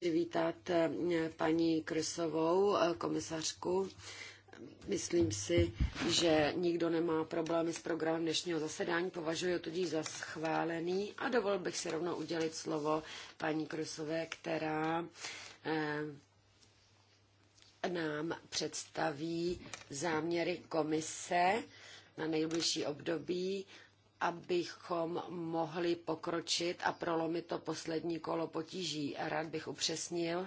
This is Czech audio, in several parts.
přivítat eh, paní Kresovou, eh, komisařku. Myslím si, že nikdo nemá problémy s programem dnešního zasedání, považuji ho tudíž za schválený a dovol bych si rovnou udělit slovo paní Krusové, která eh, nám představí záměry komise na nejbližší období abychom mohli pokročit a prolomit to poslední kolo potíží. Rád bych upřesnil,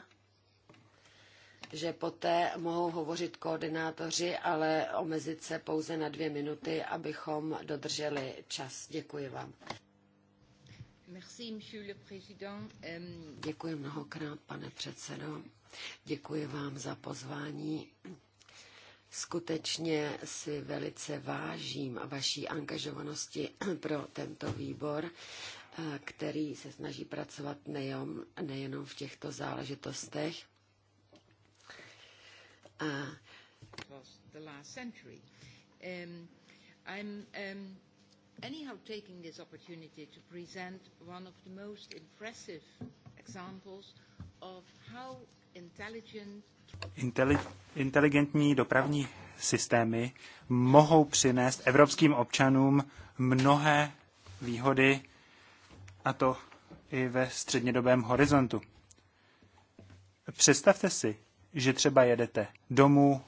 že poté mohou hovořit koordinátoři, ale omezit se pouze na dvě minuty, abychom dodrželi čas. Děkuji vám. Merci, Děkuji mnohokrát, pane předsedo. Děkuji vám za pozvání Skutečně si velice vážím vaší angažovanosti pro tento výbor, eh, který se snaží pracovat nejen, nejenom v těchto záležitostech. A um, um, intelligent Inteli- inteligentní dopravní systémy mohou přinést evropským občanům mnohé výhody, a to i ve střednědobém horizontu. Představte si, že třeba jedete domů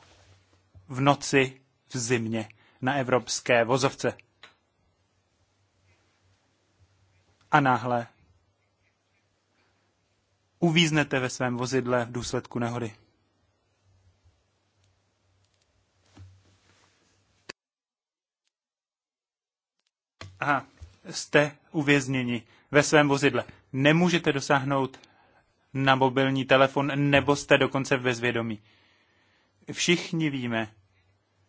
v noci v zimě na evropské vozovce. A náhle uvíznete ve svém vozidle v důsledku nehody. a jste uvězněni ve svém vozidle. Nemůžete dosáhnout na mobilní telefon nebo jste dokonce ve zvědomí. Všichni víme,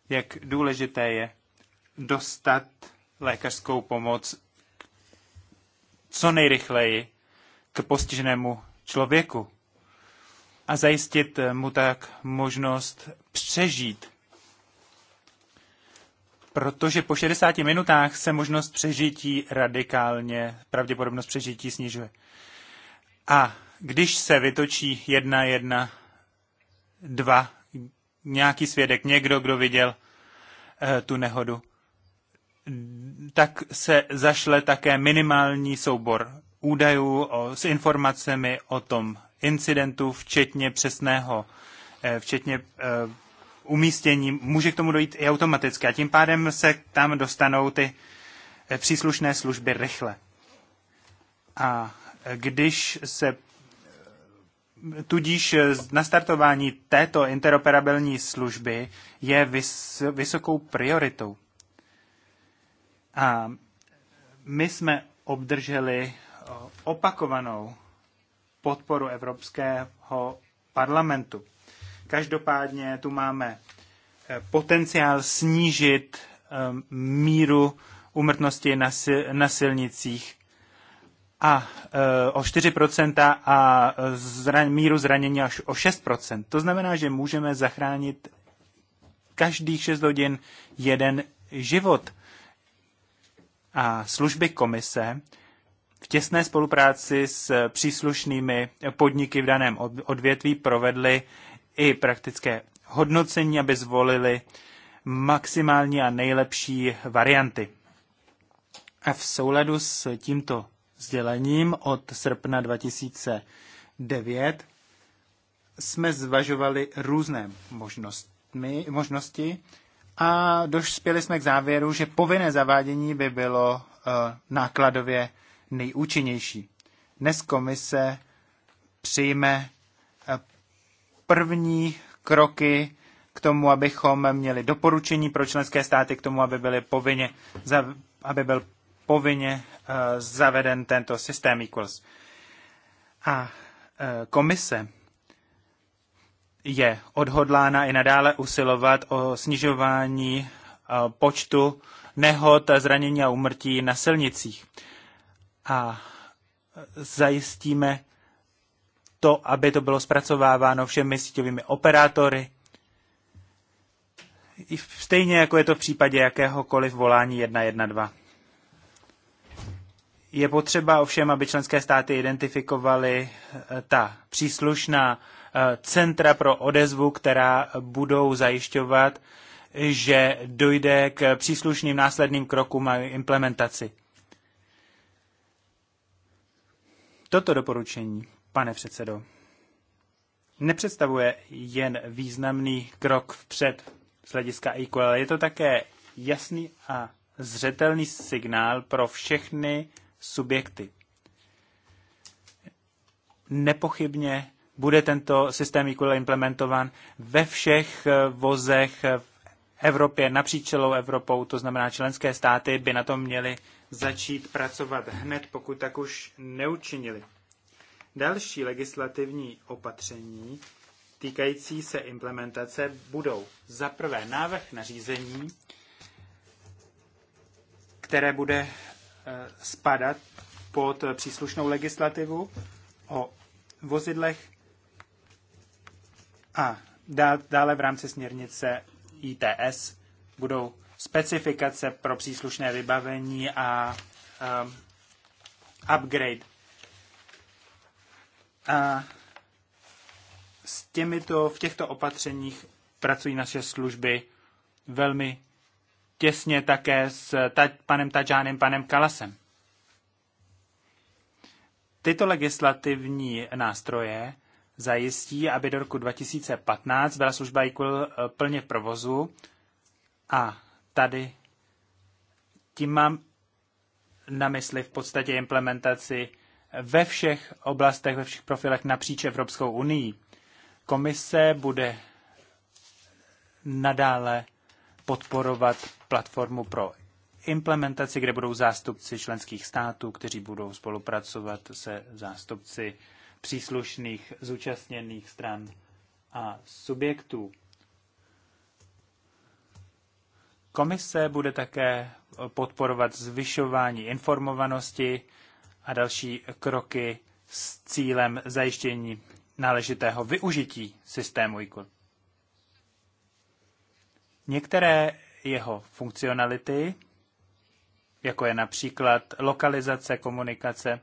jak důležité je dostat lékařskou pomoc co nejrychleji k postiženému člověku a zajistit mu tak možnost přežít protože po 60 minutách se možnost přežití radikálně, pravděpodobnost přežití snižuje. A když se vytočí jedna, jedna, dva, nějaký svědek, někdo, kdo viděl e, tu nehodu, tak se zašle také minimální soubor údajů o, s informacemi o tom incidentu, včetně přesného, e, včetně e, umístění, může k tomu dojít i automaticky a tím pádem se tam dostanou ty eh, příslušné služby rychle. A eh, když se eh, tudíž nastartování této interoperabilní služby je vys, vysokou prioritou. A my jsme obdrželi opakovanou podporu Evropského parlamentu. Každopádně tu máme eh, potenciál snížit eh, míru umrtnosti na, na silnicích a eh, o 4% a zraň, míru zranění až o 6%. To znamená, že můžeme zachránit každých 6 hodin jeden život. A služby komise v těsné spolupráci s příslušnými podniky v daném odvětví provedly i praktické hodnocení, aby zvolili maximální a nejlepší varianty. A v souladu s tímto sdělením od srpna 2009 jsme zvažovali různé možnostmi, možnosti a došpěli jsme k závěru, že povinné zavádění by bylo eh, nákladově nejúčinnější. Dnes komise přijme první kroky k tomu, abychom měli doporučení pro členské státy k tomu, aby, byly povinně, aby byl povinně eh, zaveden tento systém Equals. A eh, komise je odhodlána i nadále usilovat o snižování eh, počtu nehod, zranění a umrtí na silnicích. A zajistíme to, aby to bylo zpracováváno všemi síťovými operátory, stejně jako je to v případě jakéhokoliv volání 112. Je potřeba ovšem, aby členské státy identifikovaly eh, ta příslušná eh, centra pro odezvu, která budou zajišťovat, že dojde k příslušným následným krokům a implementaci. Toto doporučení pane předsedo, nepředstavuje jen významný krok vpřed z hlediska IQ, je to také jasný a zřetelný signál pro všechny subjekty. Nepochybně bude tento systém IQ implementován ve všech eh, vozech v Evropě, napříč celou Evropou, to znamená členské státy by na tom měly začít pracovat hned, pokud tak už neučinili. Další legislativní opatření týkající se implementace budou za prvé návrh nařízení, které bude eh, spadat pod příslušnou legislativu o vozidlech a dále v rámci směrnice ITS budou specifikace pro příslušné vybavení a eh, upgrade a s těmito, v těchto opatřeních pracují naše služby velmi těsně také s ta, panem Tajánem, panem Kalasem. Tyto legislativní nástroje zajistí, aby do roku 2015 byla služba IQL eh, plně v provozu a tady tím mám na mysli v podstatě implementaci ve všech oblastech, ve všech profilech napříč Evropskou unii. Komise bude nadále podporovat platformu pro implementaci, kde budou zástupci členských států, kteří budou spolupracovat se zástupci příslušných zúčastněných stran a subjektů. Komise bude také podporovat zvyšování informovanosti a další kroky s cílem zajištění náležitého využití systému IQL. Některé jeho funkcionality, jako je například lokalizace komunikace,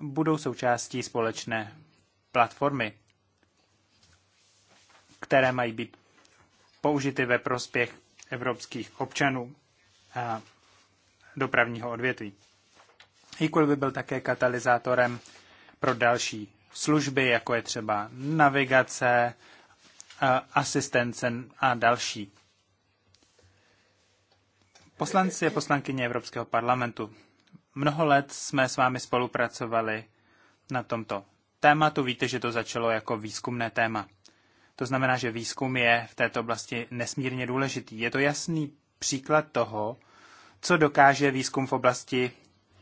budou součástí společné platformy, které mají být použity ve prospěch evropských občanů a dopravního odvětví eCall by byl také katalyzátorem pro další služby, jako je třeba navigace, eh, asistence a další. Poslanci a poslankyně Evropského parlamentu, mnoho let jsme s vámi spolupracovali na tomto tématu. Víte, že to začalo jako výzkumné téma. To znamená, že výzkum je v této oblasti nesmírně důležitý. Je to jasný příklad toho, co dokáže výzkum v oblasti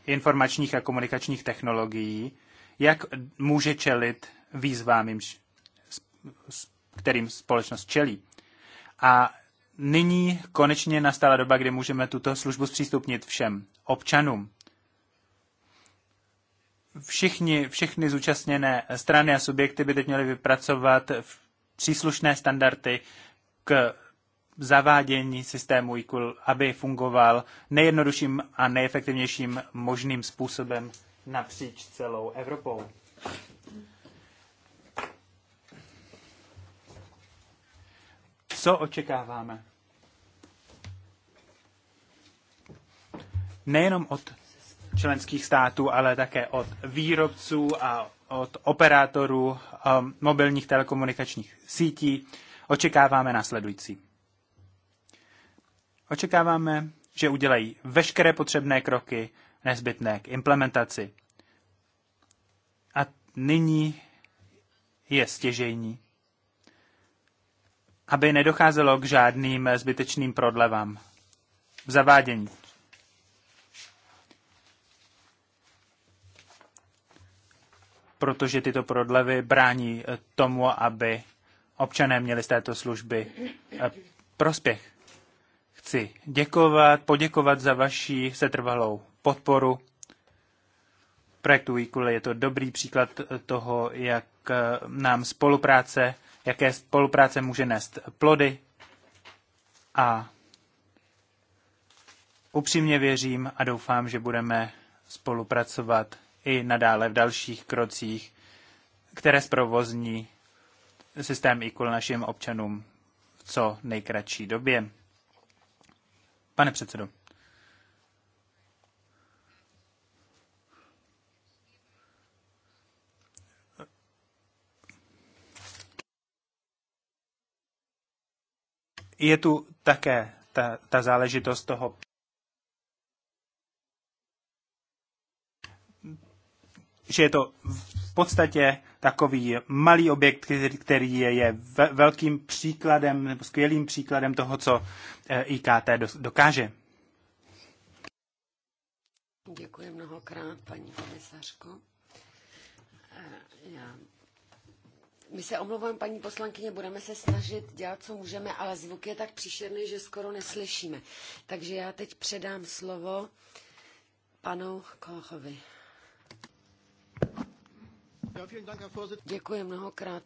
informačních a komunikačních technologií, jak může čelit výzvám, jimž, kterým společnost čelí. A nyní konečně nastala doba, kdy můžeme tuto službu zpřístupnit všem občanům. Všichni, všechny zúčastněné strany a subjekty by teď měly vypracovat příslušné standardy k zavádění systému eQL, aby fungoval nejjednodušším a nejefektivnějším možným způsobem napříč celou Evropou. Co očekáváme? Nejenom od členských států, ale také od výrobců a od operátorů um, mobilních telekomunikačních sítí očekáváme následující. Očekáváme, že udělají veškeré potřebné kroky nezbytné k implementaci. A nyní je stěžejní, aby nedocházelo k žádným zbytečným prodlevám v zavádění. Protože tyto prodlevy brání tomu, aby občané měli z této služby eh, prospěch chci děkovat, poděkovat za vaši setrvalou podporu. Projektu Equal je to dobrý příklad toho, jak eh, nám spolupráce, jaké spolupráce může nést plody a upřímně věřím a doufám, že budeme spolupracovat i nadále v dalších krocích, které zprovozní systém Equal našim občanům v co nejkratší době. Pane předsedo. Je tu také ta, ta záležitost toho že je to v podstatě takový malý objekt, který je velkým příkladem nebo skvělým příkladem toho, co eh, IKT dokáže. Děkuji mnohokrát, paní komisařko. Eh, já my se omlouvám, paní poslankyně, budeme se snažit dělat, co můžeme, ale zvuk je tak příšerný, že skoro neslyšíme. Takže já teď předám slovo panu Kochovi. Děkuji mnohokrát,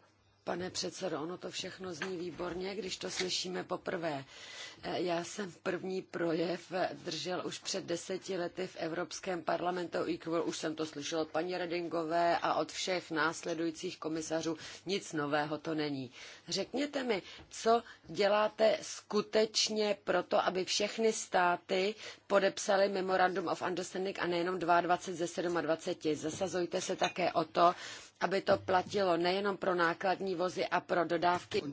Pane předsedo, ono to všechno zní výborně, když to slyšíme poprvé. E, já jsem první projev držel už před deseti lety v Evropském parlamentu Equal. Už jsem to slyšel od paní Redingové a od všech následujících komisařů. Nic nového to není. Řekněte mi, co děláte skutečně pro to, aby všechny státy podepsaly Memorandum of Understanding a nejenom 22 ze 27. Zasazujte se také o to, aby to platilo nejenom pro nákladní vozy a pro dodávky,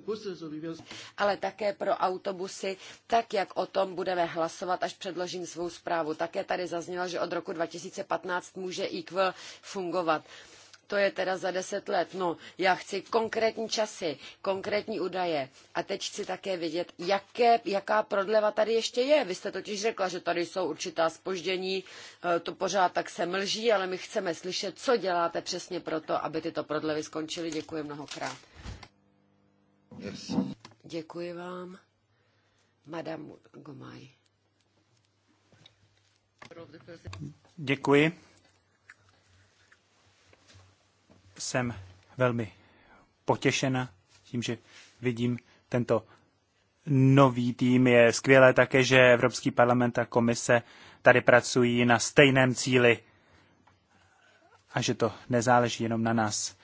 ale také pro autobusy, tak jak o tom budeme hlasovat, až předložím svou zprávu. Také tady zaznělo, že od roku 2015 může equal fungovat to je teda za deset let. No, já chci konkrétní časy, konkrétní údaje. A teď chci také vědět, jaké, jaká prodleva tady ještě je. Vy jste totiž řekla, že tady jsou určitá spoždění, eh, to pořád tak se mlží, ale my chceme slyšet, co děláte přesně proto, aby tyto prodlevy skončily. Děkuji mnohokrát. Yes. Děkuji vám. Madame Gomaj. Děkuji jsem velmi potěšena tím, že vidím tento nový tým. Je skvělé také, že Evropský parlament a komise tady pracují na stejném cíli a že to nezáleží jenom na nás.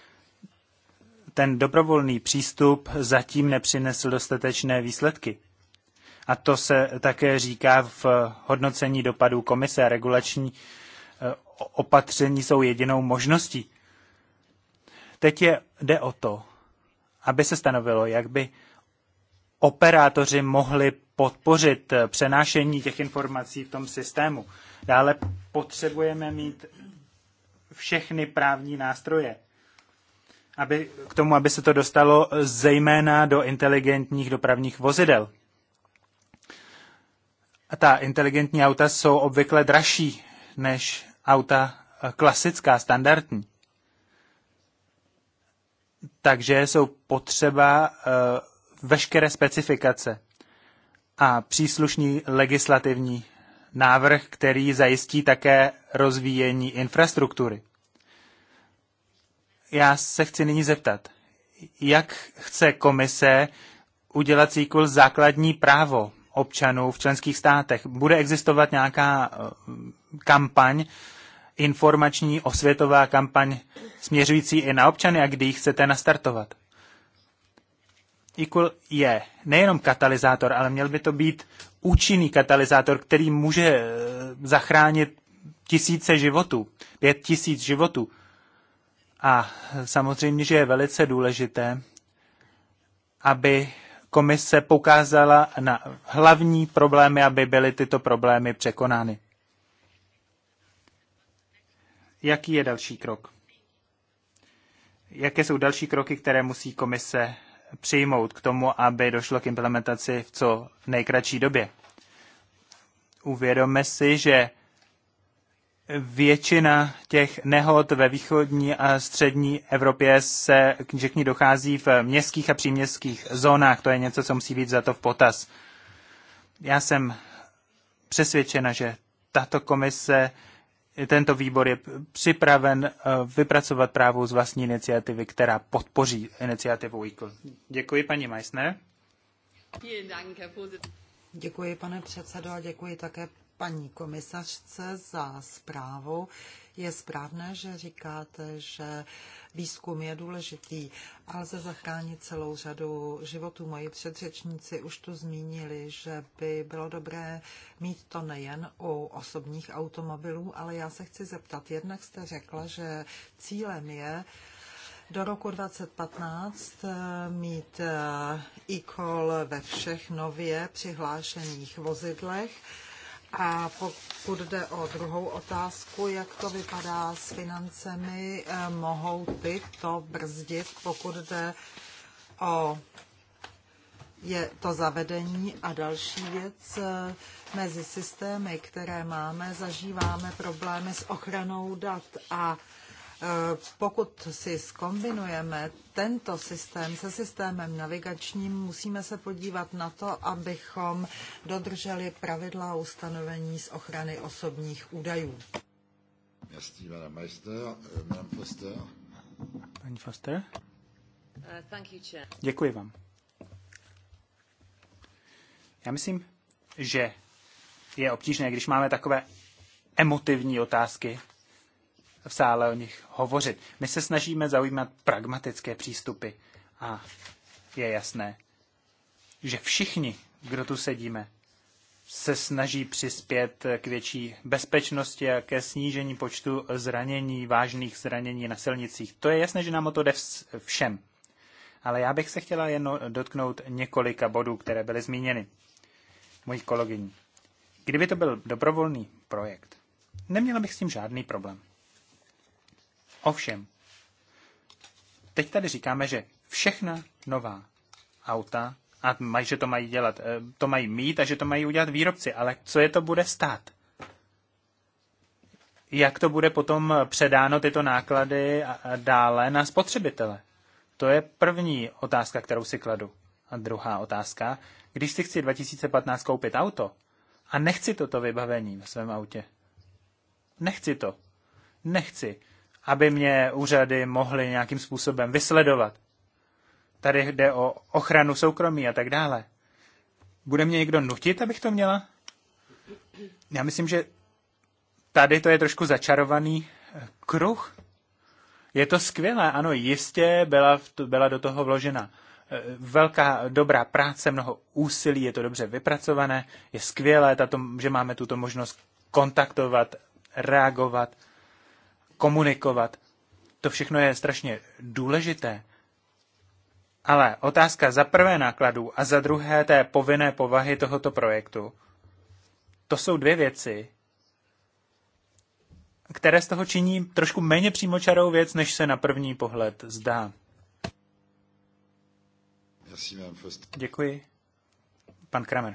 Ten dobrovolný přístup zatím nepřinesl dostatečné výsledky. A to se také říká v hodnocení dopadů komise. Regulační eh, opatření jsou jedinou možností. Teď je, jde o to, aby se stanovilo, jak by operátoři mohli podpořit eh, přenášení těch informací v tom systému. Dále potřebujeme mít všechny právní nástroje aby, k tomu, aby se to dostalo eh, zejména do inteligentních dopravních vozidel. A ta inteligentní auta jsou obvykle dražší než auta eh, klasická, standardní takže jsou potřeba eh, veškeré specifikace a příslušný legislativní návrh, který zajistí také rozvíjení infrastruktury. Já se chci nyní zeptat, jak chce komise udělat cíkul základní právo občanů v členských státech? Bude existovat nějaká eh, kampaň informační osvětová kampaň směřující i na občany a kdy ji chcete nastartovat? Equal je nejenom katalyzátor, ale měl by to být účinný katalyzátor, který může eh, zachránit tisíce životů, pět tisíc životů. A eh, samozřejmě, že je velice důležité, aby komise poukázala na hlavní problémy, aby byly tyto problémy překonány jaký je další krok? Jaké jsou další kroky, které musí komise přijmout k tomu, aby došlo k implementaci v co nejkratší době? Uvědomme si, že většina těch nehod ve východní a střední Evropě se, že k ní dochází v městských a příměstských zónách. To je něco, co musí být za to v potaz. Já jsem přesvědčena, že tato komise tento výbor je připraven eh, vypracovat právo z vlastní iniciativy, která podpoří iniciativu ICL. Děkuji, paní Meissner. Děkuji, pane předsedo, a děkuji také paní komisařce za zprávu. Je správné, že říkáte, že výzkum je důležitý a lze zachránit celou řadu životů. Moji předřečníci už tu zmínili, že by bylo dobré mít to nejen u osobních automobilů, ale já se chci zeptat. Jednak jste řekla, že cílem je do roku 2015 eh, mít eh, e-call ve všech nově přihlášených vozidlech a pokud jde o druhou otázku, jak to vypadá s financemi, eh, mohou ty to brzdit, pokud jde o je to zavedení a další věc. Eh, mezi systémy, které máme, zažíváme problémy s ochranou dat a Eh, pokud si skombinujeme tento systém se systémem navigačním, musíme se podívat na to, abychom dodrželi pravidla a ustanovení z ochrany osobních údajů. Merci, Madame Meister. Eh, Madame Foster. Paní Foster. Eh, Děkuji vám. Já myslím, že je obtížné, když máme takové emotivní otázky, v sále o nich hovořit. My se snažíme zaujímat pragmatické přístupy a je jasné, že všichni, kdo tu sedíme, se snaží přispět k větší bezpečnosti a ke snížení počtu zranění, vážných zranění na silnicích. To je jasné, že nám o to jde všem. Ale já bych se chtěla jen dotknout několika bodů, které byly zmíněny. Mojí kolegyní. Kdyby to byl dobrovolný projekt, neměla bych s tím žádný problém. Ovšem, teď tady říkáme, že všechna nová auta, a maj, že to mají dělat, eh, to mají mít a že to mají udělat výrobci, ale co je to bude stát? Jak to bude potom předáno tyto náklady dále na spotřebitele? To je první otázka, kterou si kladu. A druhá otázka, když si chci 2015 koupit auto a nechci toto vybavení ve svém autě, nechci to, nechci aby mě úřady mohly nějakým způsobem vysledovat. Tady jde o ochranu soukromí a tak dále. Bude mě někdo nutit, abych to měla? Já myslím, že tady to je trošku začarovaný eh, kruh. Je to skvělé, ano, jistě byla, byla do toho vložena eh, velká dobrá práce, mnoho úsilí, je to dobře vypracované, je skvělé, tato, že máme tuto možnost kontaktovat, reagovat, komunikovat. To všechno je strašně důležité. Ale otázka za prvé nákladů a za druhé té povinné povahy tohoto projektu, to jsou dvě věci, které z toho činí trošku méně přímočarou věc, než se na první pohled zdá. Děkuji. Pan Kramer.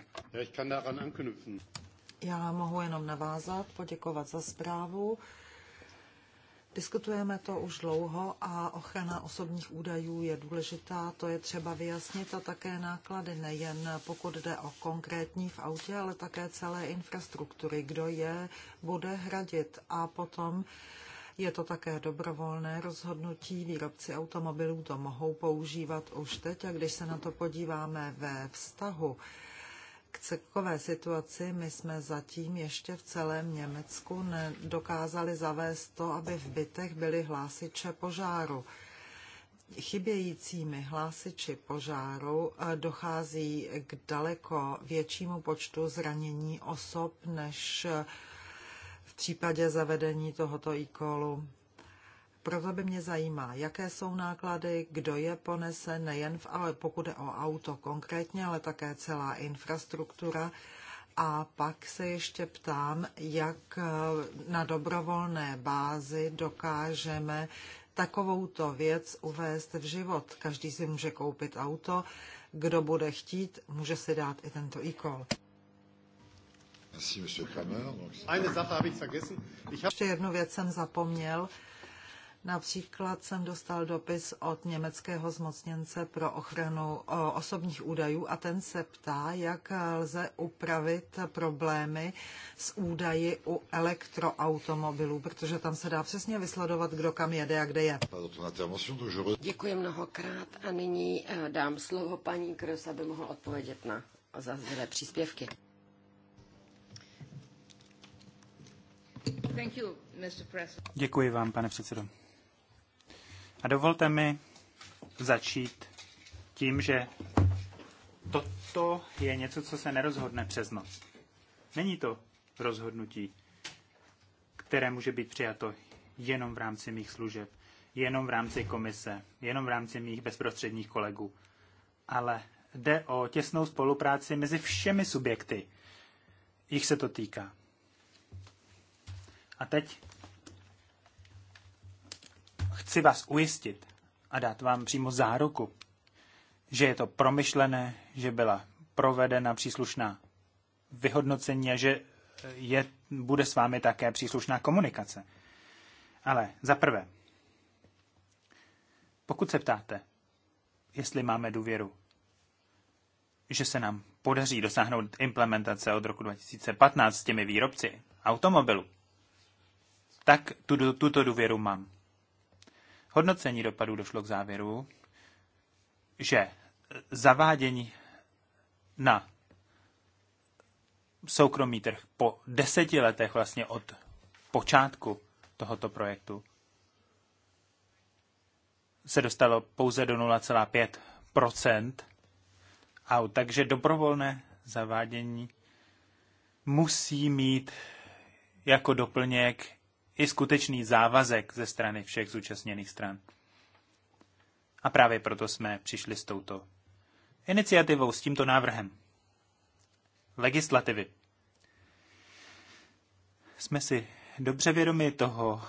Já mohu jenom navázat, poděkovat za zprávu. Diskutujeme to už dlouho a ochrana osobních údajů je důležitá, to je třeba vyjasnit a také náklady nejen pokud jde o konkrétní v autě, ale také celé infrastruktury, kdo je bude hradit a potom je to také dobrovolné rozhodnutí. Výrobci automobilů to mohou používat už teď a když se na to podíváme ve vztahu k celkové situaci my jsme zatím ještě v celém Německu nedokázali zavést to, aby v bytech byly hlásiče požáru chybějícími hlásiči požáru eh, dochází k daleko většímu počtu zranění osob než eh, v případě zavedení tohoto e-callu. Proto by mě zajímá, jaké jsou náklady, kdo je ponese, nejen v, ale pokud je o auto konkrétně, ale také celá infrastruktura. A pak se ještě ptám, jak eh, na dobrovolné bázi dokážeme takovouto věc uvést v život. Každý si může koupit auto, kdo bude chtít, může si dát i tento e-call. Ještě jednu věc jsem zapomněl. Například jsem dostal dopis od německého zmocněnce pro ochranu osobních údajů a ten se ptá, jak lze upravit problémy s údaji u elektroautomobilů, protože tam se dá přesně vysledovat, kdo kam jede a kde je. Děkuji mnohokrát a nyní eh, dám slovo paní Kros, aby mohla odpovědět na zazdělé příspěvky. Děkuji vám, pane předsedo. A dovolte mi začít tím, že toto je něco, co se nerozhodne přes noc. Není to rozhodnutí, které může být přijato jenom v rámci mých služeb, jenom v rámci komise, jenom v rámci mých bezprostředních kolegů, ale jde o těsnou spolupráci mezi všemi subjekty, jich se to týká. A teď chci vás ujistit a dát vám přímo záruku, že je to promyšlené, že byla provedena příslušná vyhodnocení a že eh, je, bude s vámi také příslušná komunikace. Ale za prvé, pokud se ptáte, jestli máme důvěru, že se nám podaří dosáhnout implementace od roku 2015 s těmi výrobci automobilů, tak tuto, tuto důvěru mám hodnocení dopadů došlo k závěru, že zavádění na soukromý trh po deseti letech vlastně od počátku tohoto projektu se dostalo pouze do 0,5 aut. Takže dobrovolné zavádění musí mít jako doplněk i skutečný závazek ze strany všech zúčastněných stran. A právě proto jsme přišli s touto iniciativou, s tímto návrhem legislativy. Jsme si dobře vědomi toho,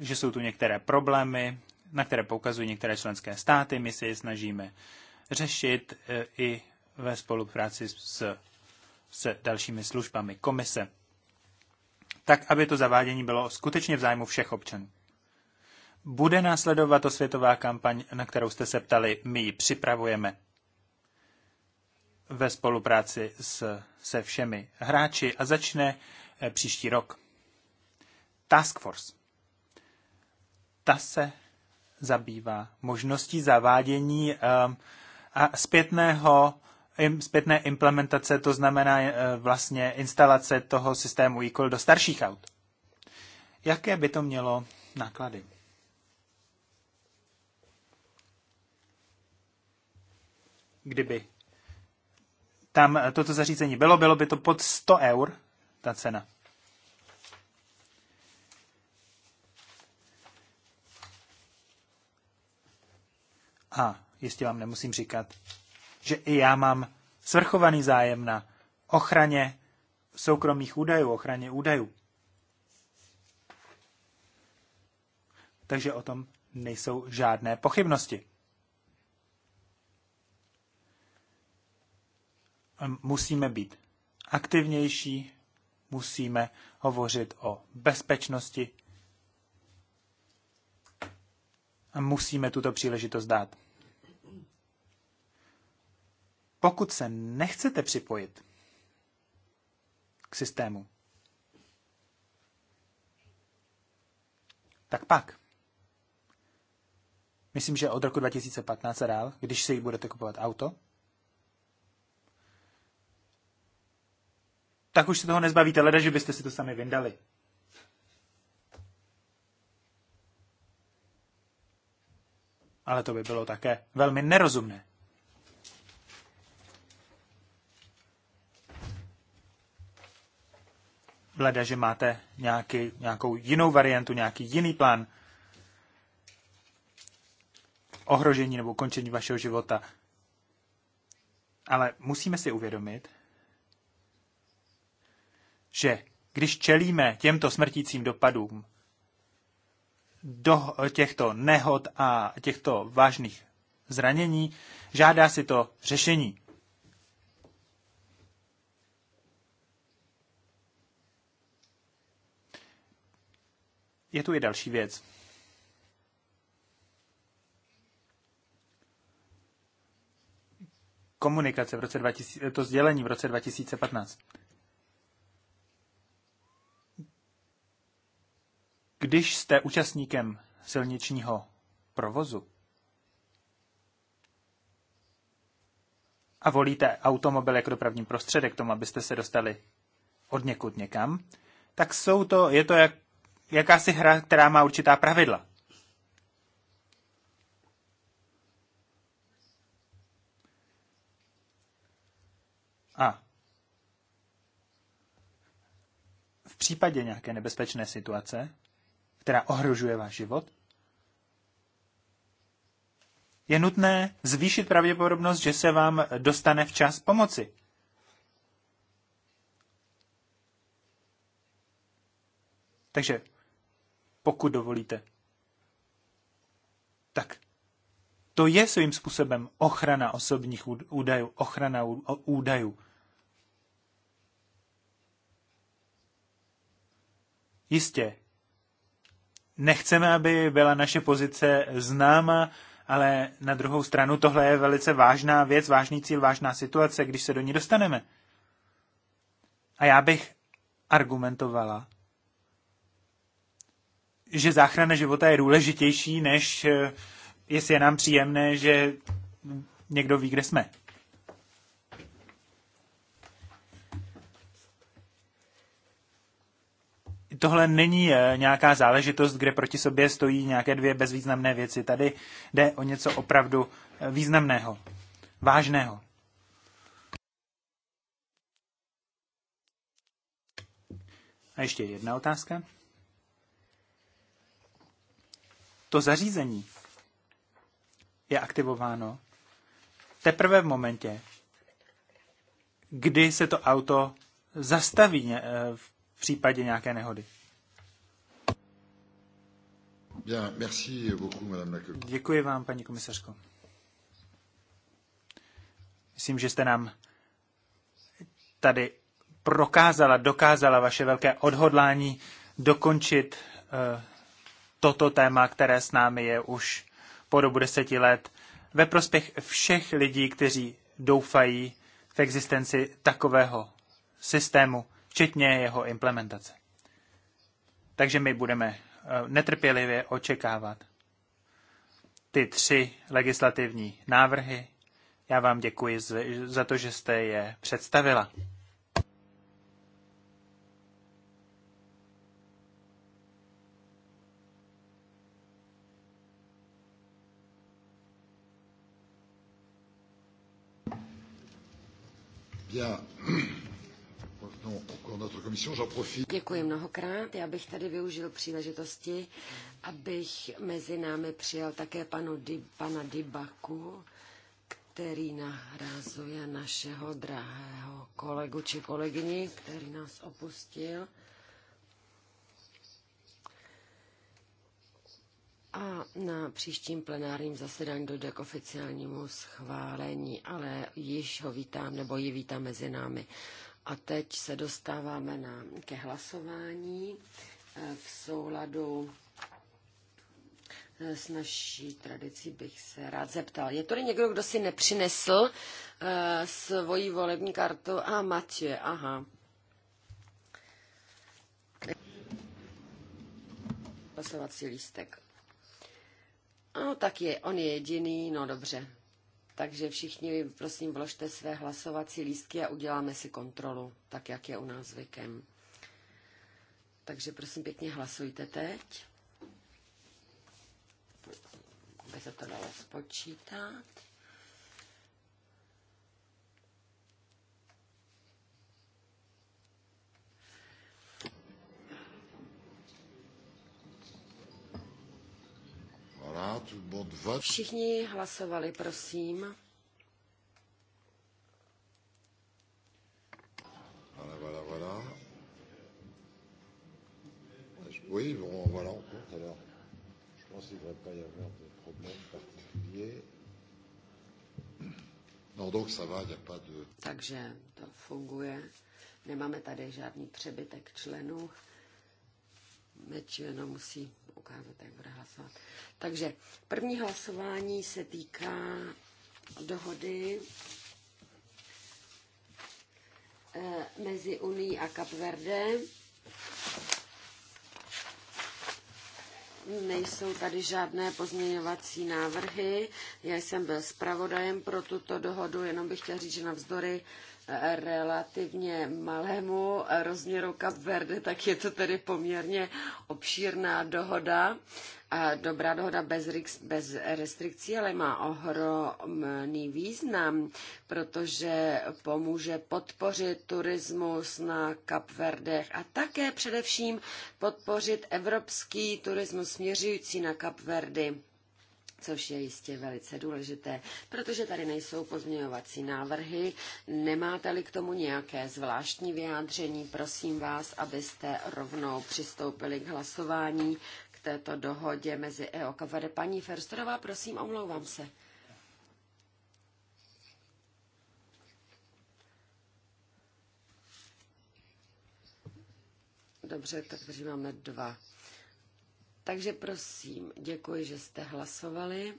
že jsou tu některé problémy, na které poukazují některé členské státy. My se je snažíme řešit eh, i ve spolupráci s, s dalšími službami komise tak aby to zavádění bylo skutečně v zájmu všech občanů. Bude následovat osvětová kampaň, na kterou jste se ptali, my ji připravujeme ve spolupráci s, se všemi hráči a začne eh, příští rok. Task Force. Ta se zabývá možností zavádění eh, a zpětného zpětné implementace, to znamená eh, vlastně instalace toho systému eCall do starších aut. Jaké by to mělo náklady? Kdyby tam eh, toto zařízení bylo, bylo by to pod 100 eur, ta cena. A jistě vám nemusím říkat, že i já mám svrchovaný zájem na ochraně soukromých údajů, ochraně údajů. Takže o tom nejsou žádné pochybnosti. Musíme být aktivnější, musíme hovořit o bezpečnosti a musíme tuto příležitost dát. Pokud se nechcete připojit k systému, tak pak. Myslím, že od roku 2015 a dál, když si budete kupovat auto, tak už se toho nezbavíte, leda, že byste si to sami vyndali. Ale to by bylo také velmi nerozumné. Hleda, že máte nějaký, nějakou jinou variantu, nějaký jiný plán ohrožení nebo ukončení vašeho života. Ale musíme si uvědomit, že když čelíme těmto smrtícím dopadům do těchto nehod a těchto vážných zranění, žádá si to řešení. je tu i další věc. Komunikace v roce 2000, to sdělení v roce 2015. Když jste účastníkem silničního provozu a volíte automobil jako dopravní prostředek tomu, abyste se dostali od někud někam, tak jsou to, je to jak jakási hra, která má určitá pravidla. A v případě nějaké nebezpečné situace, která ohrožuje váš život, je nutné zvýšit pravděpodobnost, že se vám dostane včas pomoci. Takže pokud dovolíte. Tak to je svým způsobem ochrana osobních údajů, ochrana údajů. Jistě, nechceme, aby byla naše pozice známa, ale na druhou stranu tohle je velice vážná věc, vážný cíl, vážná situace, když se do ní dostaneme. A já bych argumentovala, že záchrana života je důležitější, než eh, jestli je nám příjemné, že někdo ví, kde jsme. Tohle není eh, nějaká záležitost, kde proti sobě stojí nějaké dvě bezvýznamné věci. Tady jde o něco opravdu eh, významného, vážného. A ještě jedna otázka. to zařízení je aktivováno teprve v momentě, kdy se to auto zastaví eh, v případě nějaké nehody. Bien, merci beaucoup, madame Děkuji vám, paní komisařko. Myslím, že jste nám tady prokázala, dokázala vaše velké odhodlání dokončit eh, toto téma, které s námi je už po dobu deseti let, ve prospěch všech lidí, kteří doufají v existenci takového systému, včetně jeho implementace. Takže my budeme eh, netrpělivě očekávat ty tři legislativní návrhy. Já vám děkuji za to, že jste je představila. Děkuji mnohokrát. Já bych tady využil příležitosti, abych mezi námi přijal také panu Di, pana Dibaku, který nahrazuje našeho drahého kolegu či kolegyni, který nás opustil. a na příštím plenárním zasedání dojde k oficiálnímu schválení, ale již ho vítám, nebo ji vítám mezi námi. A teď se dostáváme na, ke hlasování eh, v souladu eh, s naší tradicí bych se rád zeptal. Je tady někdo, kdo si nepřinesl uh, svoji volební kartu? A ah, Matě, aha. Pasovací lístek. No tak je, on je jediný, no dobře. Takže všichni, prosím, vložte své hlasovací lístky a uděláme si kontrolu, tak jak je u nás zvykem. Takže prosím pěkně hlasujte teď. Aby se to dalo spočítat. Všichni hlasovali, prosím. Oui, bon, voilà, on compte alors. Je pense qu'il ne devrait pas y avoir de problème particulier. No, donc ça va, a pas de... Takže to funguje. Nemáme tady žádný přebytek členů meč jenom musí ukázat, jak bude hlasovat. Takže první hlasování se týká dohody eh, mezi Unii a Kapverde. Nejsou tady žádné pozměňovací návrhy. Já jsem byl zpravodajem pro tuto dohodu, jenom bych chtěl říct, že navzdory eh, relativně malému eh, rozměru Kapverde, tak je to tedy poměrně obšírná dohoda dobrá dohoda bez, bez restrikcí, ale má ohromný význam, protože pomůže podpořit turismus na Kapverdech a také především podpořit evropský turismus směřující na Kapverdy což je jistě velice důležité, protože tady nejsou pozměňovací návrhy. Nemáte-li k tomu nějaké zvláštní vyjádření, prosím vás, abyste rovnou přistoupili k hlasování této dohodě mezi EU Vede paní Ferstorová, prosím, omlouvám se. Dobře, tak takže máme dva. Takže prosím, děkuji, že jste hlasovali.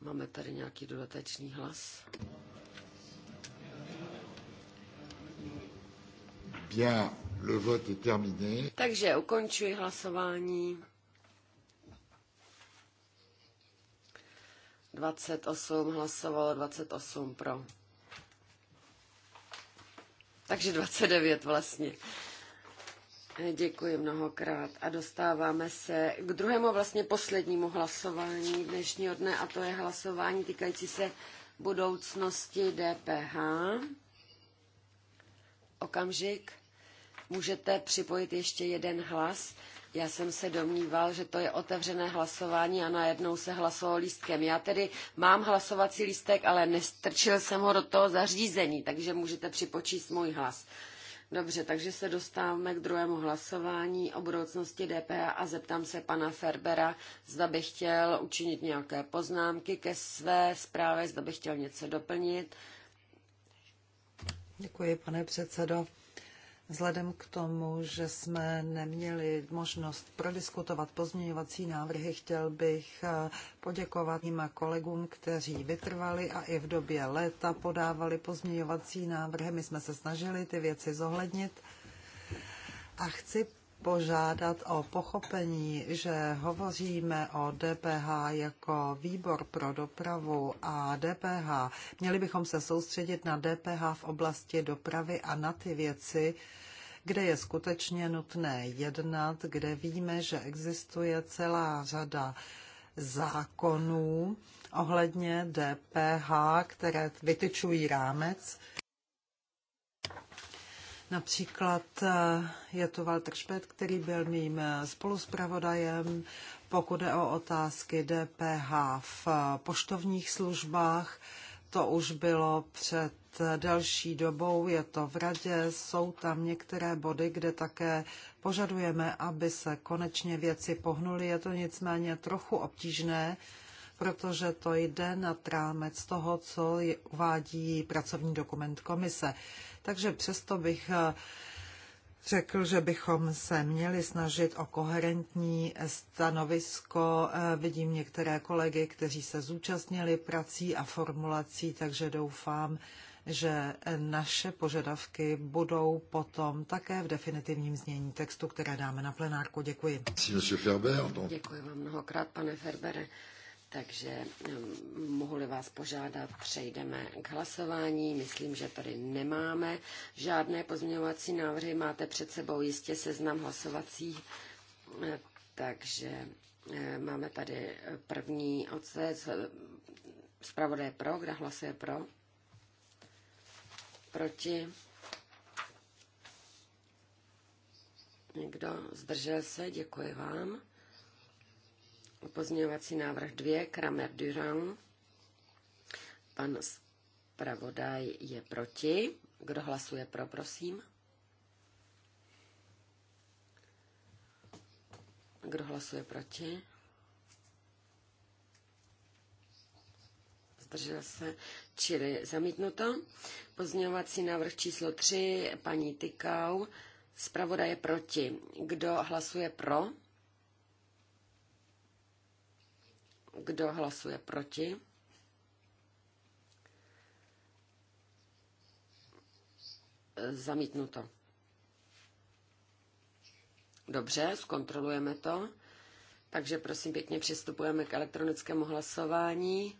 Máme tady nějaký dodatečný hlas. Bien. Le vote est terminé. Takže ukončuji hlasování. 28 hlasovalo, 28 pro. Takže 29 vlastně. Děkuji mnohokrát a dostáváme se k druhému vlastně poslednímu hlasování dnešního dne a to je hlasování týkající se budoucnosti DPH. Okamžik. Můžete připojit ještě jeden hlas? Já jsem se domníval, že to je otevřené hlasování a najednou se hlasovalo lístkem. Já tedy mám hlasovací lístek, ale nestrčil jsem ho do toho zařízení, takže můžete připočíst můj hlas. Dobře, takže se dostáváme k druhému hlasování o budoucnosti DPH a zeptám se pana Ferbera, zda by chtěl učinit nějaké poznámky ke své zprávě, zda by chtěl něco doplnit. Děkuji, pane předsedo. Vzhledem k tomu, že jsme neměli možnost prodiskutovat pozměňovací návrhy, chtěl bych eh, poděkovat jim a kolegům, kteří vytrvali a i v době léta podávali pozměňovací návrhy. My jsme se snažili ty věci zohlednit. A chci požádat o pochopení, že hovoříme o DPH jako výbor pro dopravu a DPH. Měli bychom se soustředit na DPH v oblasti dopravy a na ty věci, kde je skutečně nutné jednat, kde víme, že existuje celá řada zákonů ohledně DPH, které vytyčují rámec Například eh, je to Walter Špet, který byl mým eh, spoluspravodajem, pokud je o otázky DPH v eh, poštovních službách. To už bylo před delší dobou, je to v radě, jsou tam některé body, kde také požadujeme, aby se konečně věci pohnuly. Je to nicméně trochu obtížné, protože to jde na trámec toho, co uvádí pracovní dokument komise takže přesto bych eh, řekl, že bychom se měli snažit o koherentní stanovisko. Eh, vidím některé kolegy, kteří se zúčastnili prací a formulací, takže doufám, že naše požadavky budou potom také v definitivním znění textu, které dáme na plenárku. Děkuji. Děkuji vám mnohokrát, pane Ferbere. Takže ehm, mohu-li vás požádat, přejdeme k hlasování. Myslím, že tady nemáme žádné pozměňovací návrhy. Máte před sebou jistě seznam hlasovací. Eh, takže eh, máme tady první odsec. Zpravodaj pro, kdo hlasuje pro? Proti? Někdo zdržel se? Děkuji vám. Pozměňovací návrh 2, Kramer Durand. Pan zpravodaj je proti. Kdo hlasuje pro, prosím? Kdo hlasuje proti? zdržel se, čili zamítnuto. Pozměňovací návrh číslo 3, paní Tykau, zpravodaj je proti. Kdo hlasuje pro? Kdo hlasuje proti? Zamítnuto. Dobře, zkontrolujeme to. Takže prosím pěkně přistupujeme k elektronickému hlasování.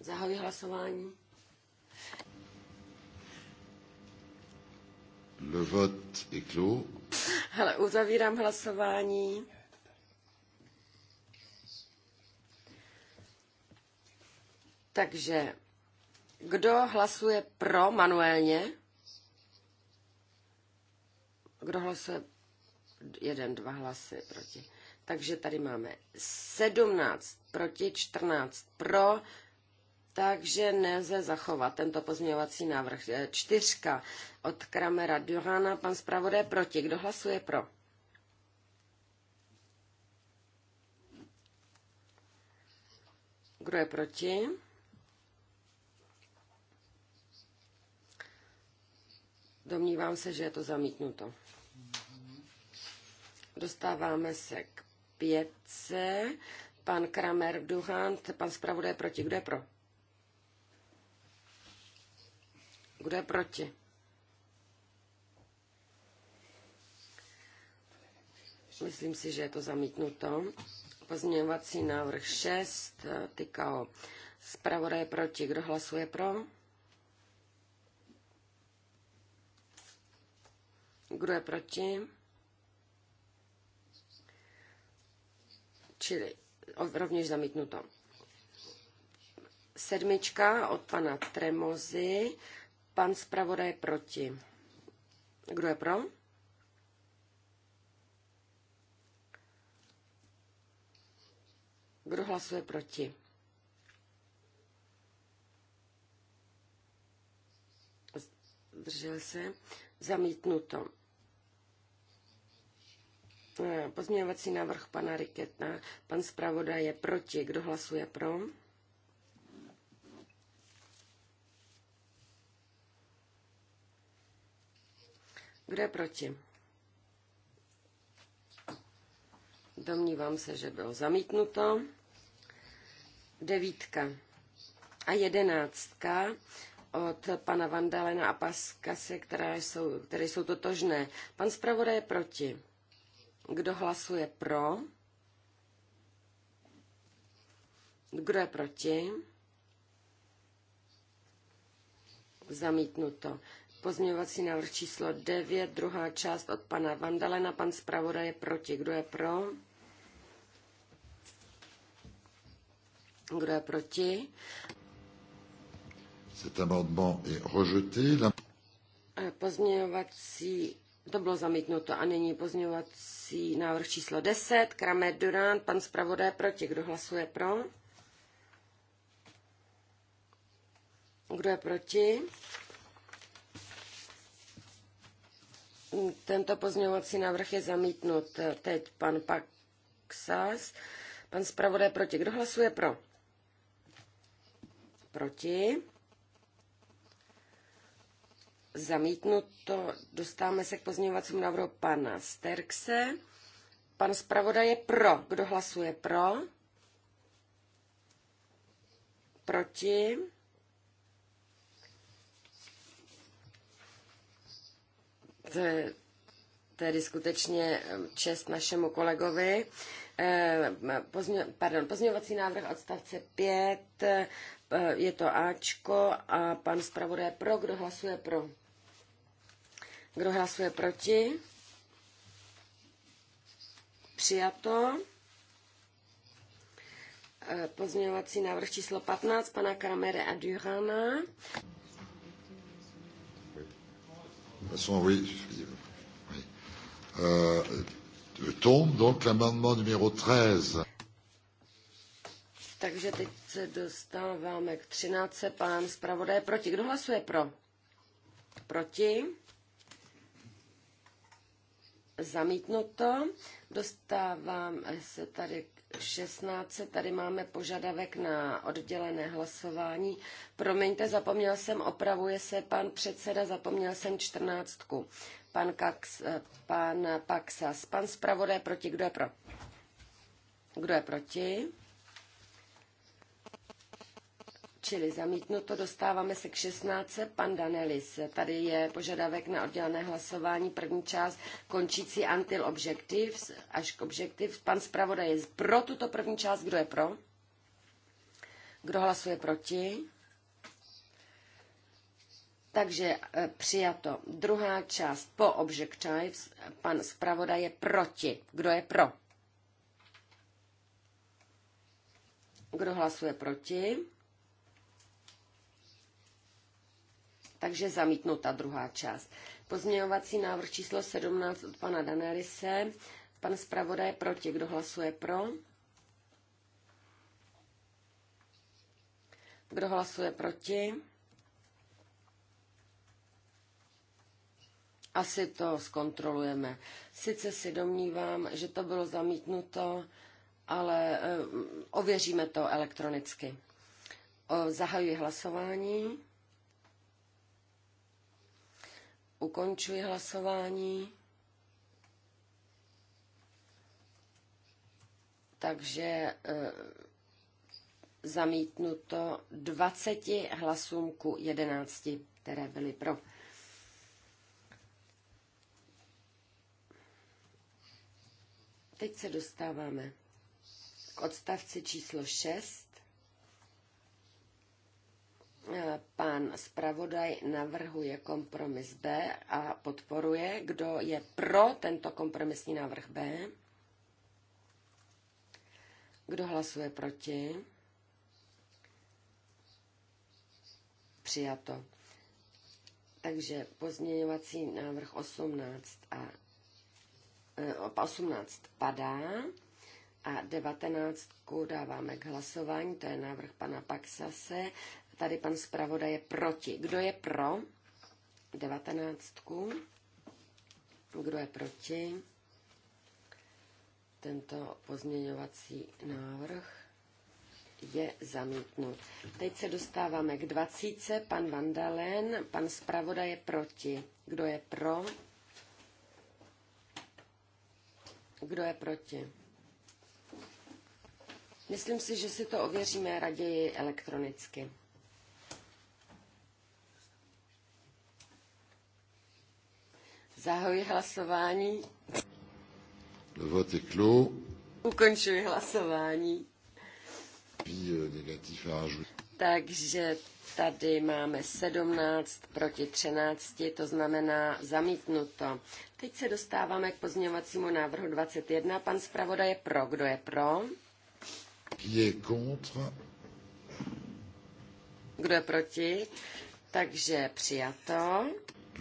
Zahajuji hlasování. Le vote est clos. Hele, uzavírám hlasování. Takže kdo hlasuje pro manuálně? Kdo hlasuje jeden, dva hlasy proti? Takže tady máme 17 proti, 14 pro, takže nelze zachovat tento pozměňovací návrh. Eh, čtyřka od Kramera Duhana, pan zpravodaj proti. Kdo hlasuje pro? Kdo je proti? Domnívám se, že je to zamítnuto. Dostáváme se k pětce. Pan Kramer Duhant, pan zpravodaj proti. Kdo je pro? bude proti? Myslím si, že je to zamítnuto. Pozměňovací návrh 6, tykao. Zpravodaj proti. Kdo hlasuje pro? Kdo je proti? Čili rovněž zamítnuto. Sedmička od pana Tremozy. Pan zpravodaj proti. Kdo je pro? Kdo hlasuje proti? Zdržel se. Zamítnuto. Eh, pozměňovací návrh pana Riketa. Pan zpravodaj je proti. Kdo hlasuje pro? Kdo je proti? Domnívám se, že bylo zamítnuto. Devítka a jedenáctka od pana Vandalena a Paskase, které jsou, které jsou totožné. Pan zpravodaj je proti. Kdo hlasuje pro? Kdo je proti? Zamítnuto. Pozměňovací návrh číslo 9, druhá část od pana Vandalena. Pan zpravodaj je proti. Kdo je pro? Kdo je proti? Cet amendement est rejeté. La... Pozměňovací, to bylo zamítnuto a nyní pozměňovací návrh číslo 10, Kramer Durán, pan zpravodaj proti, kdo hlasuje pro? Kdo je proti? Tento pozměňovací návrh je zamítnut. Teď pan Paxas, pan zpravodaj proti. Kdo hlasuje pro? Proti. Zamítnuto. Dostáváme se k pozměňovacímu návrhu pana Sterkse. Pan zpravodaj je pro. Kdo hlasuje pro? Proti. To je tedy skutečně čest našemu kolegovi. pardon, pozměňovací návrh odstavce 5, e, je to Ačko a pan zpravodaj pro, kdo hlasuje pro. Kdo hlasuje proti? Přijato. E, pozměňovací návrh číslo 15 pana Kramere a Durana façon, oui. oui. Euh, tombe donc l'amendement numéro 13. Takže teď se dostáváme k 13. Pán zpravodaj proti. Kdo hlasuje pro? Proti. Zamítnuto. Dostávám se tady k 16. Tady máme požadavek na oddělené hlasování. Promiňte, zapomněl jsem, opravuje se pan předseda, zapomněl jsem 14. Pan, Kax, eh, pan Paxas, pan zpravodaj proti, kdo je pro? Kdo je proti? Čili zamítnuto dostáváme se k 16. Pan Danelis. Tady je požadavek na oddělené hlasování. První část končící until objectives až k objectives. Pan zpravodaj je pro tuto první část. Kdo je pro? Kdo hlasuje proti? Takže eh, přijato. Druhá část po objectives. Pan zpravodaj je proti. Kdo je pro? Kdo hlasuje proti? takže zamítnuta druhá část. Pozměňovací návrh číslo 17 od pana Danerise. Pan zpravodaj proti. Kdo hlasuje pro? Kdo hlasuje proti? Asi to zkontrolujeme. Sice si domnívám, že to bylo zamítnuto, ale eh, ověříme to elektronicky. Zahajuji hlasování. Ukončuji hlasování. Takže e, zamítnuto 20 hlasům ku 11, které byly pro. Teď se dostáváme k odstavci číslo 6. Pán zpravodaj navrhuje kompromis B a podporuje, kdo je pro tento kompromisní návrh B. Kdo hlasuje proti? Přijato. Takže pozměňovací návrh 18 a 18 e, padá a 19 dáváme k hlasování, to je návrh pana Paxase Tady pan zpravodaj je proti. Kdo je pro? Devatenáctku. Kdo je proti? Tento pozměňovací návrh je zamítnut. Teď se dostáváme k dvacíce. Pan Vandalen, pan zpravodaj je proti. Kdo je pro? Kdo je proti? Myslím si, že si to ověříme raději elektronicky. Zahajuji hlasování. Ukončuji hlasování. Euh, Takže tady máme 17 proti 13, to znamená zamítnuto. Teď se dostáváme k pozměňovacímu návrhu 21. Pan zpravodaj je pro. Kdo je pro? Kdo je proti? Takže přijato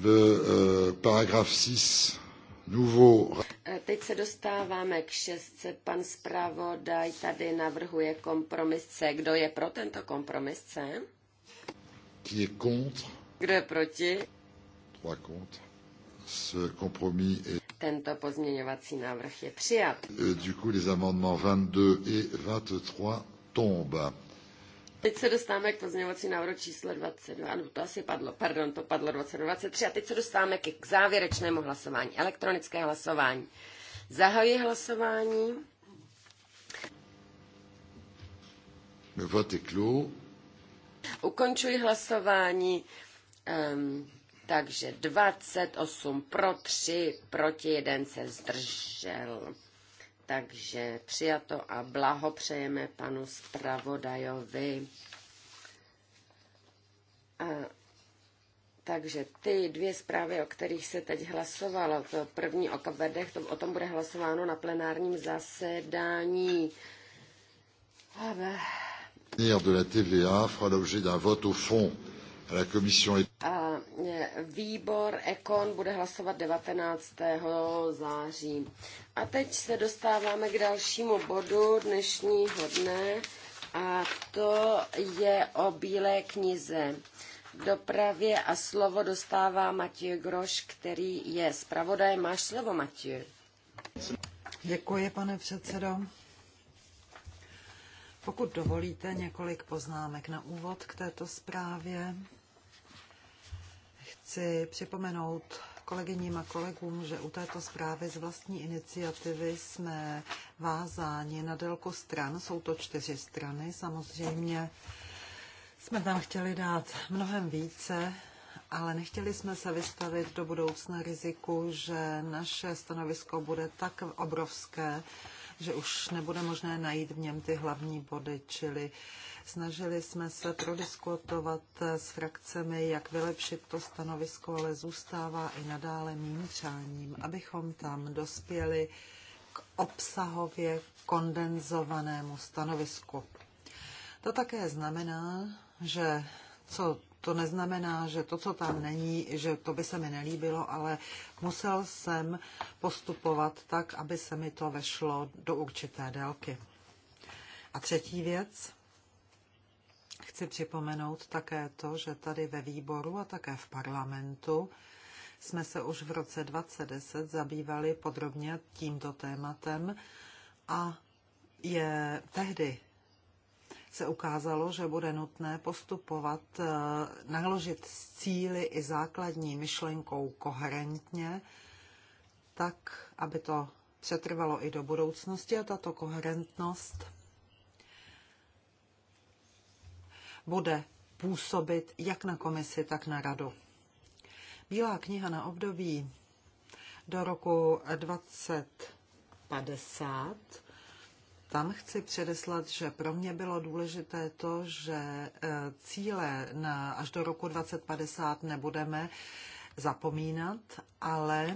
le eh, paragraphe 6 nouveau. Eh, teď se dostáváme k šestce. Pan zpravodaj tady navrhuje kompromisce. Kdo je pro tento kompromisce? Qui est contre? Kdo je proti? Trois contre. Ce compromis est... Tento pozměňovací návrh je přijat. Du coup, les amendements 22 et 23 tombent. Teď se dostáváme k pozměňovací návrhu číslo 22. Ano, to asi padlo. Pardon, to padlo 2023. A teď se dostáváme k závěrečnému hlasování. Elektronické hlasování. Zahajuji hlasování. Le vote Ukončuji hlasování. Um, takže 28 pro 3, proti 1 se zdržel. Takže přijato a blahopřejeme panu zpravodajovi. A, takže ty dvě zprávy, o kterých se teď hlasovalo, to první o kabedech, to, o tom bude hlasováno na plenárním zasedání. de la TVA fera l'objet d'un vote au fond à la Commission a e, výbor Ekon bude hlasovat 19. září. A teď se dostáváme k dalšímu bodu dnešního dne a to je o Bílé knize. V dopravě a slovo dostává Matěj Groš, který je zpravodaj. Máš slovo, Matěj. Děkuji, pane předsedo. Pokud dovolíte několik poznámek na úvod k této zprávě, chci připomenout kolegyním a kolegům, že u této zprávy z vlastní iniciativy jsme vázáni na délku stran. Jsou to čtyři strany. Samozřejmě jsme tam chtěli dát mnohem více, ale nechtěli jsme se vystavit do budoucna riziku, že naše stanovisko bude tak obrovské, že už nebude možné najít v něm ty hlavní body, čili snažili jsme se prodiskutovat s frakcemi, jak vylepšit to stanovisko, ale zůstává i nadále mým přáním, abychom tam dospěli k obsahově kondenzovanému stanovisku. To také znamená, že co to neznamená, že to, co tam není, že to by se mi nelíbilo, ale musel jsem postupovat tak, aby se mi to vešlo do určité délky. A třetí věc, chci připomenout také to, že tady ve výboru a také v parlamentu jsme se už v roce 2010 zabývali podrobně tímto tématem a je tehdy se ukázalo, že bude nutné postupovat, eh, naložit s cíly i základní myšlenkou koherentně, tak, aby to přetrvalo i do budoucnosti a tato koherentnost bude působit jak na komisi, tak na radu. Bílá kniha na období do roku 2050 tam chci předeslat, že pro mě bylo důležité to, že eh, cíle na až do roku 2050 nebudeme zapomínat, ale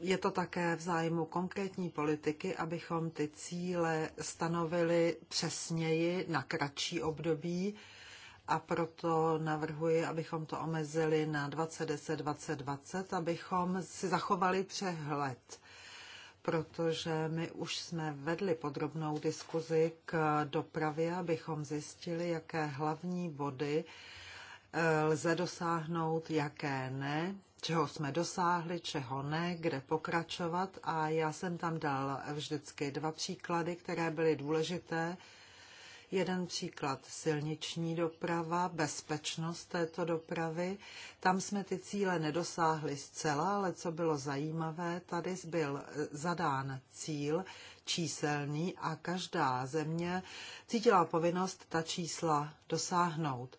je to také v zájmu konkrétní politiky, abychom ty cíle stanovili přesněji na kratší období a proto navrhuji, abychom to omezili na 2010-2020, abychom si zachovali přehled protože my už jsme vedli podrobnou diskuzi k dopravě, abychom zjistili, jaké hlavní body eh, lze dosáhnout, jaké ne, čeho jsme dosáhli, čeho ne, kde pokračovat. A já jsem tam dal vždycky dva příklady, které byly důležité Jeden příklad, silniční doprava, bezpečnost této dopravy. Tam jsme ty cíle nedosáhli zcela, ale co bylo zajímavé, tady byl eh, zadán cíl číselný a každá země cítila povinnost ta čísla dosáhnout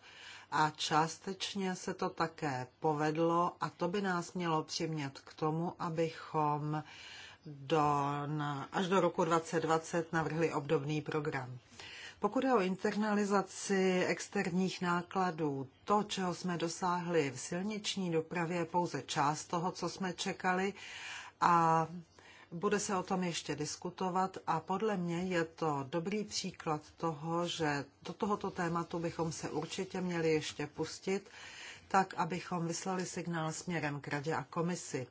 a částečně se to také povedlo a to by nás mělo přimět k tomu, abychom do, na, až do roku 2020 navrhli obdobný program. Pokud je o internalizaci externích nákladů, to, čeho jsme dosáhli v silniční dopravě, je pouze část toho, co jsme čekali a bude se o tom ještě diskutovat a podle mě je to dobrý příklad toho, že do tohoto tématu bychom se určitě měli ještě pustit, tak abychom vyslali signál směrem k radě a komisi.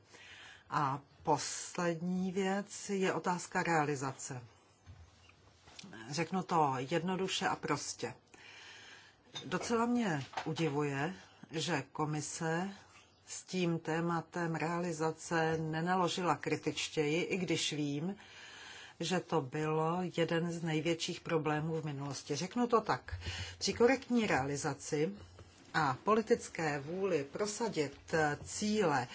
A poslední věc je otázka realizace. Řeknu to jednoduše a prostě. Docela mě udivuje, že komise s tím tématem realizace nenaložila kritičtěji, i když vím, že to bylo jeden z největších problémů v minulosti. Řeknu to tak. Při korektní realizaci a politické vůli prosadit cíle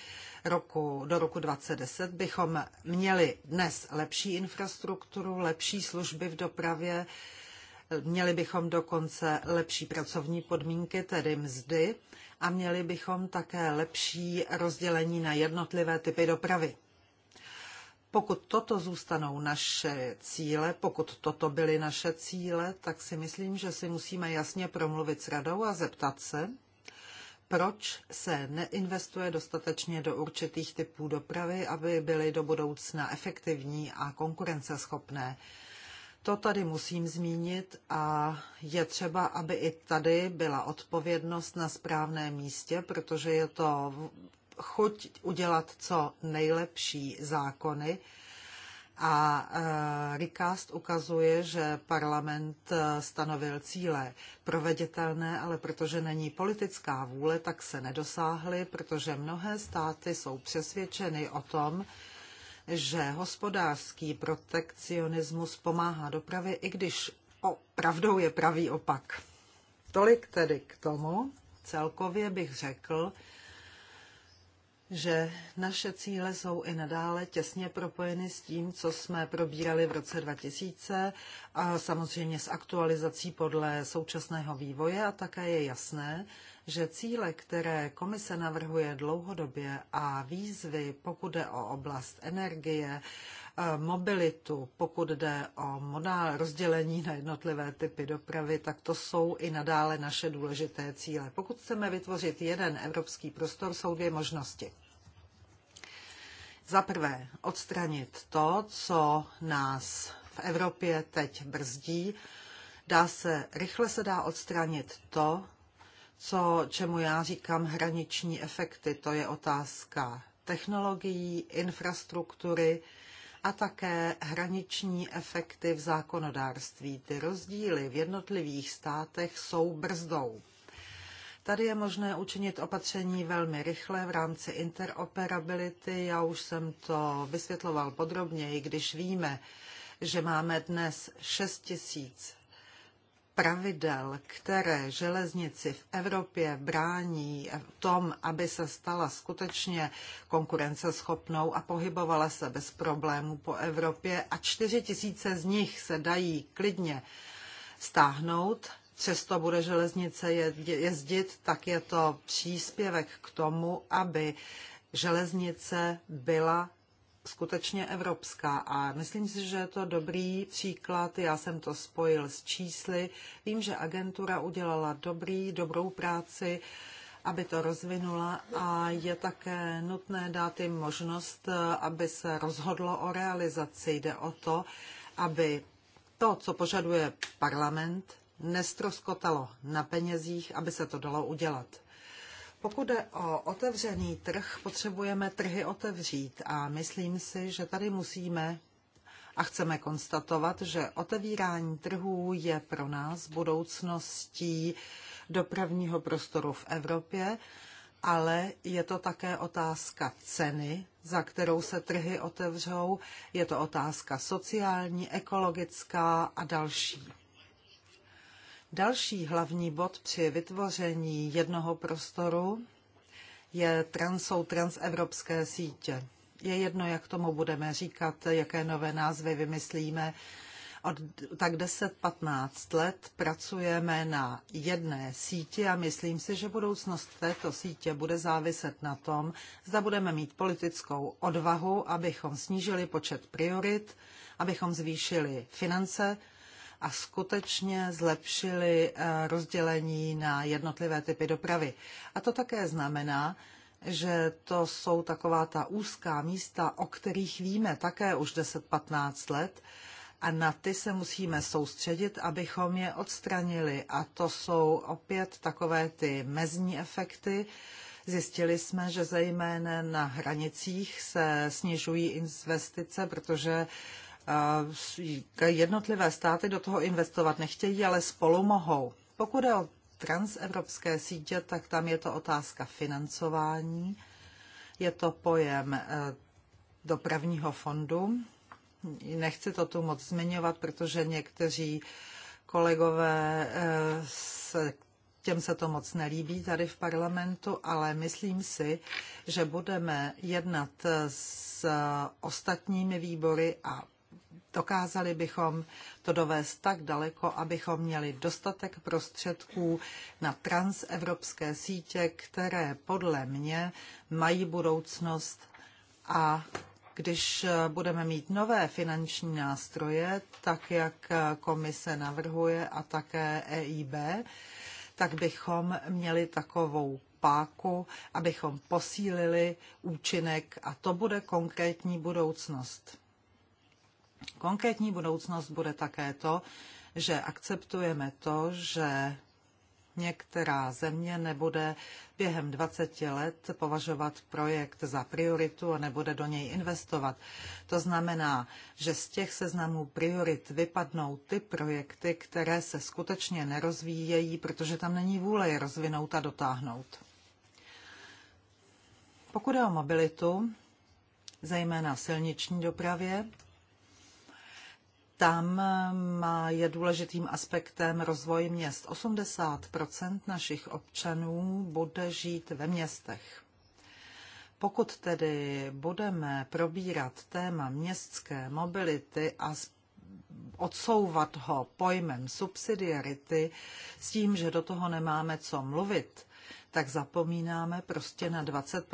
roku, do roku 2010 bychom měli dnes lepší infrastrukturu, lepší služby v dopravě, měli bychom dokonce lepší pracovní podmínky, tedy mzdy, a měli bychom také lepší rozdělení na jednotlivé typy dopravy. Pokud toto zůstanou naše cíle, pokud toto byly naše cíle, tak si myslím, že si musíme jasně promluvit s radou a zeptat se, proč se neinvestuje dostatečně do určitých typů dopravy, aby byly do budoucna efektivní a konkurenceschopné. To tady musím zmínit a je třeba, aby i tady byla odpovědnost na správném místě, protože je to chuť udělat co nejlepší zákony, a eh, recast ukazuje, že parlament eh, stanovil cíle proveditelné, ale protože není politická vůle, tak se nedosáhly, protože mnohé státy jsou přesvědčeny o tom, že hospodářský protekcionismus pomáhá dopravě, i když o, pravdou je pravý opak. Tolik tedy k tomu. Celkově bych řekl, že naše cíle jsou i nadále těsně propojeny s tím, co jsme probírali v roce 2000 a samozřejmě s aktualizací podle současného vývoje a také je jasné, že cíle, které komise navrhuje dlouhodobě a výzvy, pokud jde o oblast energie, mobilitu, pokud jde o modál rozdělení na jednotlivé typy dopravy, tak to jsou i nadále naše důležité cíle. Pokud chceme vytvořit jeden evropský prostor, jsou dvě možnosti. Za prvé, odstranit to, co nás v Evropě teď brzdí. Dá se, rychle se dá odstranit to, co, čemu já říkám hraniční efekty. To je otázka technologií, infrastruktury a také hraniční efekty v zákonodárství. Ty rozdíly v jednotlivých státech jsou brzdou. Tady je možné učinit opatření velmi rychle v rámci interoperability. Já už jsem to vysvětloval podrobněji, když víme, že máme dnes 6 tisíc pravidel, které železnici v Evropě brání v tom, aby se stala skutečně konkurenceschopnou a pohybovala se bez problémů po Evropě a čtyři tisíce z nich se dají klidně stáhnout přesto bude železnice jezdit, tak je to příspěvek k tomu, aby železnice byla skutečně evropská a myslím si, že je to dobrý příklad. Já jsem to spojil s čísly. Vím, že agentura udělala dobrý, dobrou práci, aby to rozvinula a je také nutné dát jim možnost, aby se rozhodlo o realizaci. Jde o to, aby to, co požaduje parlament, nestroskotalo na penězích, aby se to dalo udělat. Pokud jde o otevřený trh, potřebujeme trhy otevřít a myslím si, že tady musíme a chceme konstatovat, že otevírání trhů je pro nás budoucností dopravního prostoru v Evropě, ale je to také otázka ceny, za kterou se trhy otevřou, je to otázka sociální, ekologická a další. Další hlavní bod při vytvoření jednoho prostoru je trans, jsou transevropské sítě. Je jedno, jak tomu budeme říkat, jaké nové názvy vymyslíme. Od tak 10-15 let pracujeme na jedné síti a myslím si, že budoucnost této sítě bude záviset na tom, zda budeme mít politickou odvahu, abychom snížili počet priorit, abychom zvýšili finance a skutečně zlepšili eh, rozdělení na jednotlivé typy dopravy. A to také znamená, že to jsou taková ta úzká místa, o kterých víme také už 10-15 let a na ty se musíme soustředit, abychom je odstranili. A to jsou opět takové ty mezní efekty. Zjistili jsme, že zejména na hranicích se snižují investice, protože jednotlivé státy do toho investovat nechtějí, ale spolu mohou. Pokud je o transevropské sítě, tak tam je to otázka financování. Je to pojem eh, dopravního fondu. Nechci to tu moc zmiňovat, protože někteří kolegové eh, se těm se to moc nelíbí tady v parlamentu, ale myslím si, že budeme jednat s ostatními výbory a Dokázali bychom to dovést tak daleko, abychom měli dostatek prostředků na transevropské sítě, které podle mě mají budoucnost a když budeme mít nové finanční nástroje, tak jak komise navrhuje a také EIB, tak bychom měli takovou páku, abychom posílili účinek a to bude konkrétní budoucnost. Konkrétní budoucnost bude také to, že akceptujeme to, že některá země nebude během 20 let považovat projekt za prioritu a nebude do něj investovat. To znamená, že z těch seznamů priorit vypadnou ty projekty, které se skutečně nerozvíjejí, protože tam není vůle je rozvinout a dotáhnout. Pokud je o mobilitu, zejména silniční dopravě, tam eh, je důležitým aspektem rozvoj měst. 80 našich občanů bude žít ve městech. Pokud tedy budeme probírat téma městské mobility a odsouvat ho pojmem subsidiarity s tím, že do toho nemáme co mluvit, tak zapomínáme prostě na 20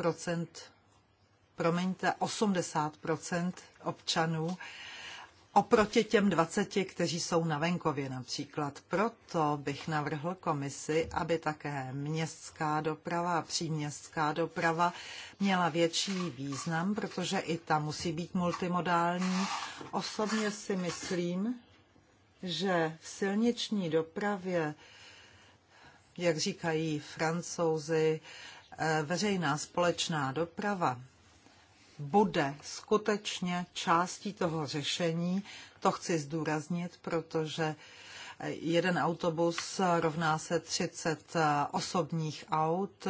promiňte, 80 občanů, oproti těm 20, kteří jsou na venkově například. Proto bych navrhl komisi, aby také městská doprava a příměstská doprava měla větší význam, protože i ta musí být multimodální. Osobně si myslím, že v silniční dopravě, jak říkají francouzi, eh, veřejná společná doprava bude skutečně částí toho řešení. To chci zdůraznit, protože jeden autobus rovná se 30 osobních aut.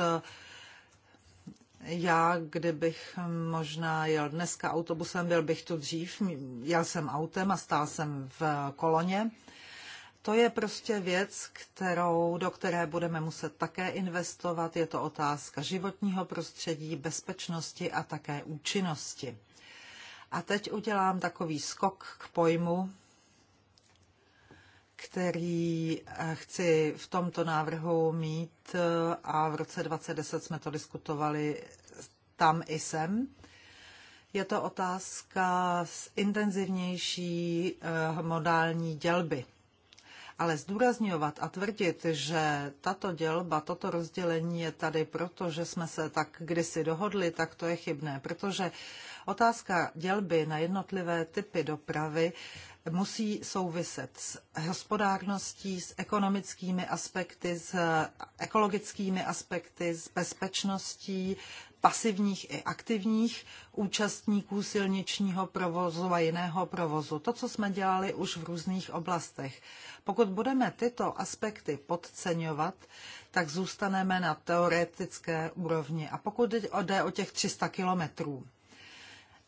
Já, kdybych možná jel dneska autobusem, byl bych tu dřív. Jel jsem autem a stál jsem v koloně to je prostě věc, kterou, do které budeme muset také investovat. Je to otázka životního prostředí, bezpečnosti a také účinnosti. A teď udělám takový skok k pojmu, který eh, chci v tomto návrhu mít eh, a v roce 2010 jsme to diskutovali tam i sem. Je to otázka z intenzivnější eh, modální dělby. Ale zdůrazňovat a tvrdit, že tato dělba, toto rozdělení je tady proto, že jsme se tak kdysi dohodli, tak to je chybné, protože otázka dělby na jednotlivé typy dopravy musí souviset s hospodárností, s ekonomickými aspekty, s ekologickými aspekty, s bezpečností, pasivních i aktivních účastníků silničního provozu a jiného provozu. To, co jsme dělali už v různých oblastech. Pokud budeme tyto aspekty podceňovat, tak zůstaneme na teoretické úrovni. A pokud jde o těch 300 kilometrů,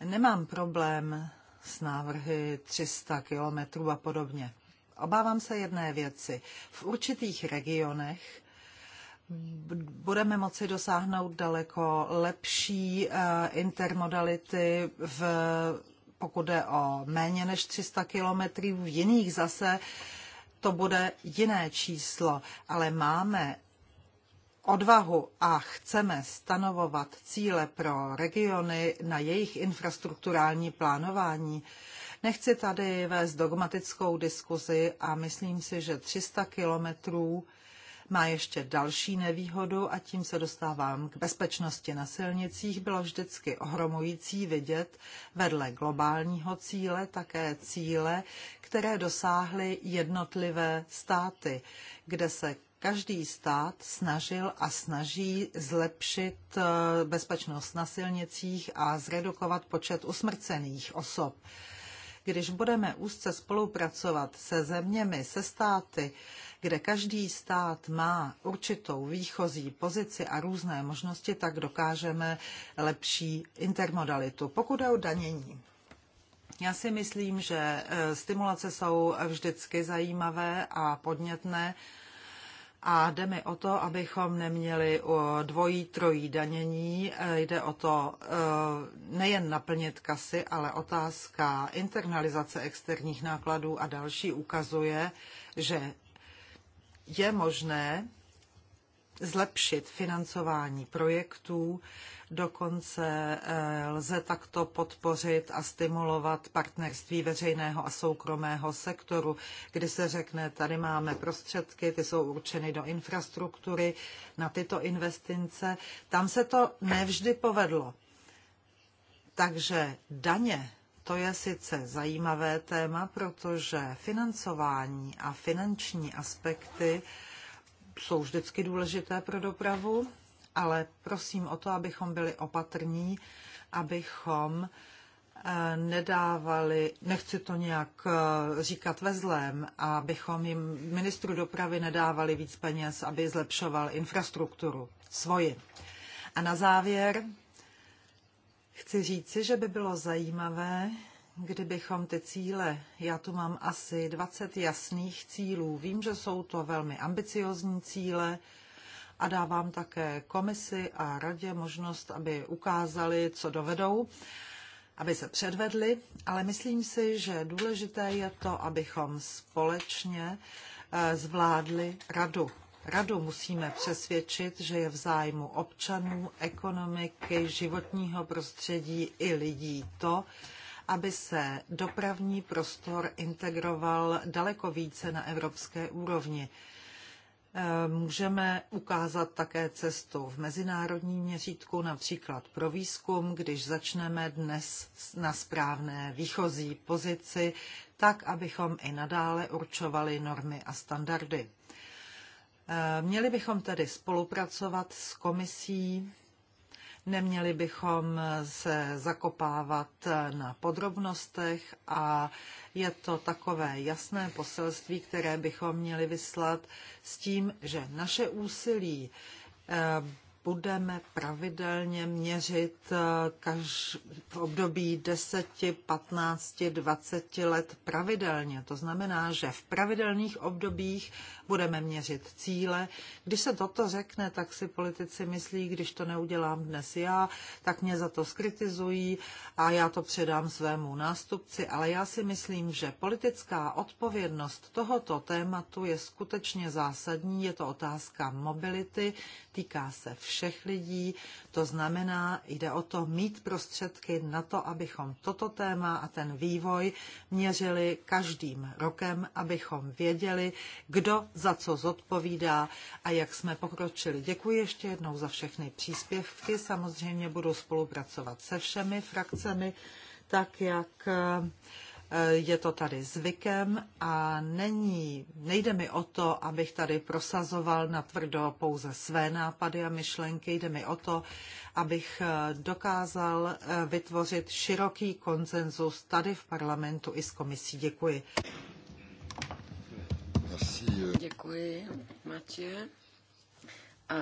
nemám problém s návrhy 300 kilometrů a podobně. Obávám se jedné věci. V určitých regionech budeme moci dosáhnout daleko lepší eh, intermodality v pokud jde o méně než 300 kilometrů, v jiných zase to bude jiné číslo, ale máme odvahu a chceme stanovovat cíle pro regiony na jejich infrastrukturální plánování. Nechci tady vést dogmatickou diskuzi a myslím si, že 300 kilometrů má ještě další nevýhodu a tím se dostávám k bezpečnosti na silnicích. Bylo vždycky ohromující vidět vedle globálního cíle také cíle, které dosáhly jednotlivé státy, kde se každý stát snažil a snaží zlepšit eh, bezpečnost na silnicích a zredukovat počet usmrcených osob. Když budeme úzce spolupracovat se zeměmi, se státy, kde každý stát má určitou výchozí pozici a různé možnosti, tak dokážeme lepší intermodalitu. Pokud jde o danění, já si myslím, že eh, stimulace jsou vždycky zajímavé a podnětné a jde mi o to, abychom neměli dvojí, trojí danění. E, jde o to e, nejen naplnit kasy, ale otázka internalizace externích nákladů a další ukazuje, že je možné zlepšit financování projektů, dokonce eh, lze takto podpořit a stimulovat partnerství veřejného a soukromého sektoru, kdy se řekne, tady máme prostředky, ty jsou určeny do infrastruktury, na tyto investice. Tam se to nevždy povedlo. Takže daně to je sice zajímavé téma, protože financování a finanční aspekty jsou vždycky důležité pro dopravu, ale prosím o to, abychom byli opatrní, abychom eh, nedávali, nechci to nějak eh, říkat ve zlém, abychom jim ministru dopravy nedávali víc peněz, aby zlepšoval infrastrukturu svoji. A na závěr chci říci, že by bylo zajímavé kdybychom ty cíle, já tu mám asi 20 jasných cílů, vím, že jsou to velmi ambiciozní cíle a dávám také komisi a radě možnost, aby ukázali, co dovedou, aby se předvedli, ale myslím si, že důležité je to, abychom společně eh, zvládli radu. Radu musíme přesvědčit, že je v zájmu občanů, ekonomiky, životního prostředí i lidí to, aby se dopravní prostor integroval daleko více na evropské úrovni. Eh, můžeme ukázat také cestu v mezinárodním měřítku, například pro výzkum, když začneme dnes na správné výchozí pozici, tak abychom i nadále určovali normy a standardy. Eh, měli bychom tedy spolupracovat s komisí Neměli bychom se zakopávat na podrobnostech a je to takové jasné poselství, které bychom měli vyslat s tím, že naše úsilí eh, budeme pravidelně měřit eh, kaž, v období 10, 15, 20 let pravidelně. To znamená, že v pravidelných obdobích budeme měřit cíle. Když se toto řekne, tak si politici myslí, když to neudělám dnes já, tak mě za to skritizují a já to předám svému nástupci. Ale já si myslím, že politická odpovědnost tohoto tématu je skutečně zásadní. Je to otázka mobility, týká se všech lidí, to znamená, jde o to mít prostředky na to, abychom toto téma a ten vývoj měřili každým rokem, abychom věděli, kdo za co zodpovídá a jak jsme pokročili. Děkuji ještě jednou za všechny příspěvky. Samozřejmě budu spolupracovat se všemi frakcemi, tak jak eh, Eh, je to tady zvykem a není, nejde mi o to, abych tady prosazoval na tvrdo pouze své nápady a myšlenky, jde mi o to, abych eh, dokázal eh, vytvořit široký konsenzus tady v parlamentu i s komisí. Děkuji. Děkuji, Matěj. A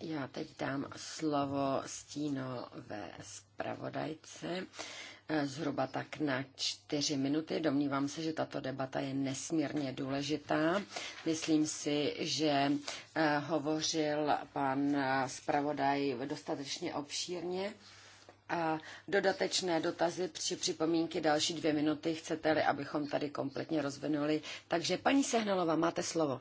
já teď dám slovo stínové zpravodajce zhruba tak na čtyři minuty. Domnívám se, že tato debata je nesmírně důležitá. Myslím si, že eh, hovořil pan eh, zpravodaj dostatečně obšírně. A dodatečné dotazy při připomínky další dvě minuty chcete-li, abychom tady kompletně rozvinuli. Takže paní Sehnalova, máte slovo.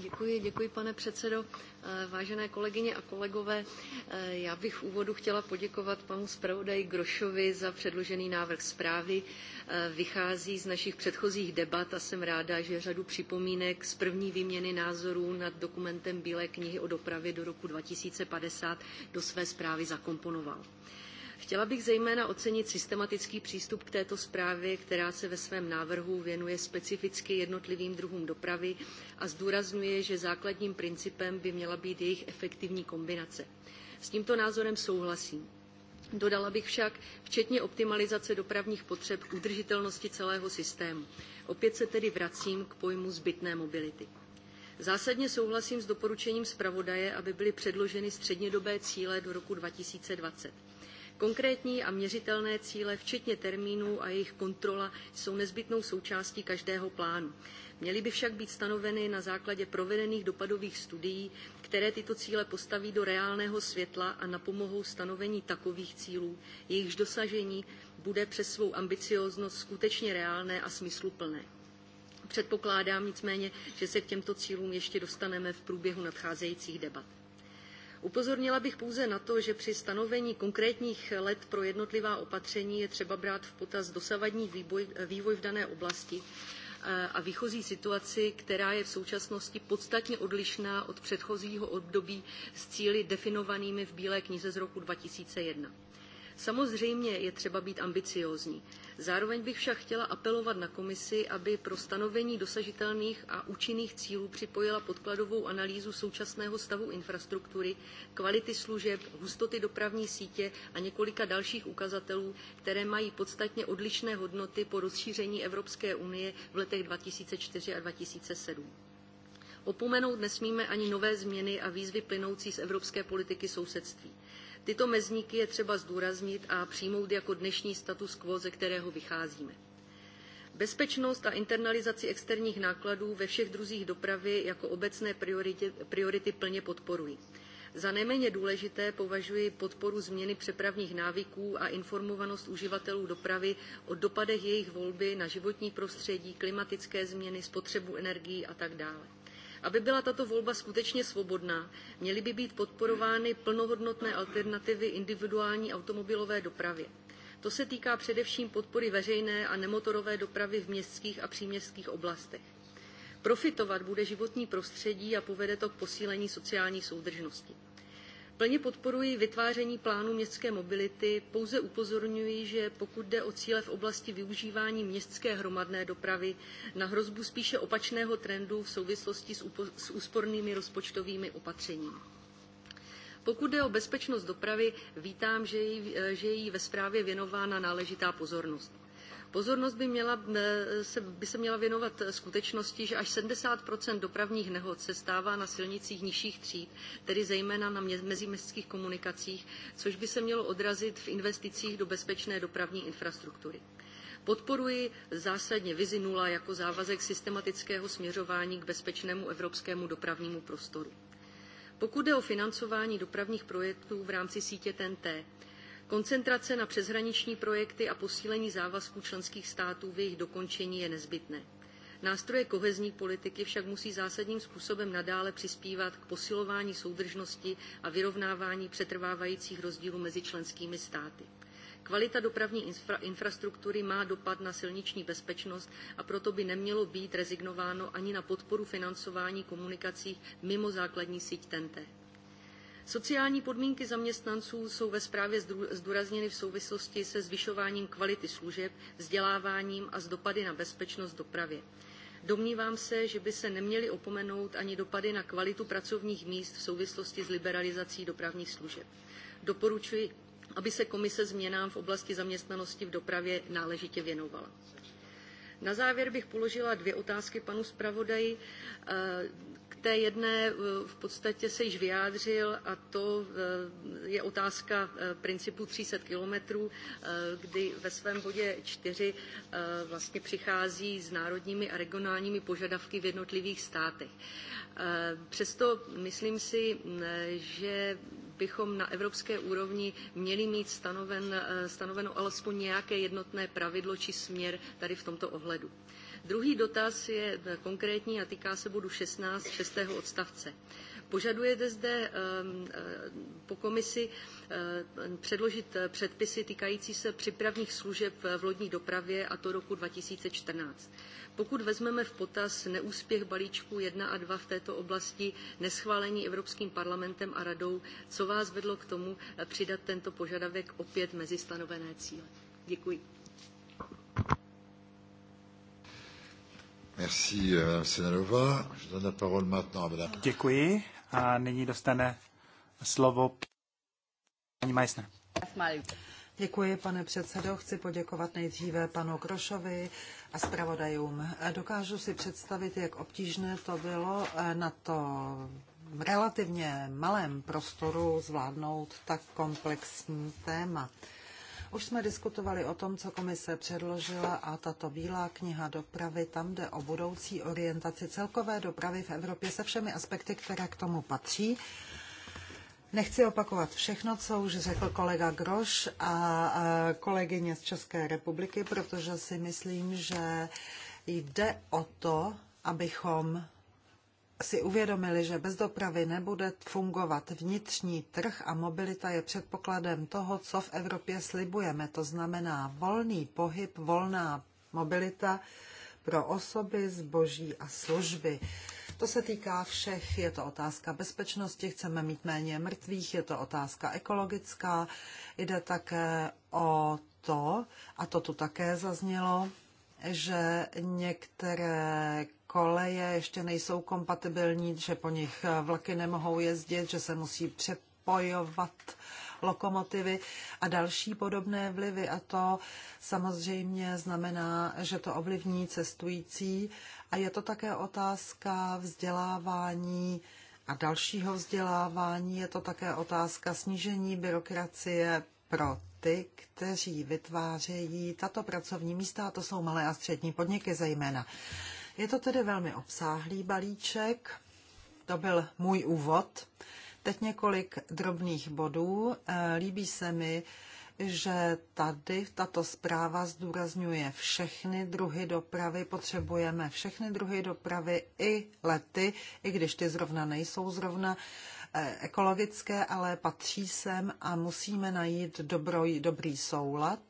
Děkuji, děkuji pane předsedo. Eh, vážené kolegyně a kolegové, eh, já bych v úvodu chtěla poděkovat panu zpravodaji Grošovi za předložený návrh zprávy. Eh, vychází z našich předchozích debat a jsem ráda, že řadu připomínek z první výměny názorů nad dokumentem Bílé knihy o dopravě do roku 2050 do své zprávy zakomponoval. Chtěla bych zejména ocenit systematický přístup k této zprávě, která se ve svém návrhu věnuje specificky jednotlivým druhům dopravy a zdůrazňuje, že základním principem by měla být jejich efektivní kombinace. S tímto názorem souhlasím. Dodala bych však, včetně optimalizace dopravních potřeb, udržitelnosti celého systému. Opět se tedy vracím k pojmu zbytné mobility. Zásadně souhlasím s doporučením zpravodaje, aby byly předloženy střednědobé cíle do roku 2020. Konkrétní a měřitelné cíle, včetně termínů a jejich kontrola, jsou nezbytnou součástí každého plánu. Měly by však být stanoveny na základě provedených dopadových studií, které tyto cíle postaví do reálného světla a napomohou stanovení takových cílů, jejichž dosažení bude přes svou ambicióznost skutečně reálné a smysluplné. Předpokládám nicméně, že se k těmto cílům ještě dostaneme v průběhu nadcházejících debat. Upozornila bych pouze na to, že při stanovení konkrétních let pro jednotlivá opatření je třeba brát v potaz dosavadní vývoj v dané oblasti eh, a výchozí situaci, která je v současnosti podstatně odlišná od předchozího období s cíli definovanými v Bílé knize z roku 2001. Samozřejmě je třeba být ambiciózní. Zároveň bych však chtěla apelovat na komisi, aby pro stanovení dosažitelných a účinných cílů připojila podkladovou analýzu současného stavu infrastruktury, kvality služeb, hustoty dopravní sítě a několika dalších ukazatelů, které mají podstatně odlišné hodnoty po rozšíření Evropské unie v letech 2004 a 2007. Opomenout nesmíme ani nové změny a výzvy plynoucí z evropské politiky sousedství. Tyto mezníky je třeba zdůraznit a přijmout jako dnešní status quo, ze kterého vycházíme. Bezpečnost a internalizaci externích nákladů ve všech druzích dopravy jako obecné priority, priority plně podporuji. Za nejméně důležité považuji podporu změny přepravních návyků a informovanost uživatelů dopravy o dopadech jejich volby na životní prostředí, klimatické změny, spotřebu energií a tak dále. Aby byla tato volba skutečně svobodná, měly by být podporovány plnohodnotné alternativy individuální automobilové dopravě. To se týká především podpory veřejné a nemotorové dopravy v městských a příměstských oblastech. Profitovat bude životní prostředí a povede to k posílení sociální soudržnosti. Plně podporuji vytváření plánu městské mobility, pouze upozorňuji, že pokud jde o cíle v oblasti využívání městské hromadné dopravy, na hrozbu spíše opačného trendu v souvislosti s úspornými rozpočtovými opatřeními. Pokud jde o bezpečnost dopravy, vítám, že je jí ve zprávě věnována náležitá pozornost. Pozornost by, měla, eh, se, by se měla věnovat skutečnosti, že až 70 dopravních nehod se stává na silnicích nižších tříd, tedy zejména na meziměstských komunikacích, což by se mělo odrazit v investicích do bezpečné dopravní infrastruktury. Podporuji zásadně vizi nula jako závazek systematického směřování k bezpečnému evropskému dopravnímu prostoru. Pokud jde o financování dopravních projektů v rámci sítě TEN-T, Koncentrace na přeshraniční projekty a posílení závazků členských států v jejich dokončení je nezbytné. Nástroje kohezní politiky však musí zásadním způsobem nadále přispívat k posilování soudržnosti a vyrovnávání přetrvávajících rozdílů mezi členskými státy. Kvalita dopravní infra- infrastruktury má dopad na silniční bezpečnost a proto by nemělo být rezignováno ani na podporu financování komunikací mimo základní síť TEN-T. Sociální podmínky zaměstnanců jsou ve zprávě zdůrazněny v souvislosti se zvyšováním kvality služeb, vzděláváním a s dopady na bezpečnost dopravy. Domnívám se, že by se neměly opomenout ani dopady na kvalitu pracovních míst v souvislosti s liberalizací dopravních služeb. Doporučuji, aby se komise změnám v oblasti zaměstnanosti v dopravě náležitě věnovala. Na závěr bych položila dvě otázky panu zpravodaji k té jedné eh, v podstatě se již vyjádřil a to eh, je otázka eh, principu 300 kilometrů, kdy ve svém bodě 4 vlastně přichází s národními a regionálními požadavky v jednotlivých státech. Přesto myslím si, že bychom na evropské úrovni měli mít stanoven, stanoveno alespoň nějaké jednotné pravidlo či směr tady v tomto ohledu. Druhý dotaz je eh, konkrétní a týká se bodu 16, 6. odstavce. Požadujete zde eh, eh, po komisi předložit předpisy týkající se přípravných služeb v lodní dopravě a to roku 2014. Pokud vezmeme v potaz neúspěch balíčku 1 a 2 v této oblasti, neschválení Evropským parlamentem a radou, co vás vedlo k tomu přidat tento požadavek opět mezi stanovené cíle? Děkuji. Merci, euh, Je donne la parole maintenant à madame. Děkuji a nyní dostane slovo paní Meissner. Děkuji, pane předsedo. Chci poděkovat nejdříve panu Krošovi a zpravodajům. Dokážu si představit, jak obtížné to bylo eh, na to relativně malém prostoru zvládnout tak komplexní téma. Už jsme diskutovali o tom, co komise předložila a tato bílá kniha dopravy, tam jde o budoucí orientaci celkové dopravy v Evropě se všemi aspekty, které k tomu patří. Nechci opakovat všechno, co už řekl kolega Groš a kolegyně z České republiky, protože si myslím, že jde o to, abychom si uvědomili, že bez dopravy nebude fungovat vnitřní trh a mobilita je předpokladem toho, co v Evropě slibujeme. To znamená volný pohyb, volná mobilita pro osoby, zboží a služby. To se týká všech, je to otázka bezpečnosti, chceme mít méně mrtvých, je to otázka ekologická, jde také o to, a to tu také zaznělo, že některé koleje ještě nejsou kompatibilní, že po nich vlaky nemohou jezdit, že se musí přepojovat lokomotivy a další podobné vlivy. A to samozřejmě znamená, že to ovlivní cestující. A je to také otázka vzdělávání a dalšího vzdělávání. Je to také otázka snížení byrokracie pro ty, kteří vytvářejí tato pracovní místa, a to jsou malé a střední podniky zejména. Je to tedy velmi obsáhlý balíček, to byl můj úvod. Teď několik drobných bodů. Eh, líbí se mi, že tady tato zpráva zdůrazňuje všechny druhy dopravy, potřebujeme všechny druhy dopravy i lety, i když ty zrovna nejsou zrovna uh, E, ekologické, ale patří sem a musíme najít dobro, dobrý soulad.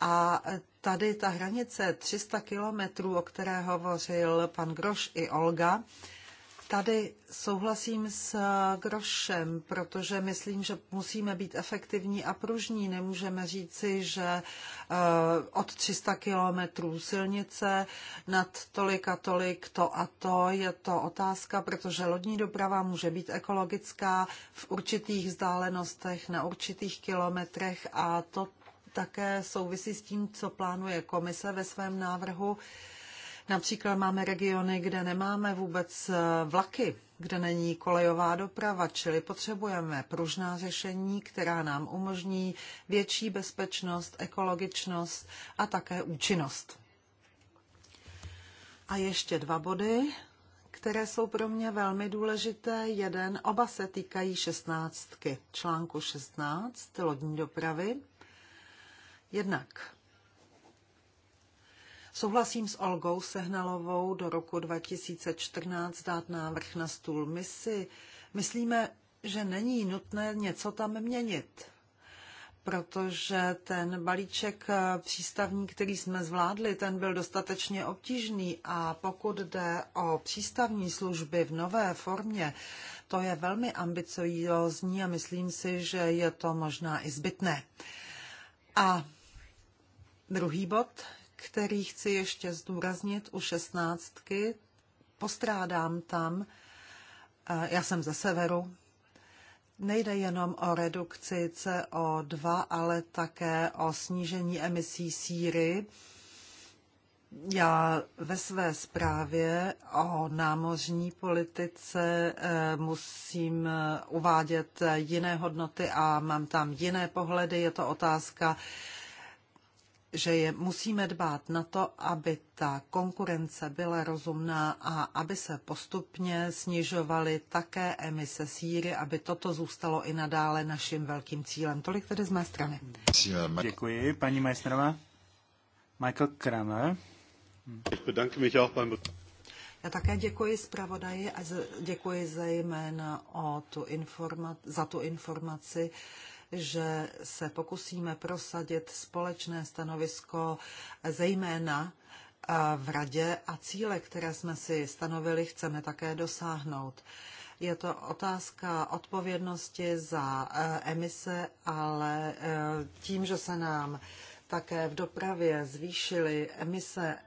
A tady ta hranice 300 kilometrů, o které hovořil pan Groš i Olga, Tady souhlasím s eh, Grošem, protože myslím, že musíme být efektivní a pružní. Nemůžeme říci, že eh, od 300 kilometrů silnice nad tolik a tolik to a to je to otázka, protože lodní doprava může být ekologická v určitých vzdálenostech, na určitých kilometrech a to také souvisí s tím, co plánuje komise ve svém návrhu. Například máme regiony, kde nemáme vůbec eh, vlaky, kde není kolejová doprava, čili potřebujeme pružná řešení, která nám umožní větší bezpečnost, ekologičnost a také účinnost. A ještě dva body, které jsou pro mě velmi důležité. Jeden, oba se týkají šestnáctky, článku 16 lodní dopravy. Jednak Souhlasím s Olgou Sehnalovou do roku 2014 dát návrh na stůl. My si myslíme, že není nutné něco tam měnit, protože ten balíček eh, přístavní, který jsme zvládli, ten byl dostatečně obtížný a pokud jde o přístavní služby v nové formě, to je velmi ambiciozní a myslím si, že je to možná i zbytné. A druhý bod který chci ještě zdůraznit u šestnáctky. Postrádám tam, já jsem ze severu, Nejde jenom o redukci CO2, ale také o snížení emisí síry. Já ve své zprávě o námořní politice eh, musím uvádět jiné hodnoty a mám tam jiné pohledy. Je to otázka že je musíme dbát na to, aby ta konkurence byla rozumná a aby se postupně snižovaly také emise síry, aby toto zůstalo i nadále naším velkým cílem. Tolik tedy z mé strany. Děkuji, paní Majsnerová. Michael Kramer. Já také děkuji zpravodaji a děkuji zejména o tu informa- za tu informaci, že se pokusíme prosadit společné stanovisko zejména eh, v radě a cíle, které jsme si stanovili, chceme také dosáhnout. Je to otázka odpovědnosti za eh, emise, ale eh, tím, že se nám také v dopravě zvýšily emise,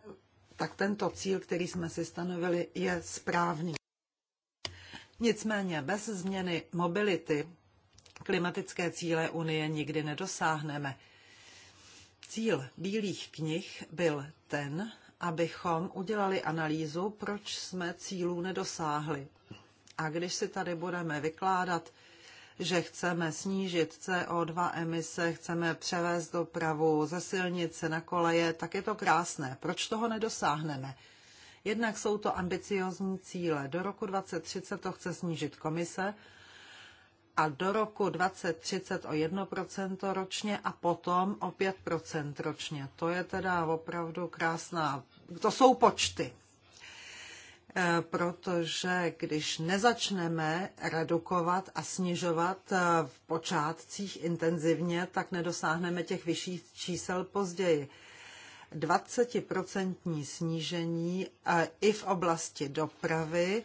tak tento cíl, který jsme si stanovili, je správný. Nicméně bez změny mobility Klimatické cíle Unie nikdy nedosáhneme. Cíl bílých knih byl ten, abychom udělali analýzu, proč jsme cílů nedosáhli. A když si tady budeme vykládat, že chceme snížit CO2 emise, chceme převést dopravu ze silnice na koleje, tak je to krásné. Proč toho nedosáhneme? Jednak jsou to ambiciozní cíle. Do roku 2030 to chce snížit komise, a do roku 2030 o 1% ročně a potom o 5% ročně. To je teda opravdu krásná, to jsou počty. Eh, protože když nezačneme redukovat a snižovat eh, v počátcích intenzivně, tak nedosáhneme těch vyšších čísel později. 20% snížení eh, i v oblasti dopravy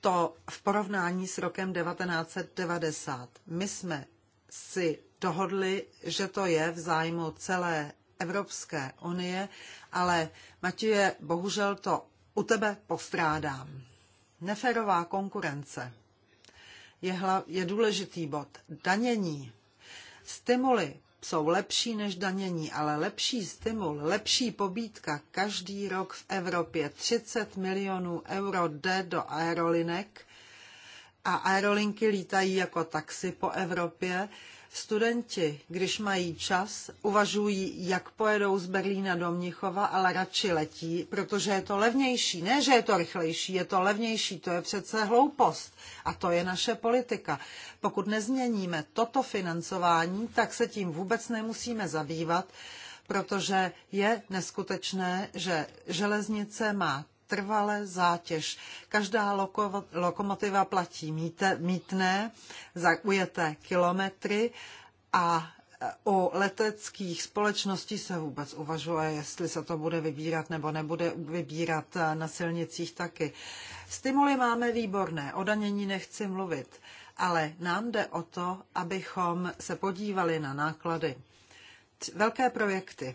to v porovnání s rokem 1990. My jsme si dohodli, že to je v zájmu celé Evropské unie, ale Matěje, bohužel to u tebe postrádám. Neferová konkurence je, hla, je důležitý bod. Danění, stimuly jsou lepší než danění, ale lepší stimul, lepší pobídka každý rok v Evropě. 30 milionů euro jde do aerolinek a aerolinky lítají jako taxi po Evropě Studenti, když mají čas, uvažují, jak pojedou z Berlína do Mnichova, ale radši letí, protože je to levnější. Ne, že je to rychlejší, je to levnější, to je přece hloupost. A to je naše politika. Pokud nezměníme toto financování, tak se tím vůbec nemusíme zabývat, protože je neskutečné, že železnice má trvale zátěž. Každá loko, lokomotiva platí Mít mítné, zaujete kilometry a e, u leteckých společností se vůbec uvažuje, jestli se to bude vybírat nebo nebude vybírat e, na silnicích taky. Stimuly máme výborné, o danění nechci mluvit, ale nám jde o to, abychom se podívali na náklady. Velké projekty,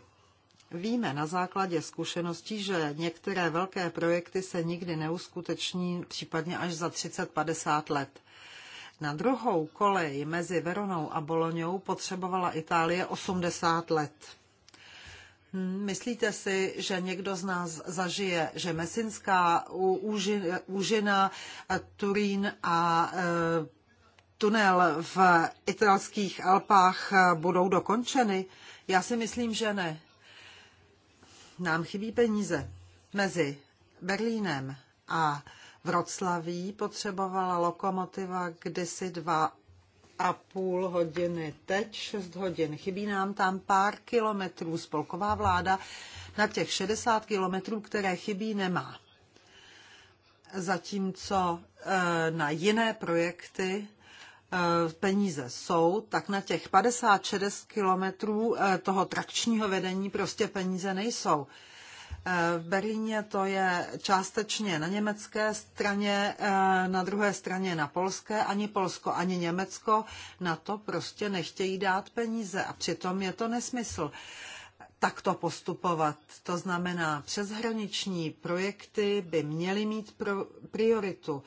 Víme na základě zkušeností, že některé velké projekty se nikdy neuskuteční, případně až za 30-50 let. Na druhou kolej mezi Veronou a Boloňou potřebovala Itálie 80 let. Myslíte si, že někdo z nás zažije, že Mesinská úžina, eh, Turín a e, tunel v italských Alpách eh, budou dokončeny? Já si myslím, že ne nám chybí peníze. Mezi Berlínem a Vroclaví potřebovala lokomotiva kdysi dva a půl hodiny, teď 6 hodin. Chybí nám tam pár kilometrů. Spolková vláda na těch 60 kilometrů, které chybí, nemá. Zatímco eh, na jiné projekty Eh, peníze jsou, tak na těch 56 kilometrů eh, toho trakčního vedení prostě peníze nejsou. Eh, v Berlíně to je částečně na německé straně, na druhé straně na polské, ani Polsko, ani Německo na to prostě nechtějí dát peníze a přitom je to nesmysl takto postupovat. To znamená, přeshraniční projekty by měly mít prioritu.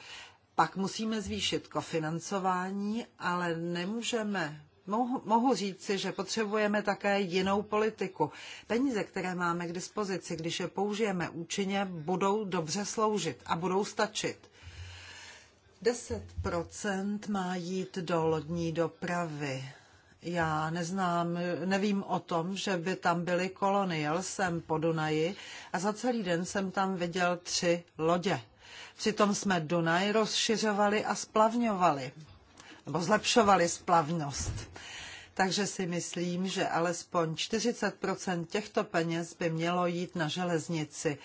Pak musíme zvýšit kofinancování, ale nemůžeme. Mohu, mohu říci, že potřebujeme také jinou politiku. Peníze, které máme k dispozici, když je použijeme účinně, budou dobře sloužit a budou stačit. 10% má jít do lodní dopravy. Já neznám, nevím o tom, že by tam byly kolony. Jel jsem po Dunaji a za celý den jsem tam viděl tři lodě. Přitom jsme Dunaj rozšiřovali a splavňovali, nebo zlepšovali splavnost. Takže si myslím, že alespoň 40 těchto peněz by mělo jít na železnici.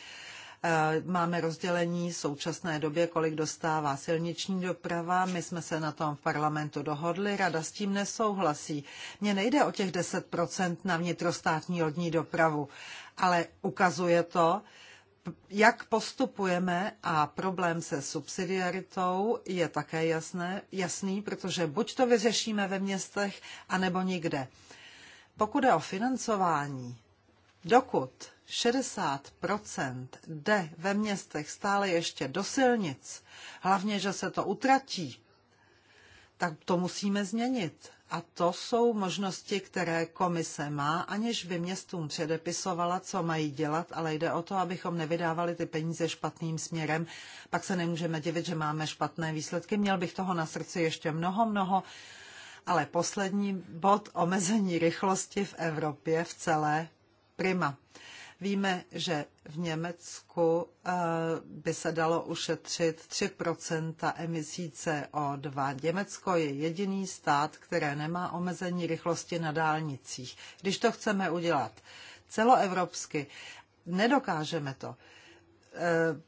Eh, máme rozdělení v současné době, kolik dostává silniční doprava. My jsme se na tom v parlamentu dohodli, rada s tím nesouhlasí. Mně nejde o těch 10% na vnitrostátní lodní dopravu, ale ukazuje to, jak postupujeme a problém se subsidiaritou je také jasné, jasný, protože buď to vyřešíme ve městech, anebo nikde. Pokud je o financování, dokud 60 jde ve městech stále ještě do silnic, hlavně, že se to utratí, tak to musíme změnit. A to jsou možnosti, které komise má, aniž by městům předepisovala, co mají dělat, ale jde o to, abychom nevydávali ty peníze špatným směrem. Pak se nemůžeme divit, že máme špatné výsledky. Měl bych toho na srdci ještě mnoho, mnoho. Ale poslední bod omezení rychlosti v Evropě v celé prima. Víme, že v Německu eh, by se dalo ušetřit 3 emisí CO2. Německo je jediný stát, které nemá omezení rychlosti na dálnicích. Když to chceme udělat celoevropsky, nedokážeme to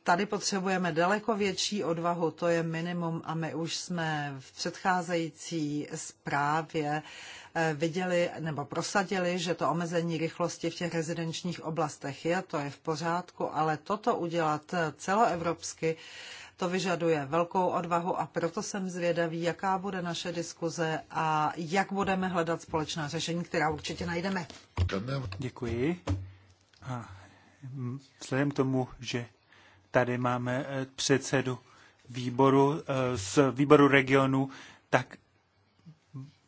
tady potřebujeme daleko větší odvahu, to je minimum a my už jsme v předcházející zprávě eh, viděli nebo prosadili, že to omezení rychlosti v těch rezidenčních oblastech je, to je v pořádku, ale toto udělat celoevropsky, to vyžaduje velkou odvahu a proto jsem zvědavý, jaká bude naše diskuze a jak budeme hledat společná řešení, která určitě najdeme. Děkuji. A vzhledem k tomu, že Tady máme eh, předsedu výboru eh, z výboru regionu, tak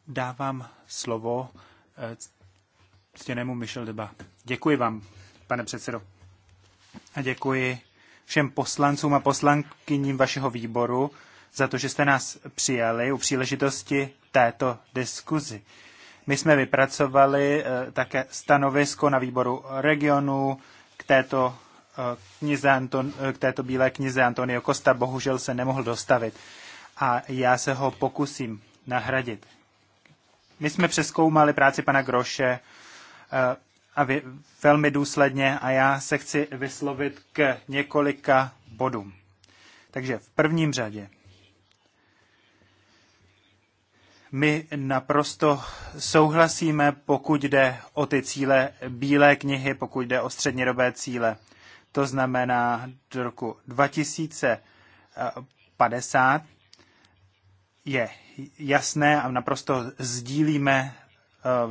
dávám slovo eh, ctěnému Michel Deba. Děkuji vám, pane předsedo. A děkuji všem poslancům a poslankyním vašeho výboru za to, že jste nás přijali u příležitosti této diskuzi. My jsme vypracovali také stanovisko na výboru regionu k této knize Anton, k této bílé knize Antonio Costa bohužel se nemohl dostavit a já se ho pokusím nahradit. My jsme přeskoumali práci pana Groše eh, a vy, velmi důsledně a já se chci vyslovit k několika bodům. Takže v prvním řadě my naprosto souhlasíme, pokud jde o ty cíle Bílé knihy, pokud jde o střednědobé cíle to znamená do roku 2050, je jasné a naprosto sdílíme eh,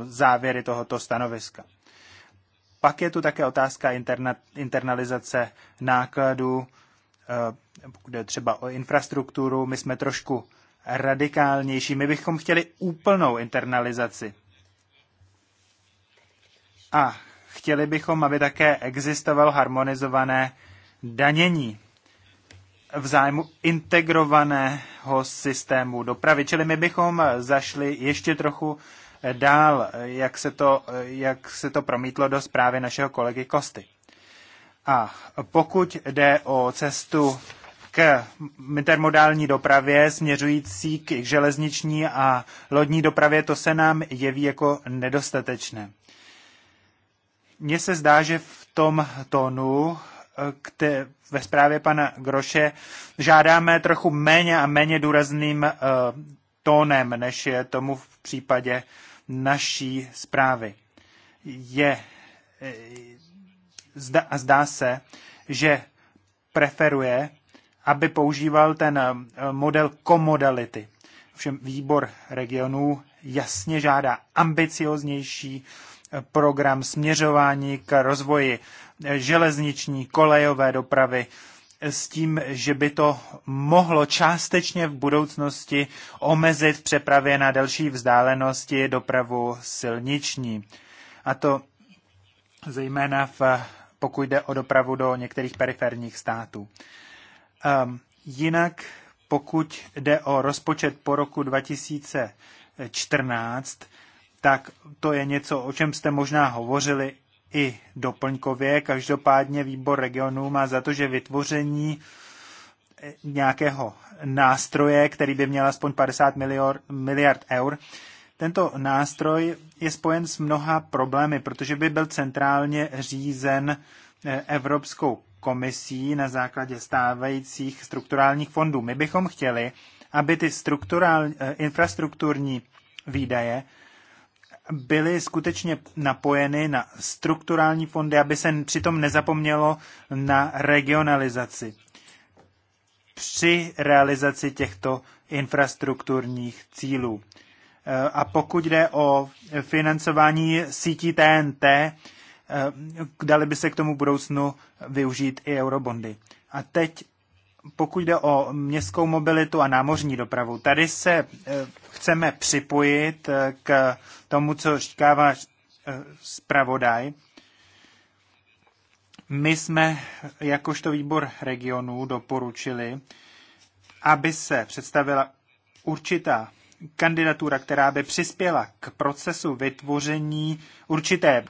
závěry tohoto stanoviska. Pak je tu také otázka interna, internalizace nákladů, eh, pokud je třeba o infrastrukturu, my jsme trošku radikálnější. My bychom chtěli úplnou internalizaci. A chtěli bychom, aby také existovalo harmonizované danění v zájmu integrovaného systému dopravy. Čili my bychom zašli ještě trochu dál, jak se to, jak se to promítlo do zprávy našeho kolegy Kosty. A pokud jde o cestu k intermodální dopravě směřující k železniční a lodní dopravě, to se nám jeví jako nedostatečné. Mně se zdá, že v tom tónu eh, kte, ve zprávě pana Groše žádáme trochu méně a méně důrazným uh, tónem, než je tomu v případě naší zprávy. Je, eh, zda, a zdá se, že preferuje, aby používal ten model komodality. Všem výbor regionů jasně žádá ambicioznější program směřování k rozvoji železniční, kolejové dopravy s tím, že by to mohlo částečně v budoucnosti omezit přepravě na delší vzdálenosti dopravu silniční. A to zejména v, pokud jde o dopravu do některých periferních států. Um, jinak, pokud jde o rozpočet po roku 2014, tak to je něco, o čem jste možná hovořili i doplňkově. Každopádně výbor regionů má za to, že vytvoření eh, nějakého nástroje, který by měl aspoň 50 miliard, miliard eur, tento nástroj je spojen s mnoha problémy, protože by byl centrálně řízen eh, Evropskou komisí na základě stávajících strukturálních fondů. My bychom chtěli, aby ty strukturál, eh, infrastrukturní výdaje byly skutečně napojeny na strukturální fondy, aby se přitom nezapomnělo na regionalizaci při realizaci těchto infrastrukturních cílů. A pokud jde o financování sítí TNT, eh, dali by se k tomu budoucnu využít i eurobondy. A teď pokud jde o městskou mobilitu a námořní dopravu, tady se eh, chceme připojit eh, k tomu, co říká váš eh, zpravodaj. My jsme jakožto výbor regionů doporučili, aby se představila určitá kandidatura, která by přispěla k procesu vytvoření určitého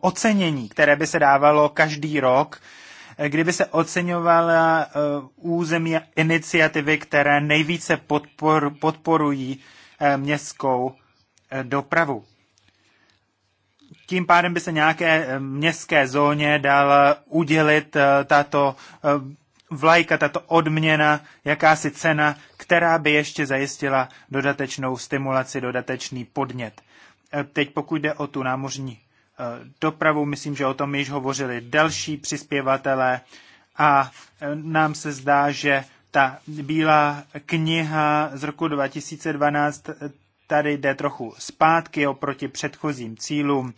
ocenění, které by se dávalo každý rok Eh, kdyby se oceňovala eh, území iniciativy, které nejvíce podpor, podporují eh, městskou dopravu. Tím pádem by se nějaké městské zóně dal udělit tato vlajka, tato odměna, jakási cena, která by ještě zajistila dodatečnou stimulaci, dodatečný podnět. Teď pokud jde o tu námořní dopravu. Myslím, že o tom již hovořili další přispěvatelé a e, nám se zdá, že ta bílá kniha z roku 2012 e, tady jde trochu zpátky oproti předchozím cílům.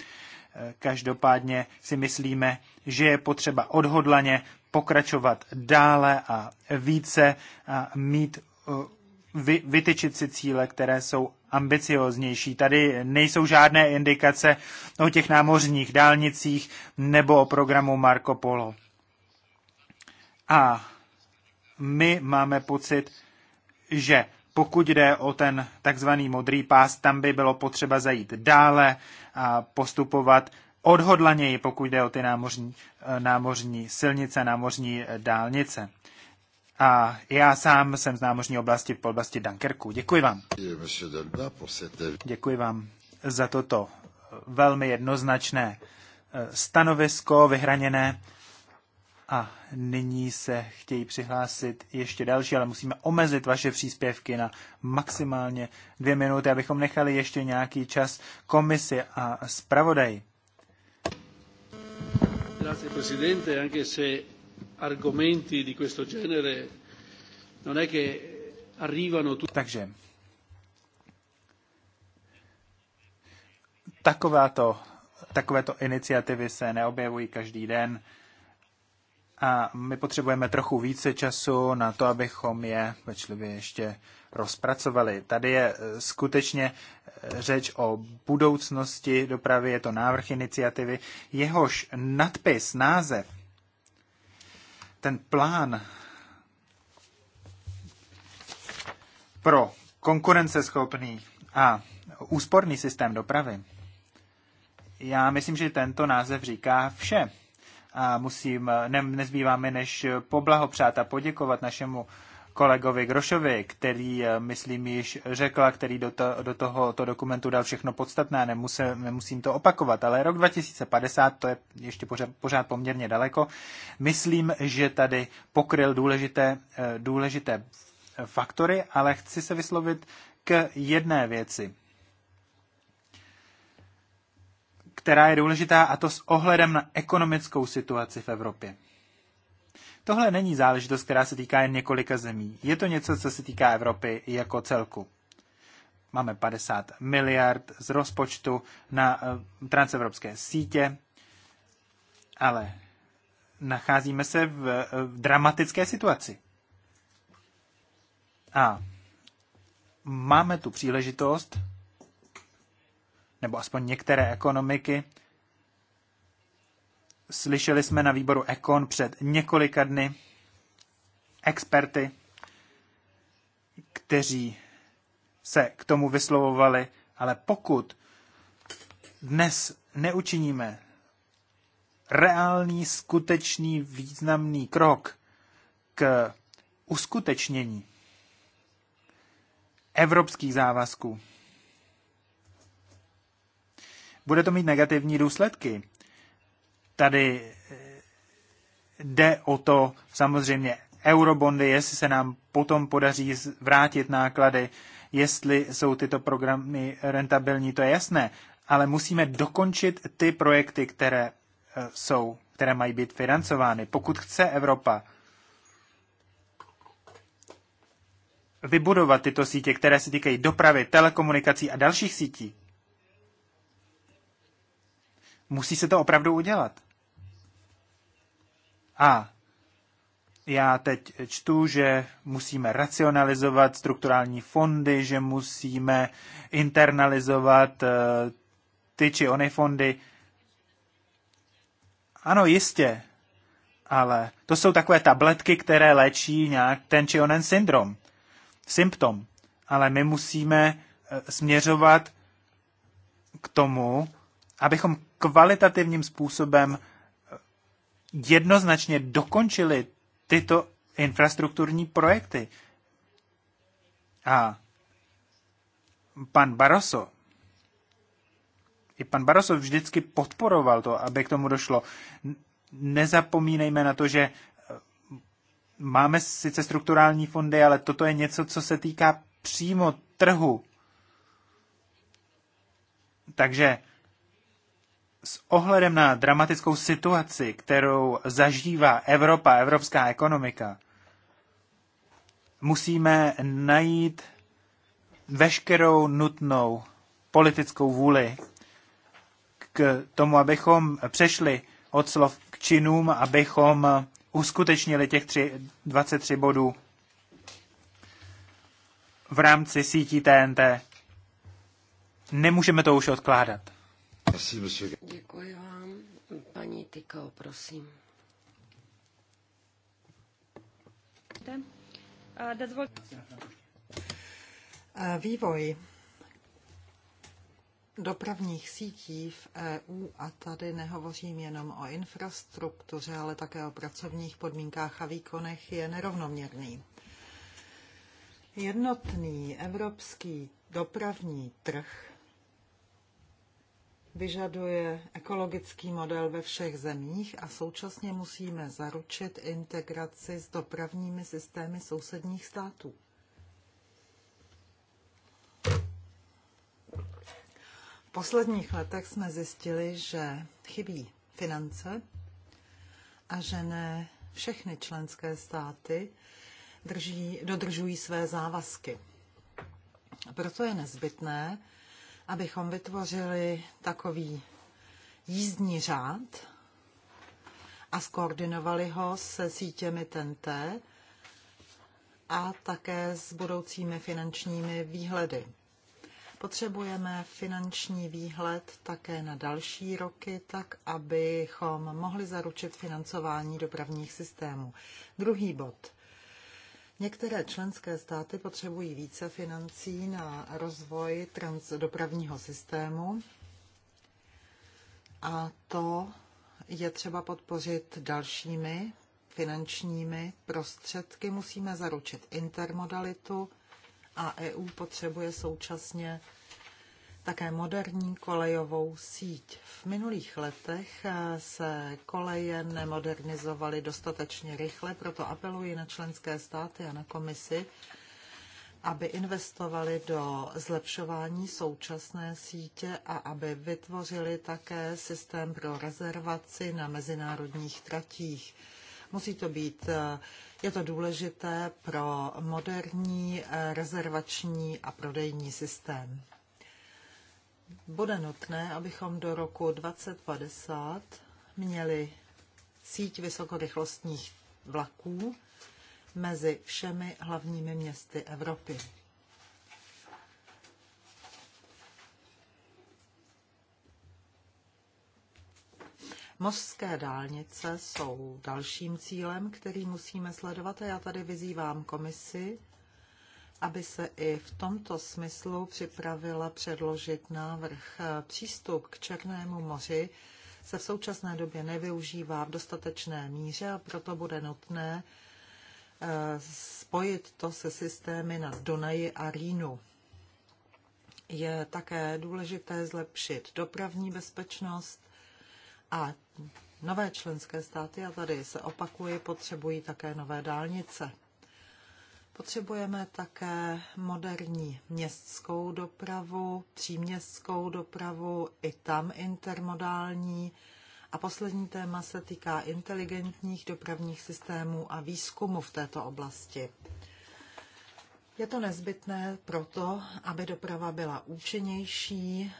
E, každopádně si myslíme, že je potřeba odhodlaně pokračovat dále a více a mít vy, vytyčit si cíle, které jsou ambicioznější. Tady nejsou žádné indikace o těch námořních dálnicích nebo o programu Marco Polo. A my máme pocit, že pokud jde o ten takzvaný modrý pás, tam by bylo potřeba zajít dále a postupovat odhodlaněji, pokud jde o ty námořní, eh, námořní silnice, námořní eh, dálnice a já sám jsem z námořní oblasti v oblasti Dunkerku. Děkuji vám. Děkuji vám za toto eh, velmi jednoznačné eh, stanovisko vyhraněné. A nyní se chtějí přihlásit ještě další, ale musíme omezit vaše příspěvky na maximálně dvě minuty, abychom nechali ještě nějaký čas komisi a zpravodaji. Grazie, presidente, anche se argomenti di questo genere non è che arrivano tutti. Takže takováto, takovéto iniciativy se neobjevují každý den a my potřebujeme trochu více času na to, abychom je pečlivě ještě rozpracovali. Tady je eh, skutečně eh, řeč o budoucnosti dopravy, je to návrh iniciativy. Jehož nadpis, název ten plán pro konkurenceschopný a úsporný systém dopravy, já myslím, že tento název říká vše. A musím, ne, nezbývá mi, než poblahopřát a poděkovat našemu kolegovi Grošovi, který, eh, myslím, již a který do, to, do tohoto dokumentu dal všechno podstatné, nemuse, nemusím to opakovat, ale rok 2050, to je ještě pořád, pořád poměrně daleko, myslím, že tady pokryl důležité, eh, důležité faktory, ale chci se vyslovit k jedné věci, která je důležitá, a to s ohledem na ekonomickou situaci v Evropě. Tohle není záležitost, která se týká jen několika zemí. Je to něco, co se týká Evropy jako celku. Máme 50 miliard z rozpočtu na eh, transevropské sítě, ale nacházíme se v, eh, v dramatické situaci. A máme tu příležitost, nebo aspoň některé ekonomiky, Slyšeli jsme na výboru Ekon před několika dny experty, kteří se k tomu vyslovovali, ale pokud dnes neučiníme reálný, skutečný, významný krok k uskutečnění evropských závazků, bude to mít negativní důsledky tady eh, jde o to samozřejmě eurobondy, jestli se nám potom podaří vrátit náklady, jestli jsou tyto programy rentabilní, to je jasné, ale musíme dokončit ty projekty, které eh, jsou, které mají být financovány. Pokud chce Evropa vybudovat tyto sítě, které se týkají dopravy, telekomunikací a dalších sítí, musí se to opravdu udělat. A já teď čtu, že musíme racionalizovat strukturální fondy, že musíme internalizovat eh, ty či ony fondy. Ano, jistě, ale to jsou takové tabletky, které léčí nějak ten či onen syndrom, symptom. Ale my musíme eh, směřovat k tomu, abychom kvalitativním způsobem jednoznačně dokončili tyto infrastrukturní projekty. A pan Barroso, i pan Barroso vždycky podporoval to, aby k tomu došlo. Nezapomínejme na to, že e, máme sice strukturální fondy, ale toto je něco, co se týká přímo trhu. Takže s ohledem na dramatickou situaci, kterou zažívá Evropa, evropská ekonomika, musíme najít veškerou nutnou politickou vůli k tomu, abychom přešli od slov k činům, abychom uskutečnili těch tři, 23 bodů v rámci sítí TNT. Nemůžeme to už odkládat. Děkuji vám. Paní Tykao, prosím. Vývoj dopravních sítí v EU, a tady nehovořím jenom o infrastruktuře, ale také o pracovních podmínkách a výkonech, je nerovnoměrný. Jednotný evropský dopravní trh vyžaduje ekologický model ve všech zemích a současně musíme zaručit integraci s dopravními systémy sousedních států. V posledních letech jsme zjistili, že chybí finance a že ne všechny členské státy drží, dodržují své závazky. Proto je nezbytné, abychom vytvořili takový jízdní řád a skoordinovali ho se sítěmi TNT a také s budoucími finančními výhledy. Potřebujeme finanční výhled také na další roky, tak abychom mohli zaručit financování dopravních systémů. Druhý bod. Některé členské státy potřebují více financí na rozvoj transdopravního systému a to je třeba podpořit dalšími finančními prostředky. Musíme zaručit intermodalitu a EU potřebuje současně také moderní kolejovou síť. V minulých letech eh, se koleje nemodernizovaly dostatečně rychle, proto apeluji na členské státy a na komisi, aby investovali do zlepšování současné sítě a aby vytvořili také systém pro rezervaci na mezinárodních tratích. Musí to být, eh, je to důležité pro moderní eh, rezervační a prodejní systém bude nutné, abychom do roku 2050 měli síť vysokorychlostních vlaků mezi všemi hlavními městy Evropy. Mořské dálnice jsou dalším cílem, který musíme sledovat a já tady vyzývám komisi, aby se i v tomto smyslu připravila předložit návrh. Přístup k Černému moři se v současné době nevyužívá v dostatečné míře a proto bude nutné eh, spojit to se systémy na Dunaji a Rínu Je také důležité zlepšit dopravní bezpečnost a nové členské státy, a tady se opakuje, potřebují také nové dálnice. Potřebujeme také moderní městskou dopravu, příměstskou dopravu, i tam intermodální. A poslední téma se týká inteligentních dopravních systémů a výzkumu v této oblasti. Je to nezbytné proto, aby doprava byla účinnější,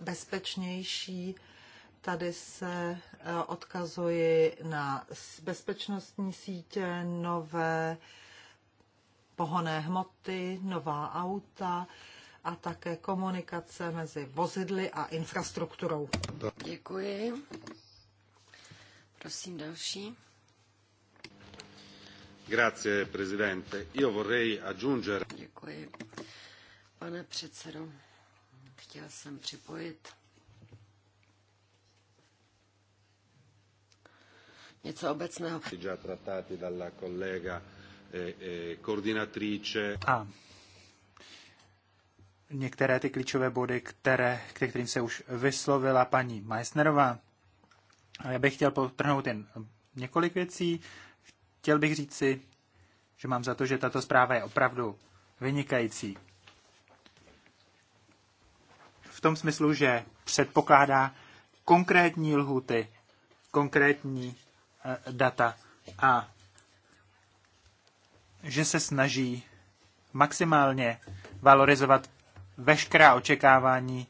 bezpečnější. Tady se eh, odkazuji na bezpečnostní sítě, nové pohonné hmoty, nová auta a také komunikace mezi vozidly a infrastrukturou. Děkuji. Prosím další. Grazie, presidente. Io vorrei aggiungere... Děkuji. Pane předsedo, chtěl jsem připojit něco obecného. E, e, a některé ty klíčové body, které, k kterým se už vyslovila paní Meissnerová. Já bych chtěl potrhnout jen několik věcí. Chtěl bych říci, že mám za to, že tato zpráva je opravdu vynikající. V tom smyslu, že předpokládá konkrétní lhuty, konkrétní e, data a že se snaží maximálně valorizovat veškerá očekávání,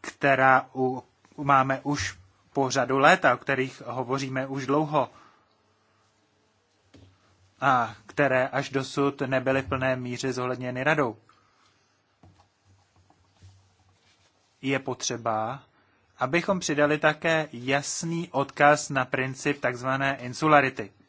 která u, máme už po řadu let a o kterých hovoříme už dlouho a které až dosud nebyly v plné míře zohledněny radou. Je potřeba, abychom přidali také jasný odkaz na princip tzv. insularity –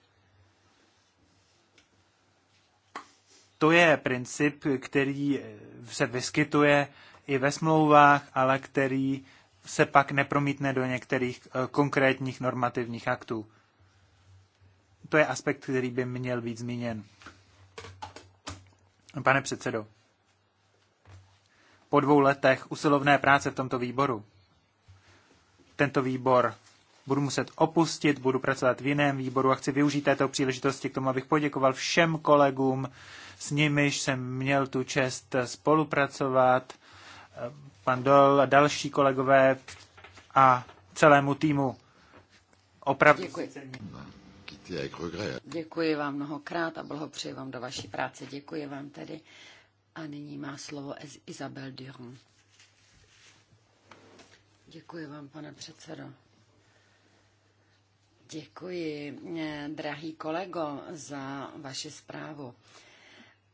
To je princip, který se vyskytuje i ve smlouvách, ale který se pak nepromítne do některých eh, konkrétních normativních aktů. To je aspekt, který by měl být zmíněn. Pane předsedo, po dvou letech usilovné práce v tomto výboru, tento výbor budu muset opustit, budu pracovat v jiném výboru a chci využít této příležitosti k tomu, abych poděkoval všem kolegům, s nimiž jsem měl tu čest spolupracovat, pan Dol a další kolegové a celému týmu. Opravdu. Děkuji. Děkuji vám mnohokrát a blahopřeji vám do vaší práce. Děkuji vám tedy. A nyní má slovo Isabel Durand. Děkuji vám, pane předsedo. Děkuji, eh, drahý kolego, za vaši zprávu.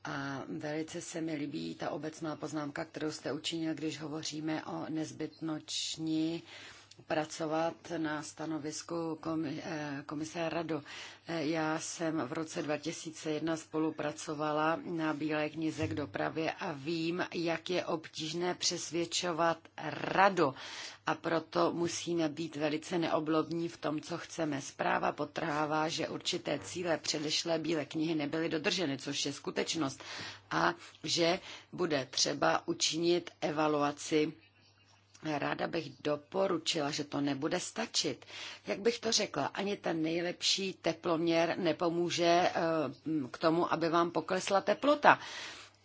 A velice se mi líbí ta obecná poznámka, kterou jste učinil, když hovoříme o nezbytnoční pracovat na stanovisku eh, komise Rado. Eh, já jsem v roce 2001 spolupracovala na Bílé knize k dopravě a vím, jak je obtížné přesvědčovat Rado. A proto musíme být velice neoblobní v tom, co chceme. Zpráva potrhává, že určité cíle předešlé Bílé knihy nebyly dodrženy, což je skutečnost. A že bude třeba učinit evaluaci Ráda bych doporučila, že to nebude stačit. Jak bych to řekla, ani ten nejlepší teploměr nepomůže eh, k tomu, aby vám poklesla teplota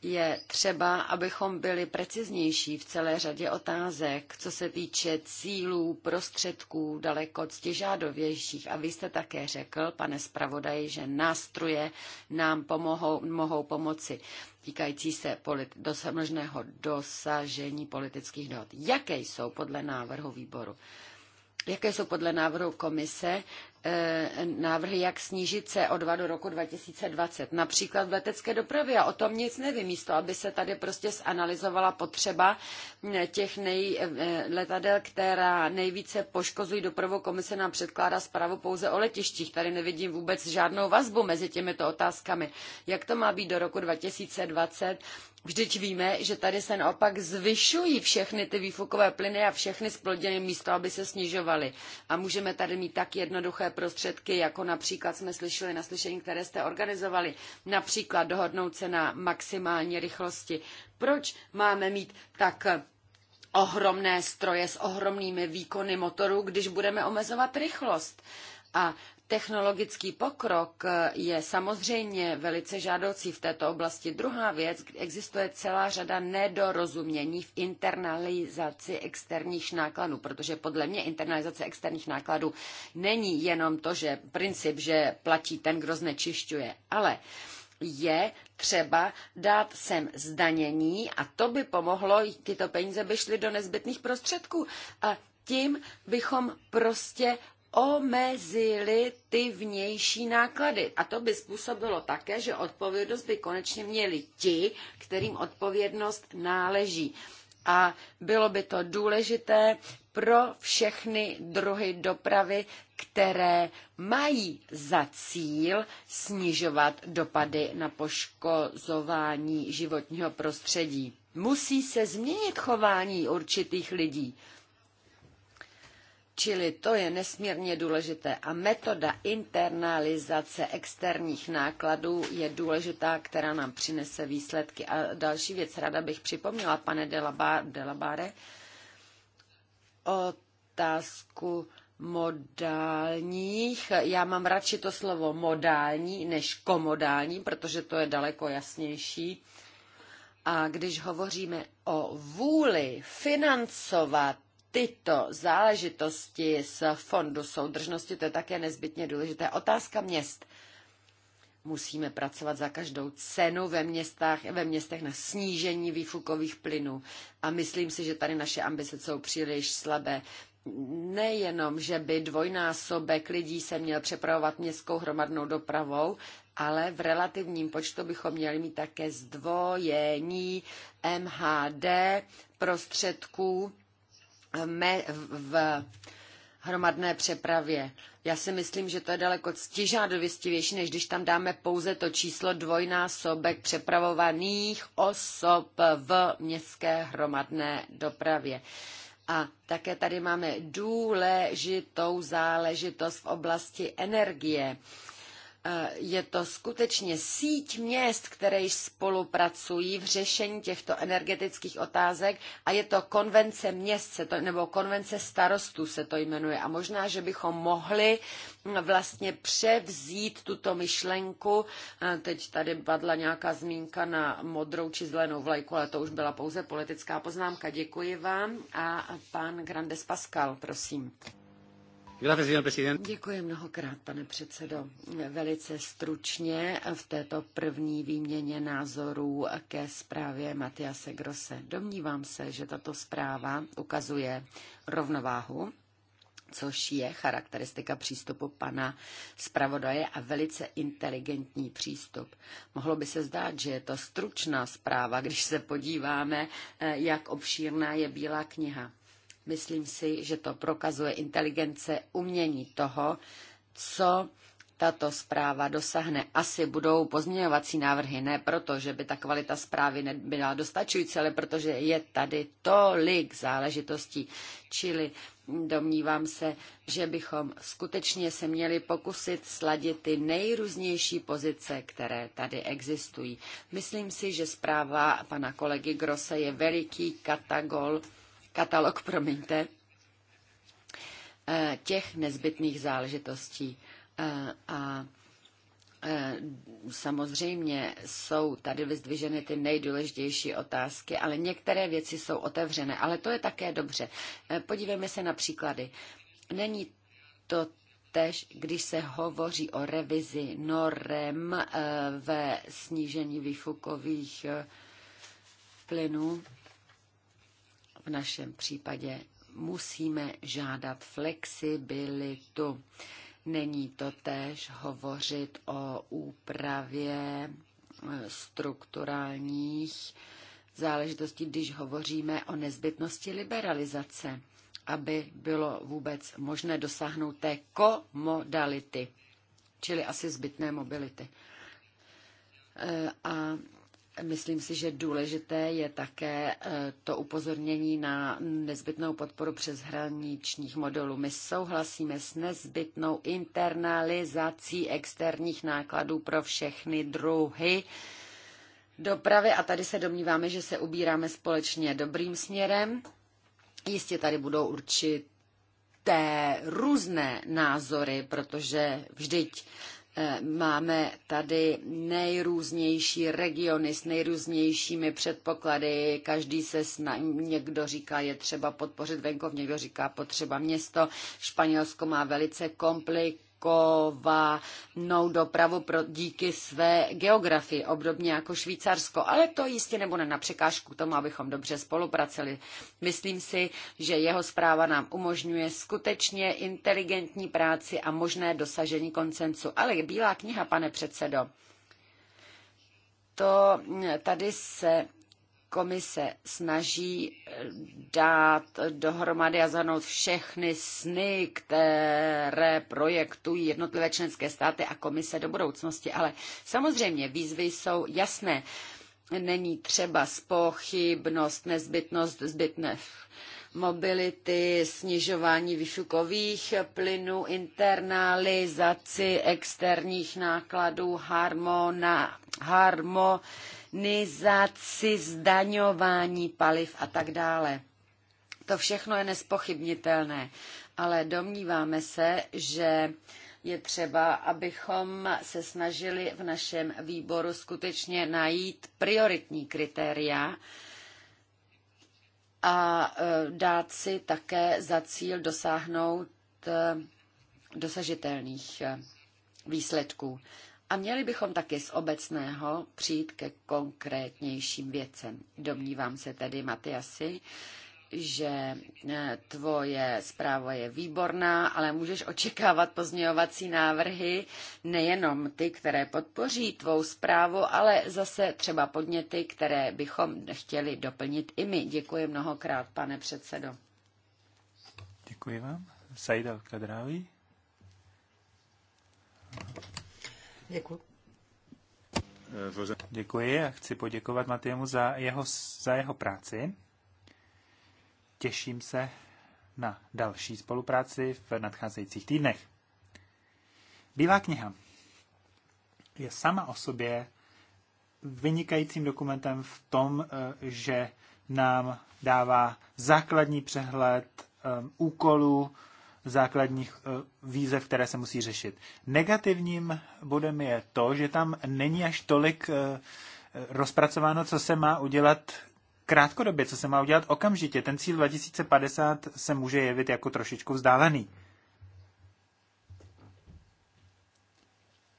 je třeba, abychom byli preciznější v celé řadě otázek, co se týče cílů, prostředků, daleko ctižádovějších. A vy jste také řekl, pane zpravodaji, že nástroje nám pomohou, mohou pomoci týkající se polit, možného dosažení politických dohod. Jaké jsou podle návrhu výboru? Jaké jsou podle návrhu komise Eh, návrhy, jak snížit CO2 do roku 2020, například v letecké dopravě. A o tom nic nevím, místo aby se tady prostě zanalizovala potřeba mm, těch nej, eh, letadel, která nejvíce poškozují dopravu. Komise nám předkládá zprávu pouze o letištích. Tady nevidím vůbec žádnou vazbu mezi těmito otázkami. Jak to má být do roku 2020? Vždyť víme, že tady se naopak zvyšují všechny ty výfukové plyny a všechny splodiny místo, aby se snižovaly. A můžeme tady mít tak jednoduché prostředky, jako například jsme slyšeli na slyšení, které jste organizovali, například dohodnout se na maximální rychlosti. Proč máme mít tak ohromné stroje s ohromnými výkony motorů, když budeme omezovat rychlost? A Technologický pokrok je samozřejmě velice žádoucí v této oblasti. Druhá věc, existuje celá řada nedorozumění v internalizaci externích nákladů, protože podle mě internalizace externích nákladů není jenom to, že princip, že platí ten, kdo znečišťuje, ale je třeba dát sem zdanění a to by pomohlo, tyto peníze by šly do nezbytných prostředků. A tím bychom prostě omezili ty vnější náklady. A to by způsobilo také, že odpovědnost by konečně měli ti, kterým odpovědnost náleží. A bylo by to důležité pro všechny druhy dopravy, které mají za cíl snižovat dopady na poškozování životního prostředí. Musí se změnit chování určitých lidí Čili to je nesmírně důležité. A metoda internalizace externích nákladů je důležitá, která nám přinese výsledky. A další věc rada bych připomněla, pane Delabare, otázku modálních. Já mám radši to slovo modální než komodální, protože to je daleko jasnější. A když hovoříme o vůli financovat tyto záležitosti z Fondu soudržnosti, to je také nezbytně důležité. Otázka měst. Musíme pracovat za každou cenu ve, městách, ve městech na snížení výfukových plynů. A myslím si, že tady naše ambice jsou příliš slabé nejenom, že by dvojnásobek lidí se měl přepravovat městskou hromadnou dopravou, ale v relativním počtu bychom měli mít také zdvojení MHD prostředků me, v hromadné přepravě. Já si myslím, že to je daleko stižádověstivější, než když tam dáme pouze to číslo dvojnásobek přepravovaných osob v městské hromadné dopravě. A také tady máme důležitou záležitost v oblasti energie. Eh, je to skutečně síť měst, které již spolupracují v řešení těchto energetických otázek a je to konvence měst se to, nebo konvence starostů se to jmenuje. A možná, že bychom mohli hm, vlastně převzít tuto myšlenku. Eh, teď tady padla nějaká zmínka na modrou či zelenou vlajku, ale to už byla pouze politická poznámka. Děkuji vám a pan Grandes Pascal, prosím. Děkuji mnohokrát, pane předsedo. Velice stručně v této první výměně názorů ke zprávě Matiase Grosse. Domnívám se, že tato zpráva ukazuje rovnováhu což je charakteristika přístupu pana zpravodaje a velice inteligentní přístup. Mohlo by se zdát, že je to stručná zpráva, když se podíváme, eh, jak obšírná je Bílá kniha. Myslím si, že to prokazuje inteligence umění toho, co tato zpráva dosáhne. Asi budou pozměňovací návrhy, ne proto, že by ta kvalita zprávy nebyla dostačující, ale protože je tady tolik záležitostí. Čili domnívám se, že bychom skutečně se měli pokusit sladit ty nejrůznější pozice, které tady existují. Myslím si, že zpráva pana kolegy Grosse je veliký katagol katalog, promiňte, eh, těch nezbytných záležitostí. Eh, a eh, samozřejmě jsou tady vyzdviženy ty nejdůležitější otázky, ale některé věci jsou otevřené, ale to je také dobře. Podívejme se na příklady. Není to tež, když se hovoří o revizi norem ve snížení výfukových plynů v našem případě musíme žádat flexibilitu. Není to též hovořit o úpravě eh, strukturálních záležitostí, když hovoříme o nezbytnosti liberalizace, aby bylo vůbec možné dosáhnout té komodality, čili asi zbytné mobility. Eh, a Myslím si, že důležité je také eh, to upozornění na nezbytnou podporu přeshraničních modelů. My souhlasíme s nezbytnou internalizací externích nákladů pro všechny druhy dopravy a tady se domníváme, že se ubíráme společně dobrým směrem. Jistě tady budou určité různé názory, protože vždyť Eh, máme tady nejrůznější regiony s nejrůznějšími předpoklady. Každý se sna... někdo říká, je třeba podpořit venkov, někdo říká potřeba město. Španělsko má velice komplik komplikovanou dopravu pro, díky své geografii, obdobně jako Švýcarsko. Ale to jistě nebude na překážku tomu, abychom dobře spolupracovali. Myslím si, že jeho zpráva nám umožňuje skutečně inteligentní práci a možné dosažení koncensu. Ale Bílá kniha, pane předsedo, to tady se komise snaží eh, dát dohromady a zahrnout všechny sny, které projektují jednotlivé členské státy a komise do budoucnosti. Ale samozřejmě výzvy jsou jasné. Není třeba spochybnost, nezbytnost, zbytné mobility, snižování vyšukových plynů, internalizaci externích nákladů, harmona, harmonizaci zdaňování paliv a tak dále. To všechno je nespochybnitelné, ale domníváme se, že je třeba, abychom se snažili v našem výboru skutečně najít prioritní kritéria, a e, dát si také za cíl dosáhnout e, dosažitelných e, výsledků. A měli bychom taky z obecného přijít ke konkrétnějším věcem. Domnívám se tedy, Matyasi, že eh, tvoje zpráva je výborná, ale můžeš očekávat pozměňovací návrhy, nejenom ty, které podpoří tvou zprávu, ale zase třeba podněty, které bychom chtěli doplnit i my. Děkuji mnohokrát, pane předsedo. Děkuji vám. Said Al-Kadrávi. Děkuji. Děkuji a chci poděkovat Matějemu za jeho, za jeho práci těším se na další spolupráci v nadcházejících týdnech. Bílá kniha je sama o sobě vynikajícím dokumentem v tom, eh, že nám dává základní přehled eh, úkolů, základních eh, výzev, které se musí řešit. Negativním bodem je to, že tam není až tolik rozpracováno, co se má udělat krátkodobě, co se má udělat okamžitě. Ten cíl 2050 se může jevit jako trošičku vzdálený.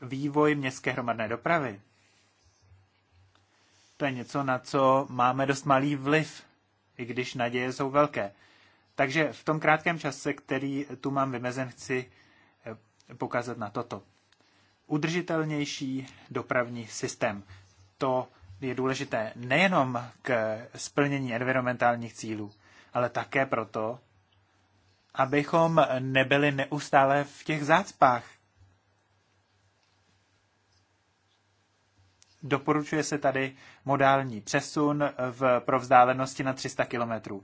Vývoj městské hromadné dopravy. To je něco, na co máme dost malý vliv, i když naděje jsou velké. Takže v tom krátkém čase, který tu mám vymezen, chci eh, pokazat na toto. Udržitelnější dopravní systém. To je důležité nejenom k splnění environmentálních cílů, ale také proto, abychom nebyli neustále v těch zácpách. Doporučuje se tady modální přesun v, pro vzdálenosti na 300 kilometrů.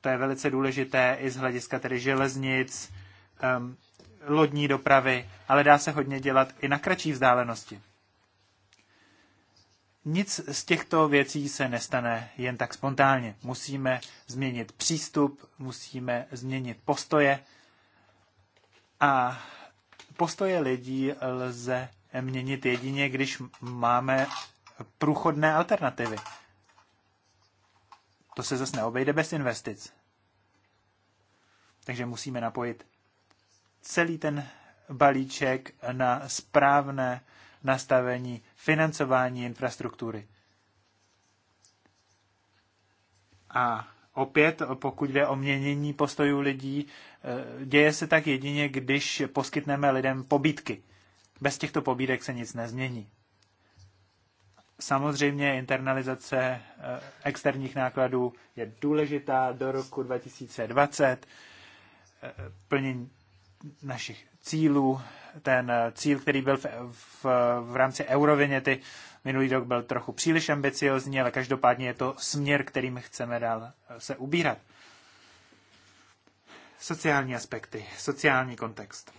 To je velice důležité i z hlediska tedy železnic, um, lodní dopravy, ale dá se hodně dělat i na kratší vzdálenosti. Nic z těchto věcí se nestane jen tak spontánně. Musíme změnit přístup, musíme změnit postoje a postoje lidí lze měnit jedině, když máme průchodné alternativy. To se zase neobejde bez investic. Takže musíme napojit celý ten balíček na správné nastavení financování infrastruktury. A opět, pokud jde o měnění postojů lidí, eh, děje se tak jedině, když poskytneme lidem pobídky. Bez těchto pobídek se nic nezmění. Samozřejmě internalizace eh, externích nákladů je důležitá do roku 2020. Eh, plnění našich cílů. Ten eh, cíl, který byl v, v, v rámci eurovinety minulý rok, byl trochu příliš ambiciozní, ale každopádně je to směr, kterým chceme dál eh, se ubírat. Sociální aspekty, sociální kontext.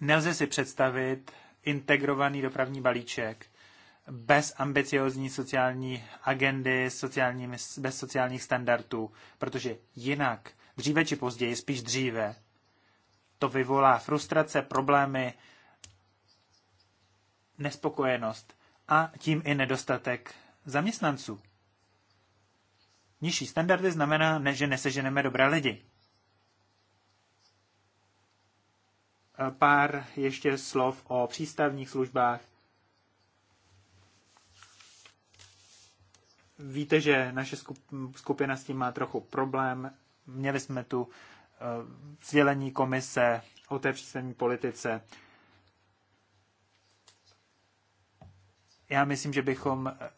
Nelze si představit integrovaný dopravní balíček bez ambiciozní sociální agendy, sociální, bez sociálních standardů, protože jinak dříve či později, spíš dříve, to vyvolá frustrace, problémy, nespokojenost a tím i nedostatek zaměstnanců. Nižší standardy znamená, že neseženeme dobré lidi. E, pár ještě slov o přístavních službách. Víte, že naše skupina s tím má trochu problém. Měli jsme tu Eh, sdělení komise o té přísnění politice. Já myslím, že bychom eh,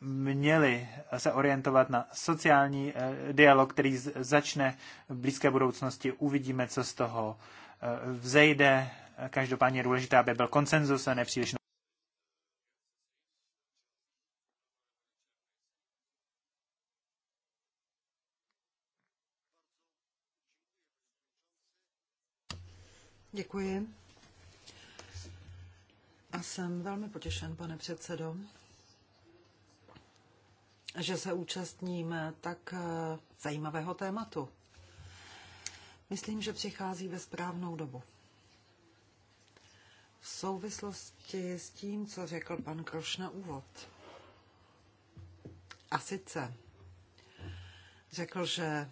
měli se orientovat na sociální eh, dialog, který začne v blízké budoucnosti. Uvidíme, co z toho vzejde. Každopádně je důležité, aby byl konsenzus a nepříliš Děkuji. A jsem velmi potěšen, pane předsedo, že se účastním tak eh, zajímavého tématu. Myslím, že přichází ve správnou dobu. V souvislosti s tím, co řekl pan Kroš na úvod. A sice řekl, že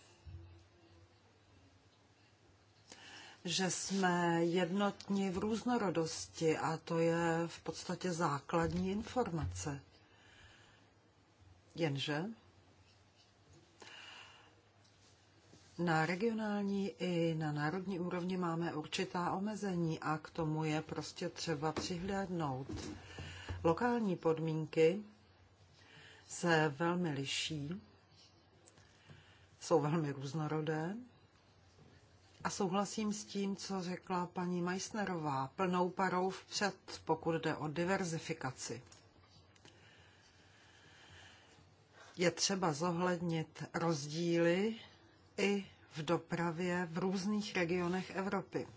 že jsme jednotní v různorodosti a to je v podstatě základní informace. Jenže na regionální i na národní úrovni máme určitá omezení a k tomu je prostě třeba přihlédnout. Lokální podmínky se velmi liší, jsou velmi různorodé a souhlasím s tím, co řekla paní Meissnerová, plnou parou vpřed, pokud jde o diverzifikaci. Je třeba zohlednit rozdíly i v dopravě v různých regionech Evropy.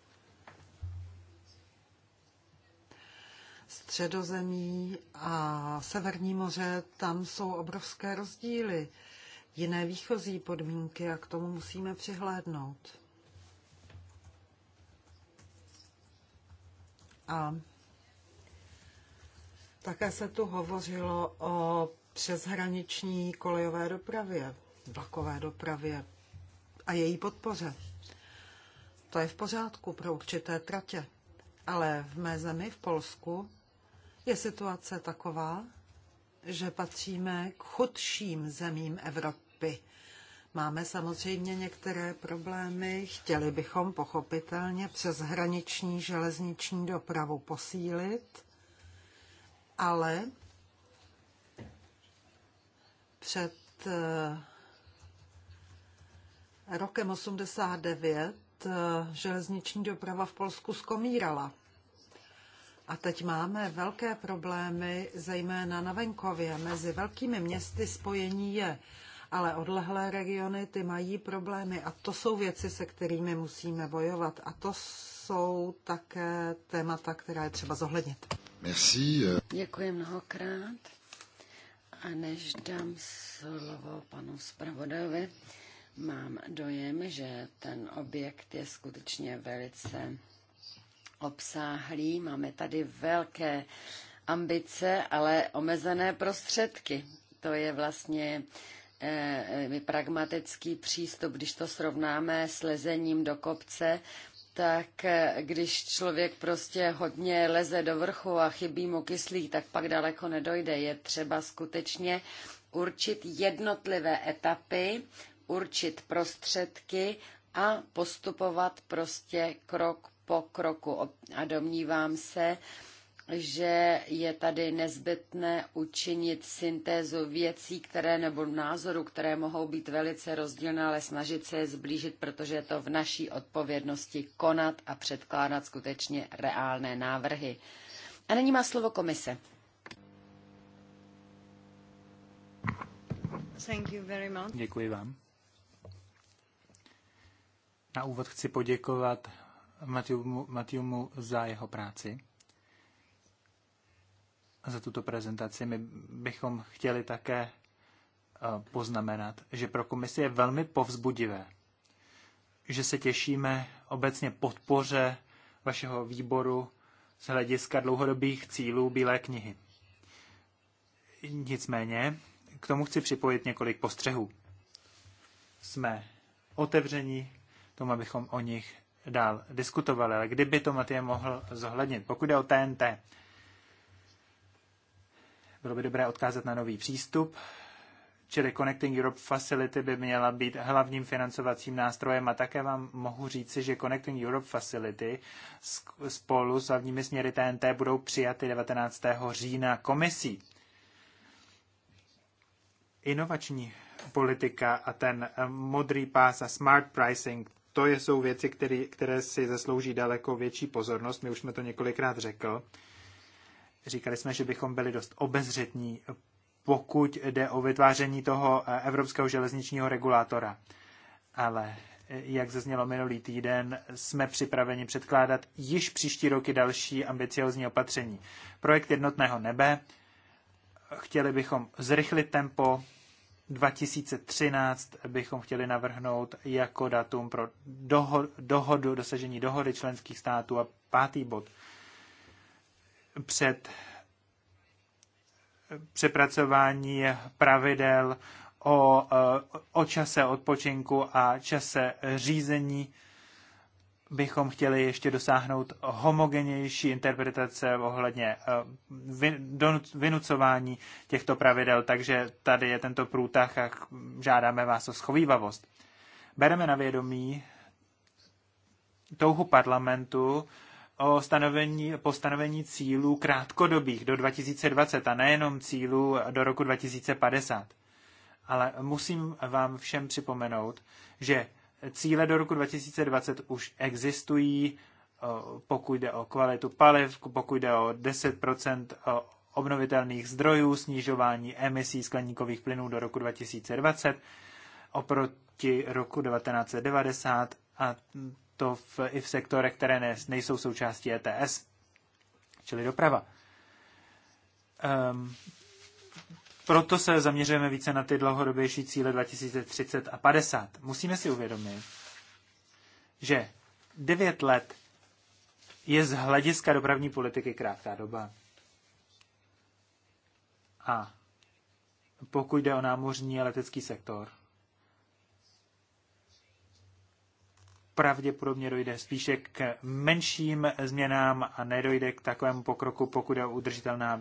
Středozemí a Severní moře, tam jsou obrovské rozdíly, jiné výchozí podmínky a k tomu musíme přihlédnout. A také se tu hovořilo o přeshraniční kolejové dopravě, vlakové dopravě a její podpoře. To je v pořádku pro určité tratě, ale v mé zemi, v Polsku, je situace taková, že patříme k chudším zemím Evropy Máme samozřejmě některé problémy. Chtěli bychom pochopitelně přes hraniční železniční dopravu posílit, ale před eh, rokem 89 eh, železniční doprava v Polsku skomírala. A teď máme velké problémy, zejména na venkově. Mezi velkými městy spojení je ale odlehlé regiony ty mají problémy a to jsou věci, se kterými musíme bojovat a to jsou také témata, která je třeba zohlednit. Merci. Děkuji mnohokrát. A než dám slovo panu zpravodajovi, mám dojem, že ten objekt je skutečně velice obsáhlý. Máme tady velké ambice, ale omezené prostředky. To je vlastně E, e, pragmatický přístup, když to srovnáme s lezením do kopce, tak e, když člověk prostě hodně leze do vrchu a chybí mu kyslík, tak pak daleko nedojde. Je třeba skutečně určit jednotlivé etapy, určit prostředky a postupovat prostě krok po kroku. A domnívám se, že je tady nezbytné učinit syntézu věcí, které nebo názoru, které mohou být velice rozdílné, ale snažit se je zblížit, protože je to v naší odpovědnosti konat a předkládat skutečně reálné návrhy. A nyní má slovo komise. Thank you very much. Děkuji vám. Na úvod chci poděkovat Matiumu, Matiumu za jeho práci za tuto prezentaci. My bychom chtěli také eh, poznamenat, že pro komisi je velmi povzbudivé, že se těšíme obecně podpoře vašeho výboru z hlediska dlouhodobých cílů Bílé knihy. Nicméně k tomu chci připojit několik postřehů. Jsme otevření tomu, abychom o nich dál diskutovali, ale kdyby to Matěj mohl zohlednit. Pokud je o TNT, bylo by dobré odkázat na nový přístup, čili Connecting Europe Facility by měla být hlavním financovacím nástrojem a také vám mohu říci, že Connecting Europe Facility spolu s hlavními směry TNT budou přijaty 19. října komisí. Inovační politika a ten eh, modrý pás a smart pricing, to jsou věci, které, které si zaslouží daleko větší pozornost. My už jsme to několikrát řekl. Říkali jsme, že bychom byli dost obezřetní, pokud jde o vytváření toho eh, evropského železničního regulátora. Ale eh, jak zaznělo minulý týden, jsme připraveni předkládat již příští roky další ambiciozní opatření. Projekt jednotného nebe, chtěli bychom zrychlit tempo, 2013 bychom chtěli navrhnout jako datum pro dohodu, dohodu dosažení dohody členských států a pátý bod – před přepracování pravidel o, o čase odpočinku a čase řízení bychom chtěli ještě dosáhnout homogenější interpretace ohledně eh, vynucování těchto pravidel, takže tady je tento průtah a žádáme vás o schovývavost. Bereme na vědomí touhu parlamentu o stanovení, po stanovení cílů krátkodobých do 2020 a nejenom cílů do roku 2050. Ale musím vám všem připomenout, že cíle do roku 2020 už existují, pokud jde o kvalitu paliv, pokud jde o 10 obnovitelných zdrojů, snižování emisí skleníkových plynů do roku 2020 oproti roku 1990 a to v, i v sektorech, které ne, nejsou součástí ETS, čili doprava. Um, proto se zaměřujeme více na ty dlouhodobější cíle 2030 a 50. Musíme si uvědomit, že 9 let je z hlediska dopravní politiky krátká doba. A pokud jde o námořní a letecký sektor, pravděpodobně dojde spíše k menším změnám a nedojde k takovému pokroku, pokud je udržitelná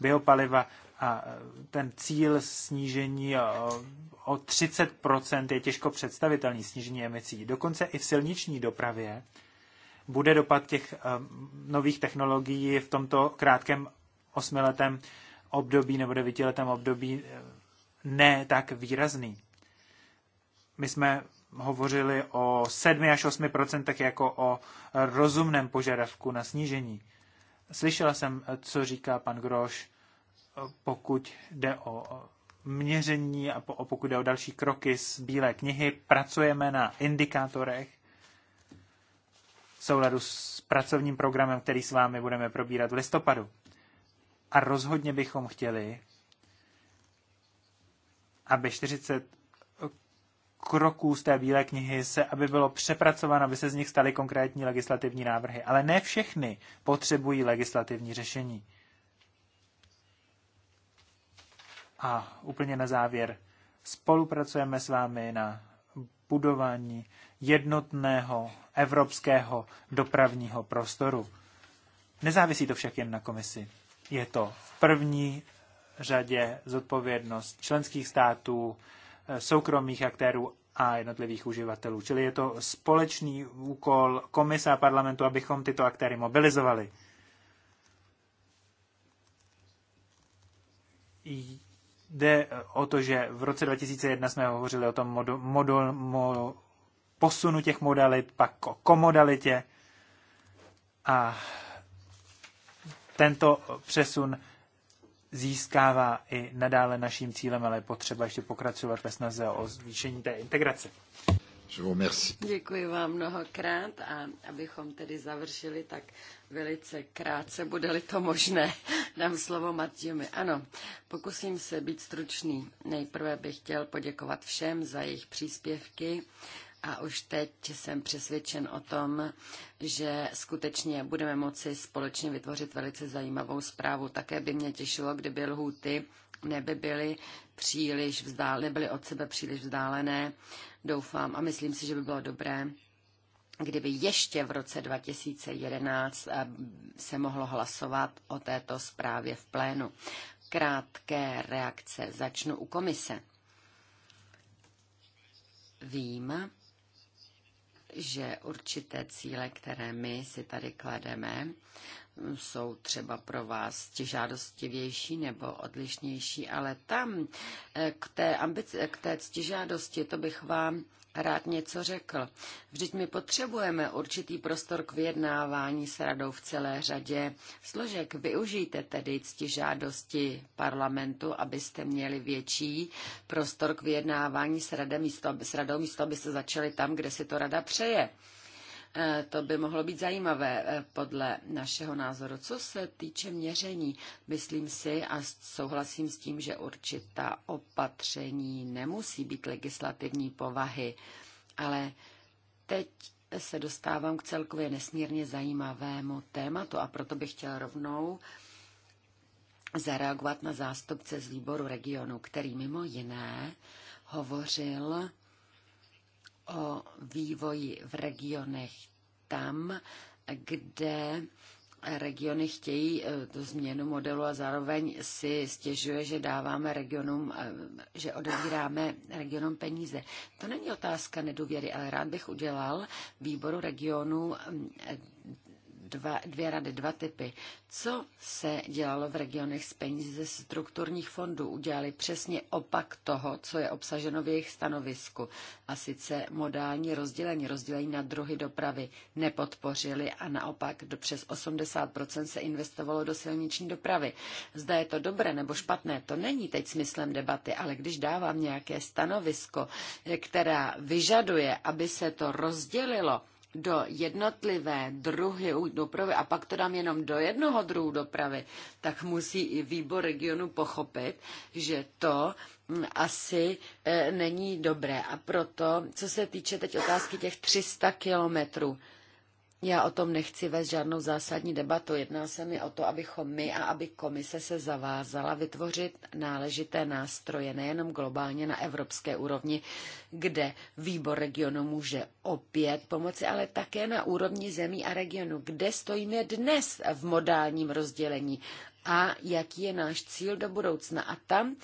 biopaliva. A e, ten cíl snížení o 30% je těžko představitelný snížení emisí. Dokonce i v silniční dopravě bude dopad těch e, nových technologií v tomto krátkém osmiletém období nebo devítiletém období e, ne tak výrazný. My jsme hovořili o 7 až 8 jako o rozumném požadavku na snížení. Slyšela jsem, co říká pan Groš, pokud jde o měření a pokud jde o další kroky z Bílé knihy. Pracujeme na indikátorech v souladu s pracovním programem, který s vámi budeme probírat v listopadu. A rozhodně bychom chtěli, aby 40 kroků z té bílé knihy, se, aby bylo přepracováno, aby se z nich staly konkrétní legislativní návrhy. Ale ne všechny potřebují legislativní řešení. A úplně na závěr. Spolupracujeme s vámi na budování jednotného evropského dopravního prostoru. Nezávisí to však jen na komisi. Je to v první řadě zodpovědnost členských států, soukromých aktérů a jednotlivých uživatelů. Čili je to společný úkol komise a parlamentu, abychom tyto aktéry mobilizovali. Jde o to, že v roce 2001 jsme hovořili o tom modu, modul, modu, posunu těch modalit, pak o komodalitě a tento přesun získává i nadále naším cílem, ale je potřeba ještě pokračovat ve snaze o zvýšení té integrace. Děkuji vám mnohokrát a abychom tedy završili, tak velice krátce, bude-li to možné, dám slovo Martiumi. Ano, pokusím se být stručný. Nejprve bych chtěl poděkovat všem za jejich příspěvky a už teď jsem přesvědčen o tom, že skutečně budeme moci společně vytvořit velice zajímavou zprávu. Také by mě těšilo, kdyby lhůty neby byly příliš vzdál, byly od sebe příliš vzdálené, doufám. A myslím si, že by bylo dobré, kdyby ještě v roce 2011 eh, se mohlo hlasovat o této zprávě v plénu. Krátké reakce. Začnu u komise. Vím, že určité cíle, které my si tady klademe, jsou třeba pro vás ctižádostivější nebo odlišnější, ale tam eh, k té, ambici, k té ctižádosti, to bych vám rád něco řekl. Vždyť my potřebujeme určitý prostor k vyjednávání s radou v celé řadě složek. Využijte tedy cti žádosti parlamentu, abyste měli větší prostor k vyjednávání s, radem místo, s radou místo, abyste začali tam, kde si to rada přeje. Eh, to by mohlo být zajímavé eh, podle našeho názoru. Co se týče měření, myslím si a souhlasím s tím, že určitá opatření nemusí být legislativní povahy, ale teď se dostávám k celkově nesmírně zajímavému tématu a proto bych chtěl rovnou zareagovat na zástupce z výboru regionu, který mimo jiné hovořil o vývoji v regionech tam, kde regiony chtějí e, tu změnu modelu a zároveň si stěžuje, že dáváme regionům, e, že odebíráme regionům peníze. To není otázka nedůvěry, ale rád bych udělal výboru regionů dva, dvě rady, dva typy. Co se dělalo v regionech s penízi ze strukturních fondů? Udělali přesně opak toho, co je obsaženo v jejich stanovisku. A sice modální rozdělení, rozdělení na druhy dopravy nepodpořili a naopak do přes 80% se investovalo do silniční dopravy. Zda je to dobré nebo špatné, to není teď smyslem debaty, ale když dávám nějaké stanovisko, eh, která vyžaduje, aby se to rozdělilo, do jednotlivé druhy dopravy a pak to dám jenom do jednoho druhu dopravy, tak musí i výbor regionu pochopit, že to mm, asi eh, není dobré. A proto, co se týče teď otázky těch 300 kilometrů, já o tom nechci vést žádnou zásadní debatu. Jedná se mi o to, abychom my a aby komise se zavázala vytvořit náležité nástroje nejenom globálně na evropské úrovni, kde výbor regionu může opět pomoci, ale také na úrovni zemí a regionu, kde stojíme dnes v modálním rozdělení a jaký je náš cíl do budoucna. A tam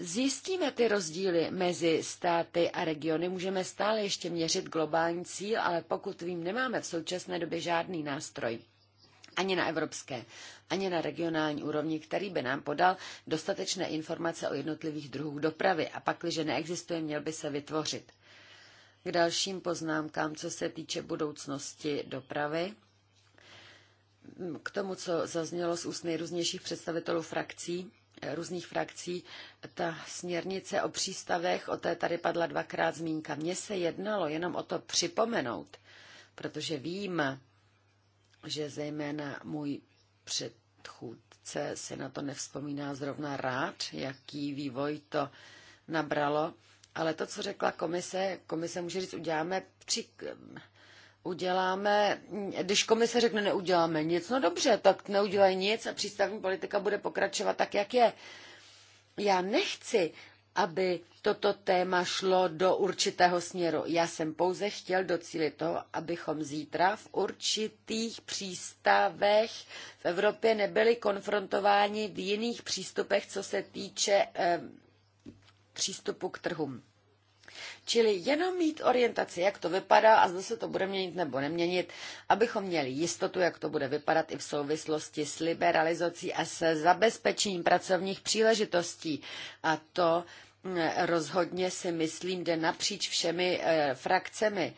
zjistíme ty rozdíly mezi státy a regiony, můžeme stále ještě měřit globální cíl, ale pokud vím, nemáme v současné době žádný nástroj ani na evropské, ani na regionální úrovni, který by nám podal dostatečné informace o jednotlivých druhů dopravy a pakliže neexistuje, měl by se vytvořit. K dalším poznámkám, co se týče budoucnosti dopravy, k tomu, co zaznělo z úst nejrůznějších představitelů frakcí, různých frakcí. Ta směrnice o přístavech, o té tady padla dvakrát zmínka. Mně se jednalo jenom o to připomenout, protože vím, že zejména můj předchůdce se na to nevzpomíná zrovna rád, jaký vývoj to nabralo. Ale to, co řekla komise, komise může říct, uděláme tři, uděláme, když komise řekne neuděláme nic, no dobře, tak neudělají nic a přístavní politika bude pokračovat tak, jak je. Já nechci, aby toto téma šlo do určitého směru. Já jsem pouze chtěl docílit toho, abychom zítra v určitých přístavech v Evropě nebyli konfrontováni v jiných přístupech, co se týče eh, přístupu k trhům. Čili jenom mít orientaci, jak to vypadá a zda se to bude měnit nebo neměnit, abychom měli jistotu, jak to bude vypadat i v souvislosti s liberalizací a se zabezpečením pracovních příležitostí. A to mm, rozhodně si myslím jde napříč všemi eh, frakcemi.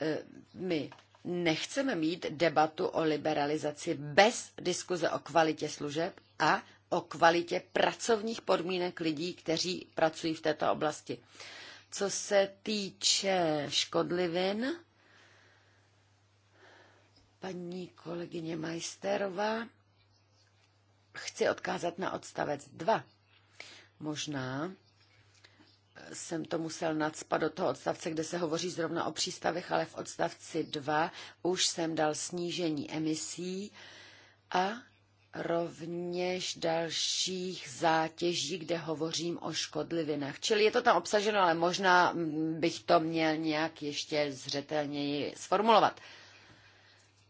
Eh, my nechceme mít debatu o liberalizaci bez diskuze o kvalitě služeb a o kvalitě pracovních podmínek lidí, kteří pracují v této oblasti. Co se týče škodlivin, paní kolegyně Majsterová, chci odkázat na odstavec 2. Možná jsem to musel nadspat do toho odstavce, kde se hovoří zrovna o přístavech, ale v odstavci 2 už jsem dal snížení emisí a rovněž dalších zátěží, kde hovořím o škodlivinách. Čili je to tam obsaženo, ale možná mm, bych to měl nějak ještě zřetelněji sformulovat.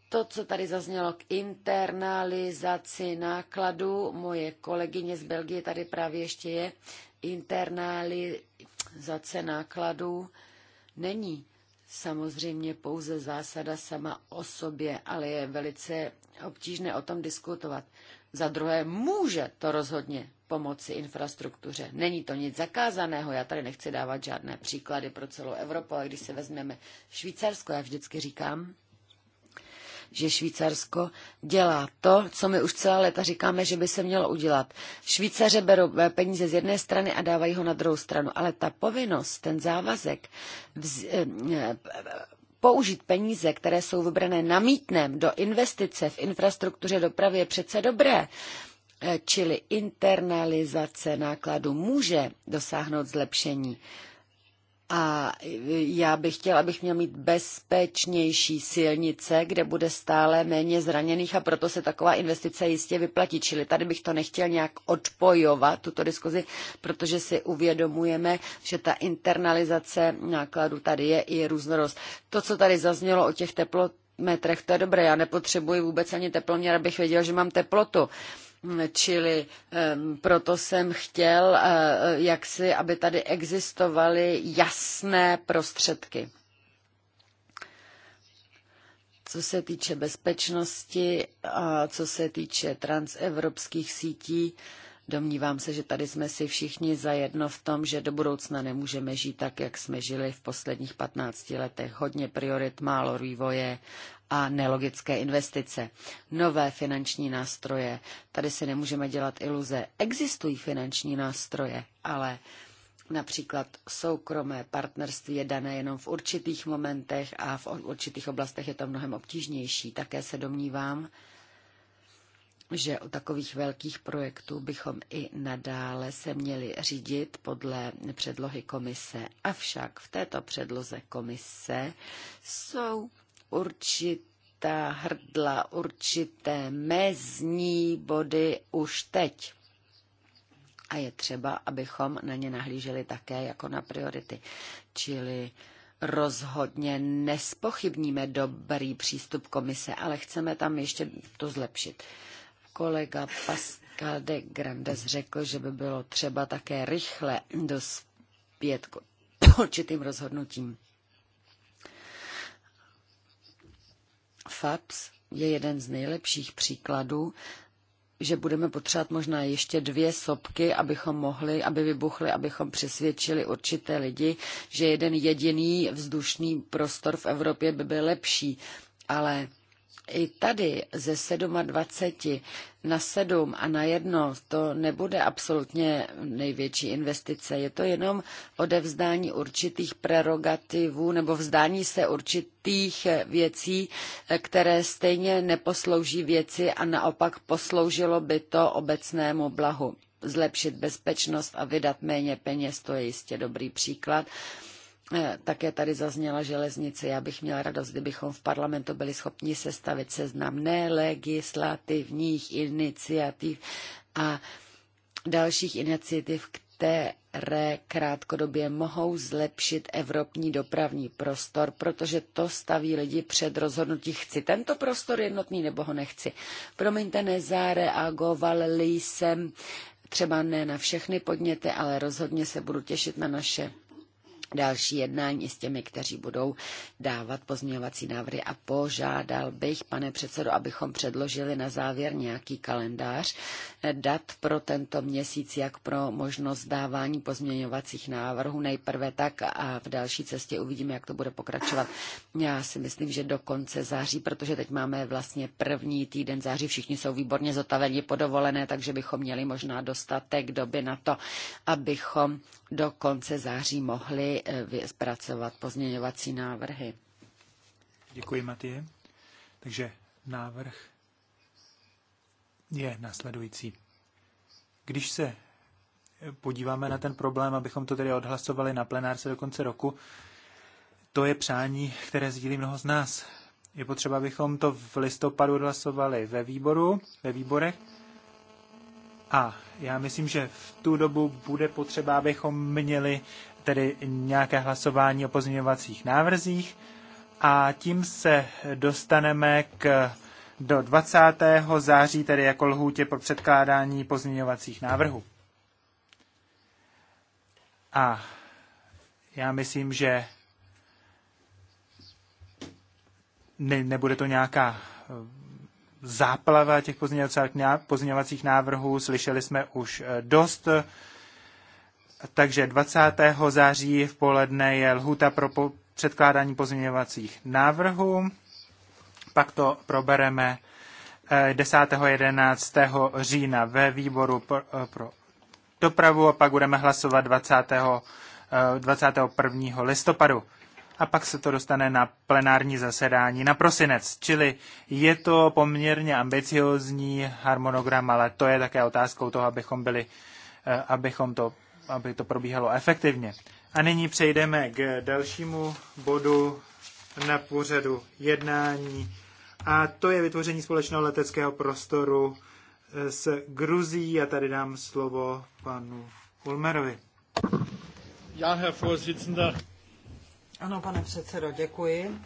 To, co tady zaznělo k internalizaci nákladu, moje kolegyně z Belgie tady právě ještě je, internalizace nákladu není samozřejmě pouze zásada sama o sobě, ale je velice obtížné o tom diskutovat. Za druhé, může to rozhodně pomoci infrastruktuře. Není to nic zakázaného, já tady nechci dávat žádné příklady pro celou Evropu, ale když se vezmeme Švýcarsko, já vždycky říkám, že Švýcarsko dělá to, co my už celá léta říkáme, že by se mělo udělat. Švýcaře berou eh, peníze z jedné strany a dávají ho na druhou stranu, ale ta povinnost, ten závazek vz, eh, eh, použít peníze, které jsou vybrané na mítném do investice v infrastruktuře dopravy je přece dobré čili internalizace nákladů může dosáhnout zlepšení. A já bych chtěla, abych měl mít bezpečnější silnice, kde bude stále méně zraněných a proto se taková investice jistě vyplatí. Čili tady bych to nechtěl nějak odpojovat, tuto diskuzi, protože si uvědomujeme, že ta internalizace nákladů tady je i různorost. To, co tady zaznělo o těch teplotách, metrech, to je dobré, já nepotřebuji vůbec ani teploměr, abych věděl, že mám teplotu. Uh, Čili proto jsem chtěl, eh, jaksi, aby tady existovaly jasné prostředky. Co se týče bezpečnosti a co se týče transevropských sítí, Domnívám se, že tady jsme si všichni zajedno v tom, že do budoucna nemůžeme žít tak, jak jsme žili v posledních 15 letech. Hodně priorit, málo vývoje a nelogické investice. Nové finanční nástroje. Tady si nemůžeme dělat iluze. Existují finanční nástroje, ale Například soukromé partnerství je dané jenom v určitých momentech a v určitých oblastech je to mnohem obtížnější. Také se domnívám, že u takových velkých projektů bychom i nadále se měli řídit podle předlohy komise. Avšak v této předloze komise jsou určitá hrdla, určité mezní body už teď. A je třeba, abychom na ně nahlíželi také jako na priority. Čili rozhodně nespochybníme dobrý přístup komise, ale chceme tam ještě to zlepšit kolega Pascal de Grandes řekl, že by bylo třeba také rychle dospět k určitým rozhodnutím. FAPS je jeden z nejlepších příkladů, že budeme potřebovat možná ještě dvě sopky, abychom mohli, aby vybuchly, abychom přesvědčili určité lidi, že jeden jediný vzdušný prostor v Evropě by byl lepší. Ale i tady ze 27 na 7 a na 1 to nebude absolutně největší investice. Je to jenom odevzdání určitých prerogativů nebo vzdání se určitých věcí, které stejně neposlouží věci a naopak posloužilo by to obecnému blahu. Zlepšit bezpečnost a vydat méně peněz, to je jistě dobrý příklad Eh, také tady zazněla železnice. Já bych měla radost, kdybychom v parlamentu byli schopni sestavit seznam nelegislativních iniciativ a dalších iniciativ, které krátkodobě mohou zlepšit evropní dopravní prostor, protože to staví lidi před rozhodnutí, chci tento prostor jednotný nebo ho nechci. Promiňte, nezareagoval jsem třeba ne na všechny podněty, ale rozhodně se budu těšit na naše další jednání s těmi, kteří budou dávat pozměňovací návrhy a požádal bych, pane předsedo, abychom předložili na závěr nějaký kalendář dat pro tento měsíc, jak pro možnost dávání pozměňovacích návrhů nejprve tak a v další cestě uvidíme, jak to bude pokračovat. Já si myslím, že do konce září, protože teď máme vlastně první týden září, všichni jsou výborně zotaveni podovolené, takže bychom měli možná dostatek doby na to, abychom do konce září mohli eh, zpracovat pozměňovací návrhy. Děkuji, Matěje. Takže návrh je následující. Když se eh, podíváme na ten problém, abychom to tedy odhlasovali na plenárce do konce roku, to je přání, které sdílí mnoho z nás. Je potřeba, abychom to v listopadu odhlasovali ve výboru, ve výborech a já myslím, že v tu dobu bude potřeba, abychom měli tedy nějaké hlasování o pozměňovacích návrzích a tím se dostaneme k do 20. září, tedy jako lhůtě pro předkládání pozměňovacích návrhů. A já myslím, že ne, nebude to nějaká záplava těch pozměňovacích návrhů, slyšeli jsme už eh, dost. Takže 20. září v poledne je lhuta pro předkládání pozměňovacích návrhů. Pak to probereme 10. Eh, 11. října ve výboru eh, pro dopravu a pak budeme hlasovat 20. 21. listopadu a pak se to dostane na plenární zasedání na prosinec. Čili je to poměrně ambiciozní harmonogram, ale to je také otázkou toho, abychom byli, eh, abychom to, aby to probíhalo efektivně. A nyní přejdeme k dalšímu bodu na pořadu jednání a to je vytvoření společného leteckého prostoru eh, s Gruzí a tady dám slovo panu Ulmerovi. Já, Herr Vorsitzender. Ano, pane předsedo, děkuji.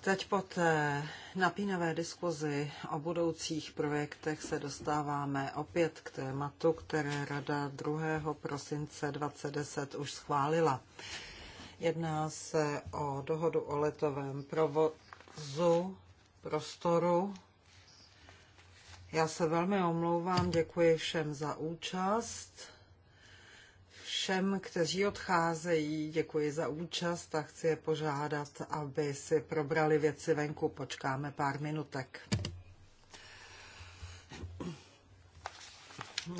Teď po té napínavé diskuzi o budoucích projektech se dostáváme opět k tématu, které Rada 2. prosince 2010 už schválila. Jedná se o dohodu o letovém provozu prostoru. Já se velmi omlouvám, děkuji všem za účast všem, kteří odcházejí. Děkuji za účast a chci je požádat, aby si probrali věci venku. Počkáme pár minutek.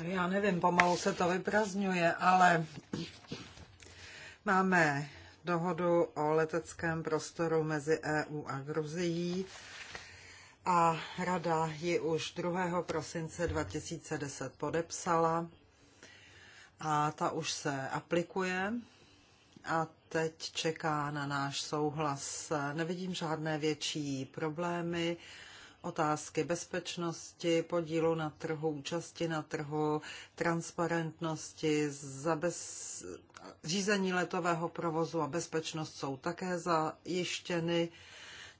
Já nevím, pomalu se to vyprazňuje, ale máme dohodu o leteckém prostoru mezi EU a Gruzií a rada ji už 2. prosince 2010 podepsala a ta už se aplikuje a teď čeká na náš souhlas. Nevidím žádné větší problémy. Otázky bezpečnosti, podílu na trhu, účasti na trhu, transparentnosti, zabez... řízení letového provozu a bezpečnost jsou také zajištěny.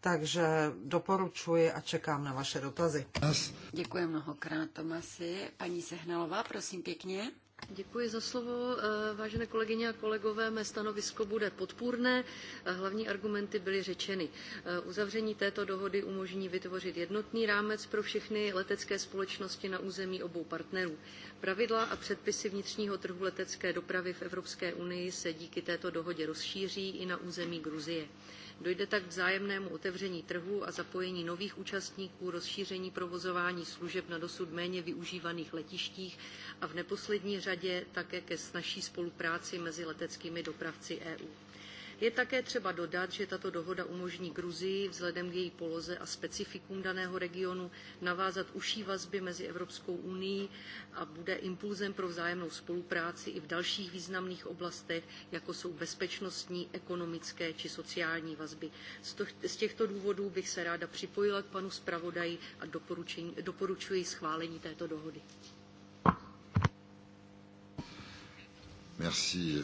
Takže doporučuji a čekám na vaše dotazy. Děkuji mnohokrát, Tomasi. Paní Sehnalová, prosím pěkně. Děkuji za slovo. Eh, vážené kolegyně a kolegové, mé stanovisko bude podpůrné. Hlavní argumenty byly řečeny. Eh, uzavření této dohody umožní vytvořit jednotný rámec pro všechny letecké společnosti na území obou partnerů. Pravidla a předpisy vnitřního trhu letecké dopravy v Evropské unii se díky této dohodě rozšíří i na území Gruzie. Dojde tak k vzájemnému otevření trhu a zapojení nových účastníků, rozšíření provozování služeb na dosud méně využívaných letištích a v neposlední řadě také ke snažší spolupráci mezi leteckými dopravci EU. Je také třeba dodat, že tato dohoda umožní Gruzii vzhledem k její poloze a specifikům daného regionu navázat užší vazby mezi Evropskou unii a bude impulzem pro vzájemnou spolupráci i v dalších významných oblastech, jako jsou bezpečnostní, ekonomické či sociální vazby. Z těchto důvodů bych se ráda připojila k panu zpravodaji a doporučuji schválení této dohody. Merci,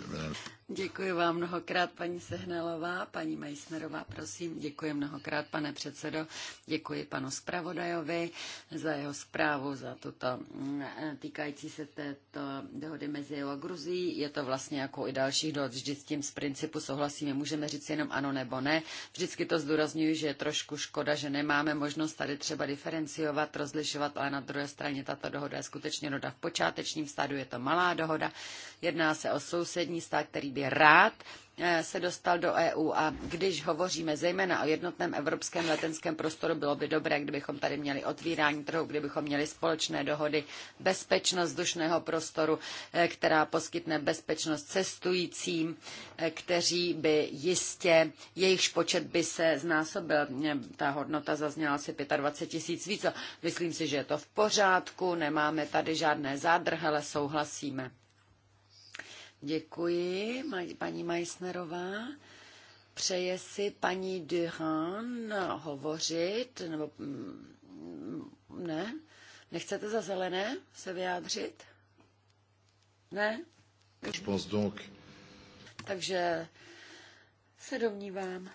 Děkuji vám mnohokrát, paní Sehnalová. Paní Majsnerová, prosím, děkuji mnohokrát, pane předsedo. Děkuji panu zpravodajovi za jeho zprávu, za tuto mm, týkající se této dohody mezi EU a Gruzí. Je to vlastně jako i dalších dohod. Vždy s tím z principu souhlasíme. Můžeme říct jenom ano nebo ne. Vždycky to zdůrazňuji, že je trošku škoda, že nemáme možnost tady třeba diferenciovat, rozlišovat, ale na druhé straně tato dohoda je skutečně dohoda v počátečním stádu. Je to malá dohoda. Jedná se o sousední stát, který by je rád eh, se dostal do EU a když hovoříme zejména o jednotném evropském letenském prostoru, bylo by dobré, kdybychom tady měli otvírání trhu, kdybychom měli společné dohody, bezpečnost vzdušného prostoru, eh, která poskytne bezpečnost cestujícím, eh, kteří by jistě, jejichž počet by se znásobil. Ta hodnota zazněla asi 25 tisíc víc. Myslím si, že je to v pořádku, nemáme tady žádné zádrhele, souhlasíme. Děkuji, paní Meissnerová. Přeje si paní Duhan hovořit, nebo mm, ne? Nechcete za zelené se vyjádřit? Ne? Takže se domnívám.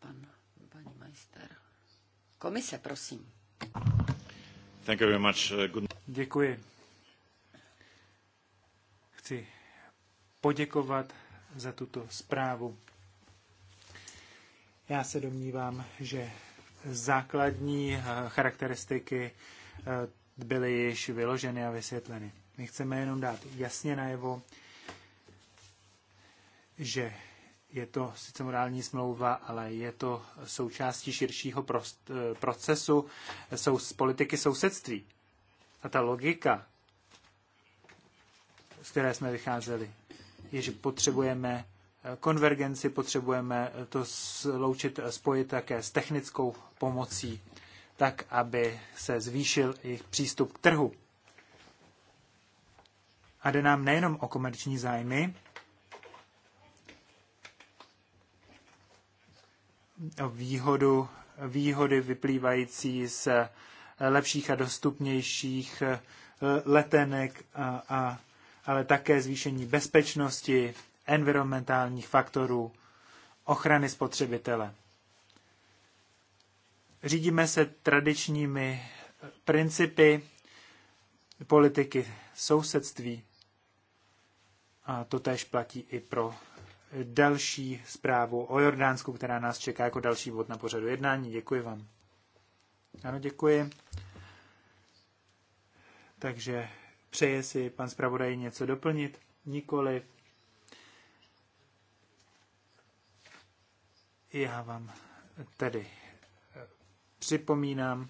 Pan, paní majster. Komise, prosím. Thank you very much. Good... Děkuji chci poděkovat za tuto zprávu. Já se domnívám, že základní eh, charakteristiky eh, byly již vyloženy a vysvětleny. My chceme jenom dát jasně najevo, že je to sice morální smlouva, ale je to součástí širšího eh, procesu sou, z politiky sousedství. A ta logika z které jsme vycházeli. Je, že potřebujeme eh, konvergenci, potřebujeme eh, to sloučit, eh, spojit také s technickou pomocí, tak, aby se zvýšil jejich přístup k trhu. A jde nám nejenom o komerční zájmy, o výhodu, výhody vyplývající z lepších a dostupnějších letenek a, a ale také zvýšení bezpečnosti, environmentálních faktorů, ochrany spotřebitele. Řídíme se tradičními eh, principy politiky sousedství. A to tež platí i pro další zprávu o Jordánsku, která nás čeká jako další bod na pořadu jednání. Děkuji vám. Ano, děkuji. Takže Přeje si pan zpravodaj něco doplnit? Nikoliv. Já vám tedy eh, připomínám,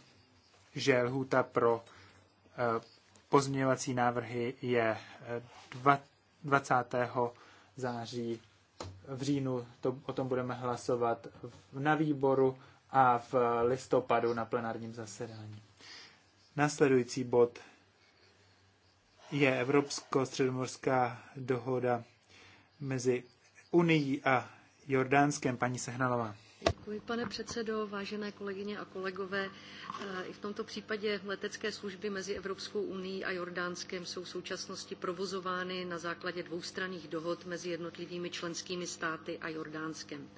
že lhůta pro eh, pozměňovací návrhy je 20. Eh, září. V říjnu to, o tom budeme hlasovat na výboru a v listopadu na plenárním zasedání. Nasledující bod je Evropsko-středomorská dohoda mezi Unii a Jordánskem. Paní Sehnalová. Děkuji, pane předsedo, vážené kolegyně a kolegové. Eh, I v tomto případě letecké služby mezi Evropskou unii a Jordánskem jsou v současnosti provozovány na základě dvoustranných dohod mezi jednotlivými členskými státy a Jordánskem.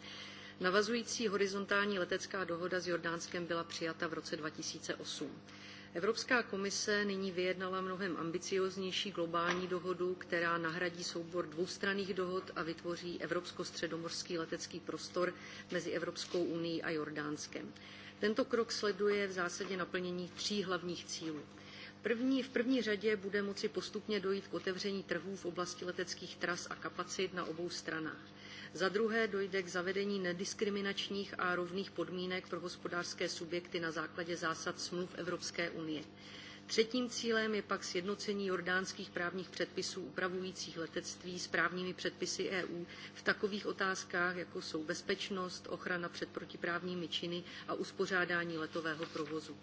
Navazující horizontální letecká dohoda s Jordánskem byla přijata v roce 2008. Evropská komise nyní vyjednala mnohem ambicióznější globální dohodu, která nahradí soubor dvoustranných dohod a vytvoří evropsko-středomorský letecký prostor mezi Evropskou unií a Jordánskem. Tento krok sleduje v zásadě naplnění tří hlavních cílů. První, v první řadě bude moci postupně dojít k otevření trhů v oblasti leteckých tras a kapacit na obou stranách. Za druhé dojde k zavedení nediskriminačních a rovných podmínek pro hospodářské subjekty na základě zásad smluv Evropské unie. Třetím cílem je pak sjednocení jordánských právních předpisů upravujících letectví s právními předpisy EU v takových otázkách, jako jsou bezpečnost, ochrana před protiprávními činy a uspořádání letového provozu.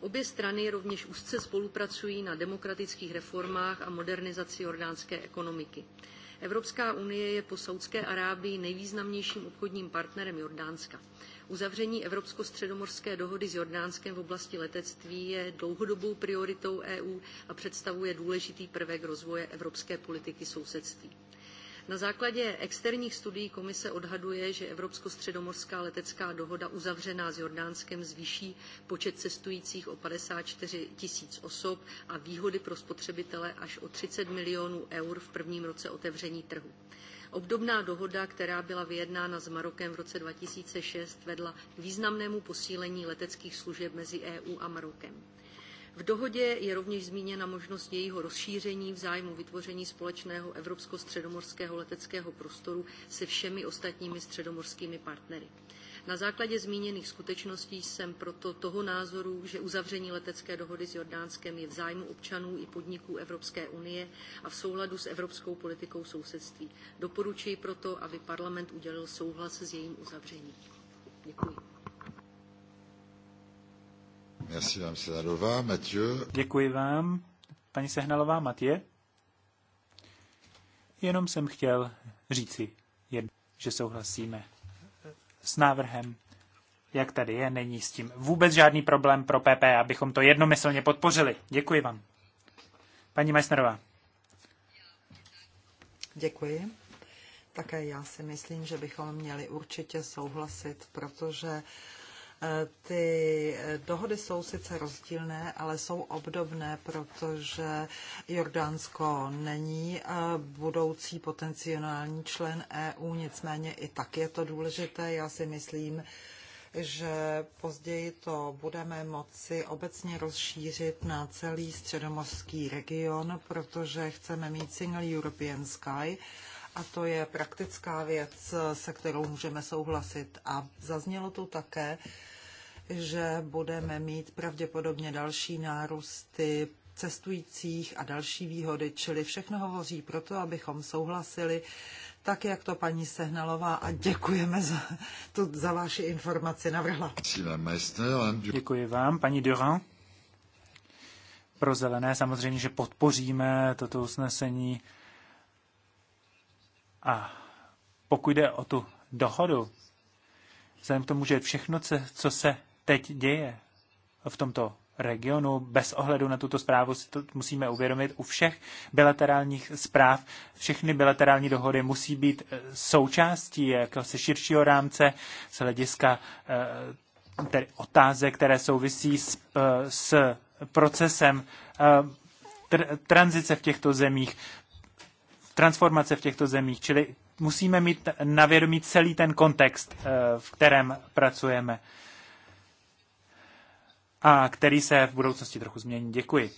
Obě strany rovněž úzce spolupracují na demokratických reformách a modernizaci jordánské ekonomiky. Evropská unie je po Saudské Arábii nejvýznamnějším obchodním partnerem Jordánska. Uzavření Evropsko-středomorské dohody s Jordánskem v oblasti letectví je dlouhodobou prioritou EU a představuje důležitý prvek rozvoje evropské politiky sousedství. Na základě externích studií komise odhaduje, že Evropsko-středomorská letecká dohoda uzavřená s Jordánskem zvýší počet cestujících o 54 tisíc osob a výhody pro spotřebitele až o 30 milionů eur v prvním roce otevření trhu. Obdobná dohoda, která byla vyjednána s Marokem v roce 2006, vedla k významnému posílení leteckých služeb mezi EU a Marokem. V dohodě je rovněž zmíněna možnost jejího rozšíření v zájmu vytvoření společného evropsko-středomorského leteckého prostoru se všemi ostatními středomorskými partnery. Na základě zmíněných skutečností jsem proto toho názoru, že uzavření letecké dohody s Jordánskem je v zájmu občanů i podniků Evropské unie a v souladu s evropskou politikou sousedství. Doporučuji proto, aby parlament udělil souhlas s jejím uzavřením. Děkuji. Děkuji vám, paní Sehnalová. Matě? Jenom jsem chtěl říci, že souhlasíme s návrhem, jak tady je, není s tím vůbec žádný problém pro PP, abychom to jednomyslně podpořili. Děkuji vám. Paní Majsnerová. Děkuji. Také já si myslím, že bychom měli určitě souhlasit, protože ty dohody jsou sice rozdílné, ale jsou obdobné, protože Jordánsko není eh, budoucí potenciální člen EU, nicméně i tak je to důležité. Já si myslím, že později to budeme moci obecně rozšířit na celý středomorský region, protože chceme mít Single European Sky a to je praktická věc, se kterou můžeme souhlasit. A zaznělo tu také, že budeme mít pravděpodobně další nárůsty cestujících a další výhody, čili všechno hovoří proto, abychom souhlasili, tak jak to paní Sehnalová a děkujeme za, tu, za vaši informaci navrhla. Děkuji vám, paní Durand. Pro zelené samozřejmě, že podpoříme toto usnesení a pokud jde o tu dohodu, vzhledem k tomu, že všechno, co se teď děje v tomto regionu. Bez ohledu na tuto zprávu si to musíme uvědomit u všech bilaterálních zpráv. Všechny bilaterální dohody musí být e, součástí jakéhosi širšího rámce z hlediska e, tedy otázek, které souvisí s, e, s procesem tr- tranzice v těchto zemích, transformace v těchto zemích, čili musíme mít na vědomí celý ten kontext, v kterém pracujeme a který se v budoucnosti trochu změní. Děkuji.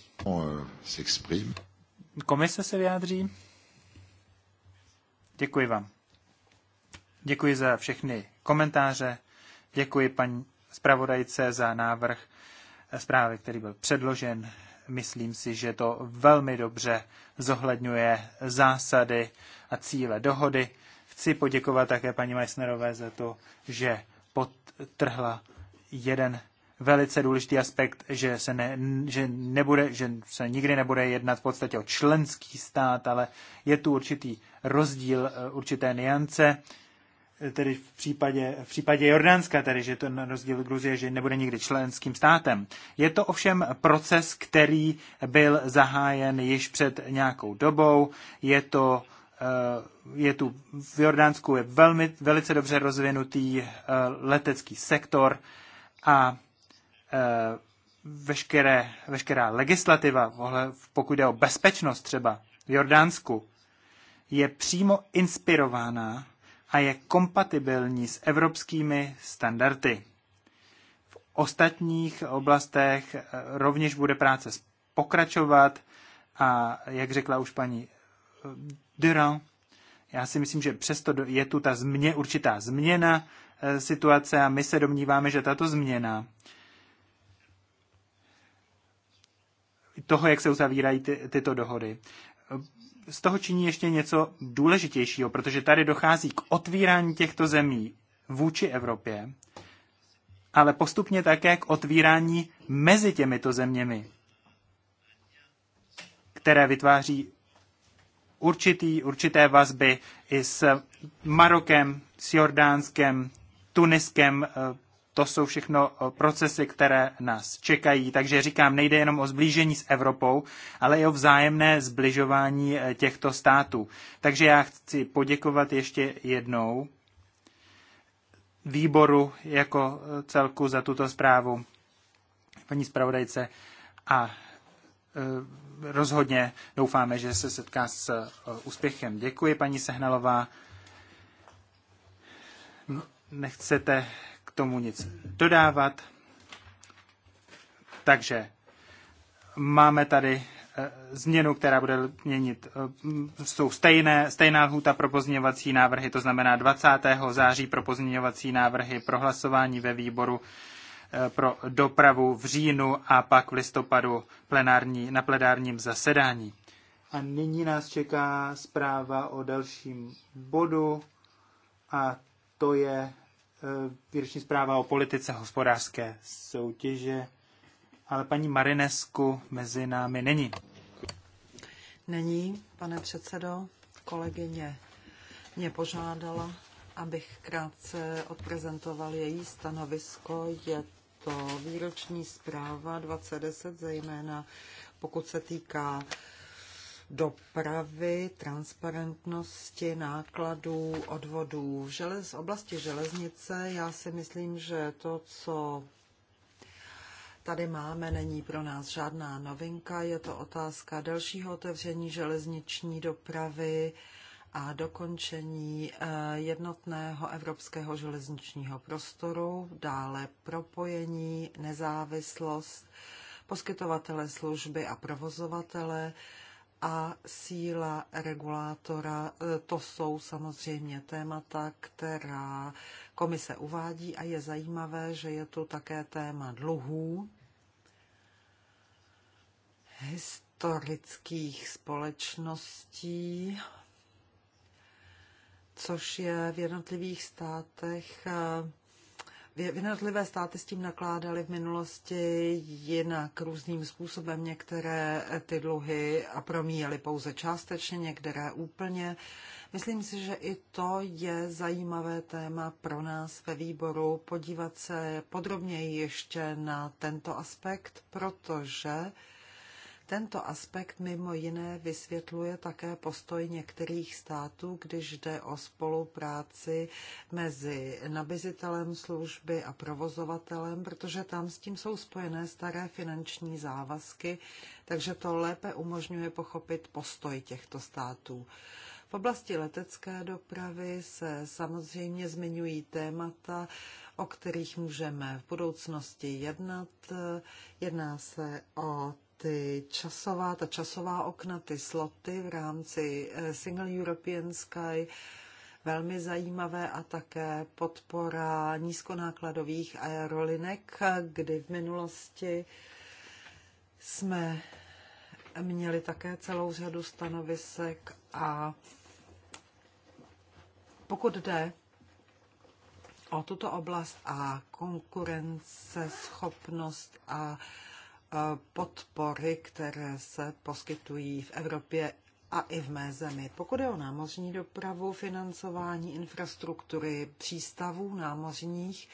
Komise se vyjádří. Děkuji vám. Děkuji za všechny komentáře. Děkuji paní zpravodajce za návrh zprávy, který byl předložen. Myslím si, že to velmi dobře zohledňuje zásady a cíle dohody. Chci poděkovat také paní Meissnerové za to, že podtrhla jeden velice důležitý aspekt, že se, ne, že nebude, že se nikdy nebude jednat v podstatě o členský stát, ale je tu určitý rozdíl, eh, určité niance, eh, tedy v případě, v případě Jordánska, tedy že ten rozdíl Gruzie, že nebude nikdy členským státem. Je to ovšem proces, který byl zahájen již před nějakou dobou, je to eh, je tu v Jordánsku je velmi, velice dobře rozvinutý letecký sektor a Eh, veškeré, veškerá legislativa, pokud jde o bezpečnost třeba v Jordánsku, je přímo inspirována a je kompatibilní s evropskými standardy. V ostatních oblastech eh, rovněž bude práce pokračovat a jak řekla už paní eh, Durand, já si myslím, že přesto je tu ta změ, určitá změna situace a my se domníváme, že tato změna toho, jak se uzavírají ty, tyto dohody, z toho činí ještě něco důležitějšího, protože tady dochází k otvírání těchto zemí vůči Evropě, ale postupně také k otvírání mezi těmito zeměmi, které vytváří určitý, určité vazby i s Marokem, s Jordánskem, Tuniskem, eh, to jsou všechno eh, procesy, které nás čekají. Takže říkám, nejde jenom o zblížení s Evropou, ale i o vzájemné zbližování eh, těchto států. Takže já chci poděkovat ještě jednou výboru jako eh, celku za tuto zprávu, paní zpravodajce, a rozhodně doufáme, že se setká s úspěchem. Děkuji, paní Sehnalová. Nechcete tomu nic dodávat. Takže máme tady eh, změnu, která bude měnit, eh, jsou stejné, stejná lhůta pro pozměňovací návrhy, to znamená 20. září pro pozměňovací návrhy, pro hlasování ve výboru eh, pro dopravu v říjnu a pak v listopadu plenární, na plenárním zasedání. A nyní nás čeká zpráva o dalším bodu a to je Eh, výroční zpráva o politice hospodářské soutěže, ale paní Marinesku mezi námi není. Není, pane předsedo, kolegyně mě požádala, abych krátce odprezentoval její stanovisko. Je to výroční zpráva 2010, zejména pokud se týká dopravy, transparentnosti, nákladů, odvodů. V, želez, v oblasti železnice já si myslím, že to, co tady máme, není pro nás žádná novinka. Je to otázka dalšího otevření železniční dopravy a dokončení eh, jednotného evropského železničního prostoru, dále propojení, nezávislost, poskytovatele služby a provozovatele, a síla regulátora, e, to jsou samozřejmě témata, která komise uvádí a je zajímavé, že je tu také téma dluhů, historických společností, což je v jednotlivých státech e, Jednotlivé státy s tím nakládaly v minulosti jinak různým způsobem. Některé ty dluhy a promíjely pouze částečně, některé úplně. Myslím si, že i to je zajímavé téma pro nás ve výboru podívat se podrobněji ještě na tento aspekt, protože tento aspekt mimo jiné vysvětluje také postoj některých států, když jde o spolupráci mezi nabizitelem služby a provozovatelem, protože tam s tím jsou spojené staré finanční závazky, takže to lépe umožňuje pochopit postoj těchto států. V oblasti letecké dopravy se samozřejmě zmiňují témata, o kterých můžeme v budoucnosti jednat. Jedná se o ty časová, ta časová okna, ty sloty v rámci eh, Single European Sky velmi zajímavé a také podpora nízkonákladových aerolinek, kdy v minulosti jsme měli také celou řadu stanovisek a pokud jde o tuto oblast a konkurence schopnost a Eh, podpory, které se poskytují v Evropě a i v mé zemi. Pokud je o námořní dopravu, financování infrastruktury přístavů námořních,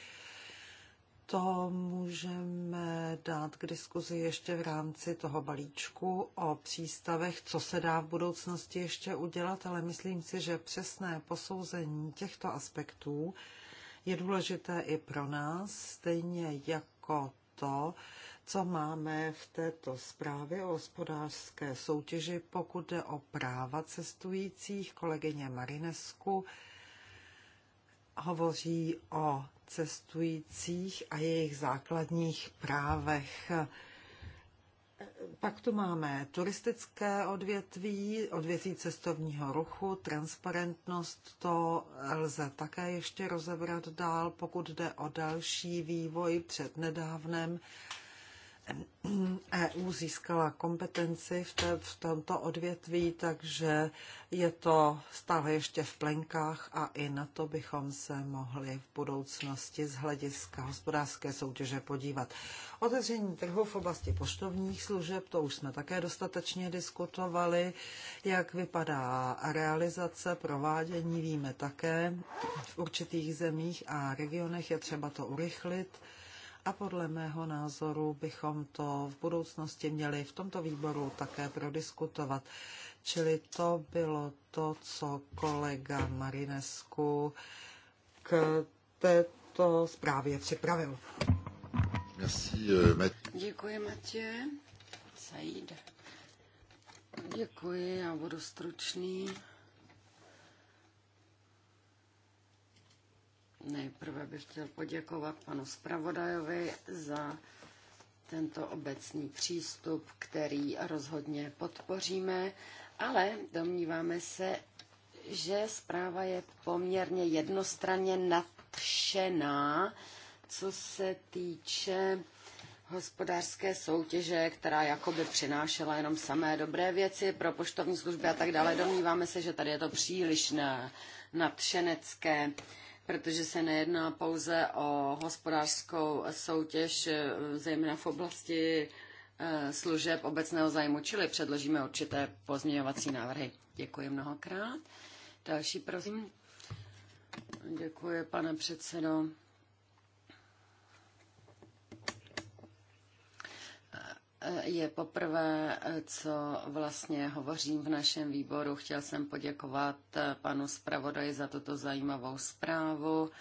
to můžeme dát k diskuzi ještě v rámci toho balíčku o přístavech, co se dá v budoucnosti ještě udělat, ale myslím si, že přesné posouzení těchto aspektů je důležité i pro nás, stejně jako to, co máme v této zprávě o hospodářské soutěži, pokud jde o práva cestujících. Kolegyně Marinesku hovoří o cestujících a jejich základních právech. Pak tu máme turistické odvětví, odvětví cestovního ruchu, transparentnost, to lze také ještě rozebrat dál, pokud jde o další vývoj před nedávnem EU získala kompetenci v, té, v tomto odvětví, takže je to stále ještě v plenkách a i na to bychom se mohli v budoucnosti z hlediska hospodářské soutěže podívat. Otevření trhu v oblasti poštovních služeb, to už jsme také dostatečně diskutovali. Jak vypadá realizace, provádění víme také. V určitých zemích a regionech je třeba to urychlit a podle mého názoru bychom to v budoucnosti měli v tomto výboru také prodiskutovat. Čili to bylo to, co kolega Marinesku k této zprávě připravil. Merci, eh, Děkuji, Matě. Said. Děkuji, já budu stručný. Nejprve bych chtěl poděkovat panu zpravodajovi za tento obecný přístup, který rozhodně podpoříme, ale domníváme se, že zpráva je poměrně jednostranně natřená, co se týče hospodářské soutěže, která jakoby přinášela jenom samé dobré věci pro poštovní služby a tak dále. Domníváme se, že tady je to příliš na, natřenecké. Na protože se nejedná pouze o hospodářskou soutěž, eh, zejména v oblasti eh, služeb obecného zájmu, čili předložíme určité pozměňovací návrhy. Děkuji mnohokrát. Další, prosím. Děkuji, pane předsedo. je poprvé, co vlastně hovořím v našem výboru. Chtěl jsem poděkovat eh, panu zpravodaji za tuto zajímavou zprávu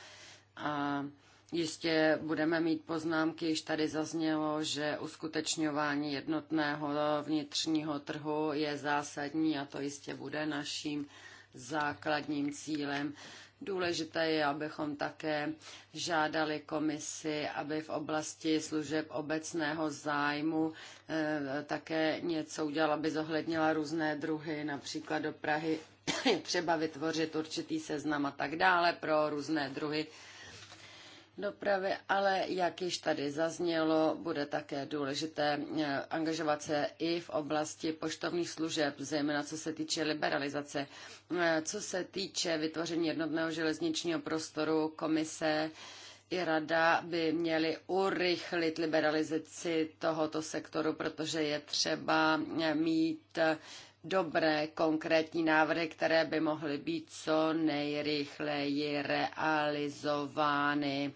a Jistě budeme mít poznámky, již tady zaznělo, že uskutečňování jednotného vnitřního trhu je zásadní a to jistě bude naším základním cílem. Důležité je, abychom také žádali komisi, aby v oblasti služeb obecného zájmu eh, také něco udělala, aby zohlednila různé druhy, například do Prahy třeba vytvořit určitý seznam a tak dále pro různé druhy dopravy, ale jak již tady zaznělo, bude také důležité eh, angažovat se i v oblasti poštovních služeb, zejména co se týče liberalizace. Eh, co se týče vytvoření jednotného železničního prostoru, komise i rada by měly urychlit liberalizaci tohoto sektoru, protože je třeba eh, mít dobré konkrétní návrhy, které by mohly být co nejrychleji realizovány.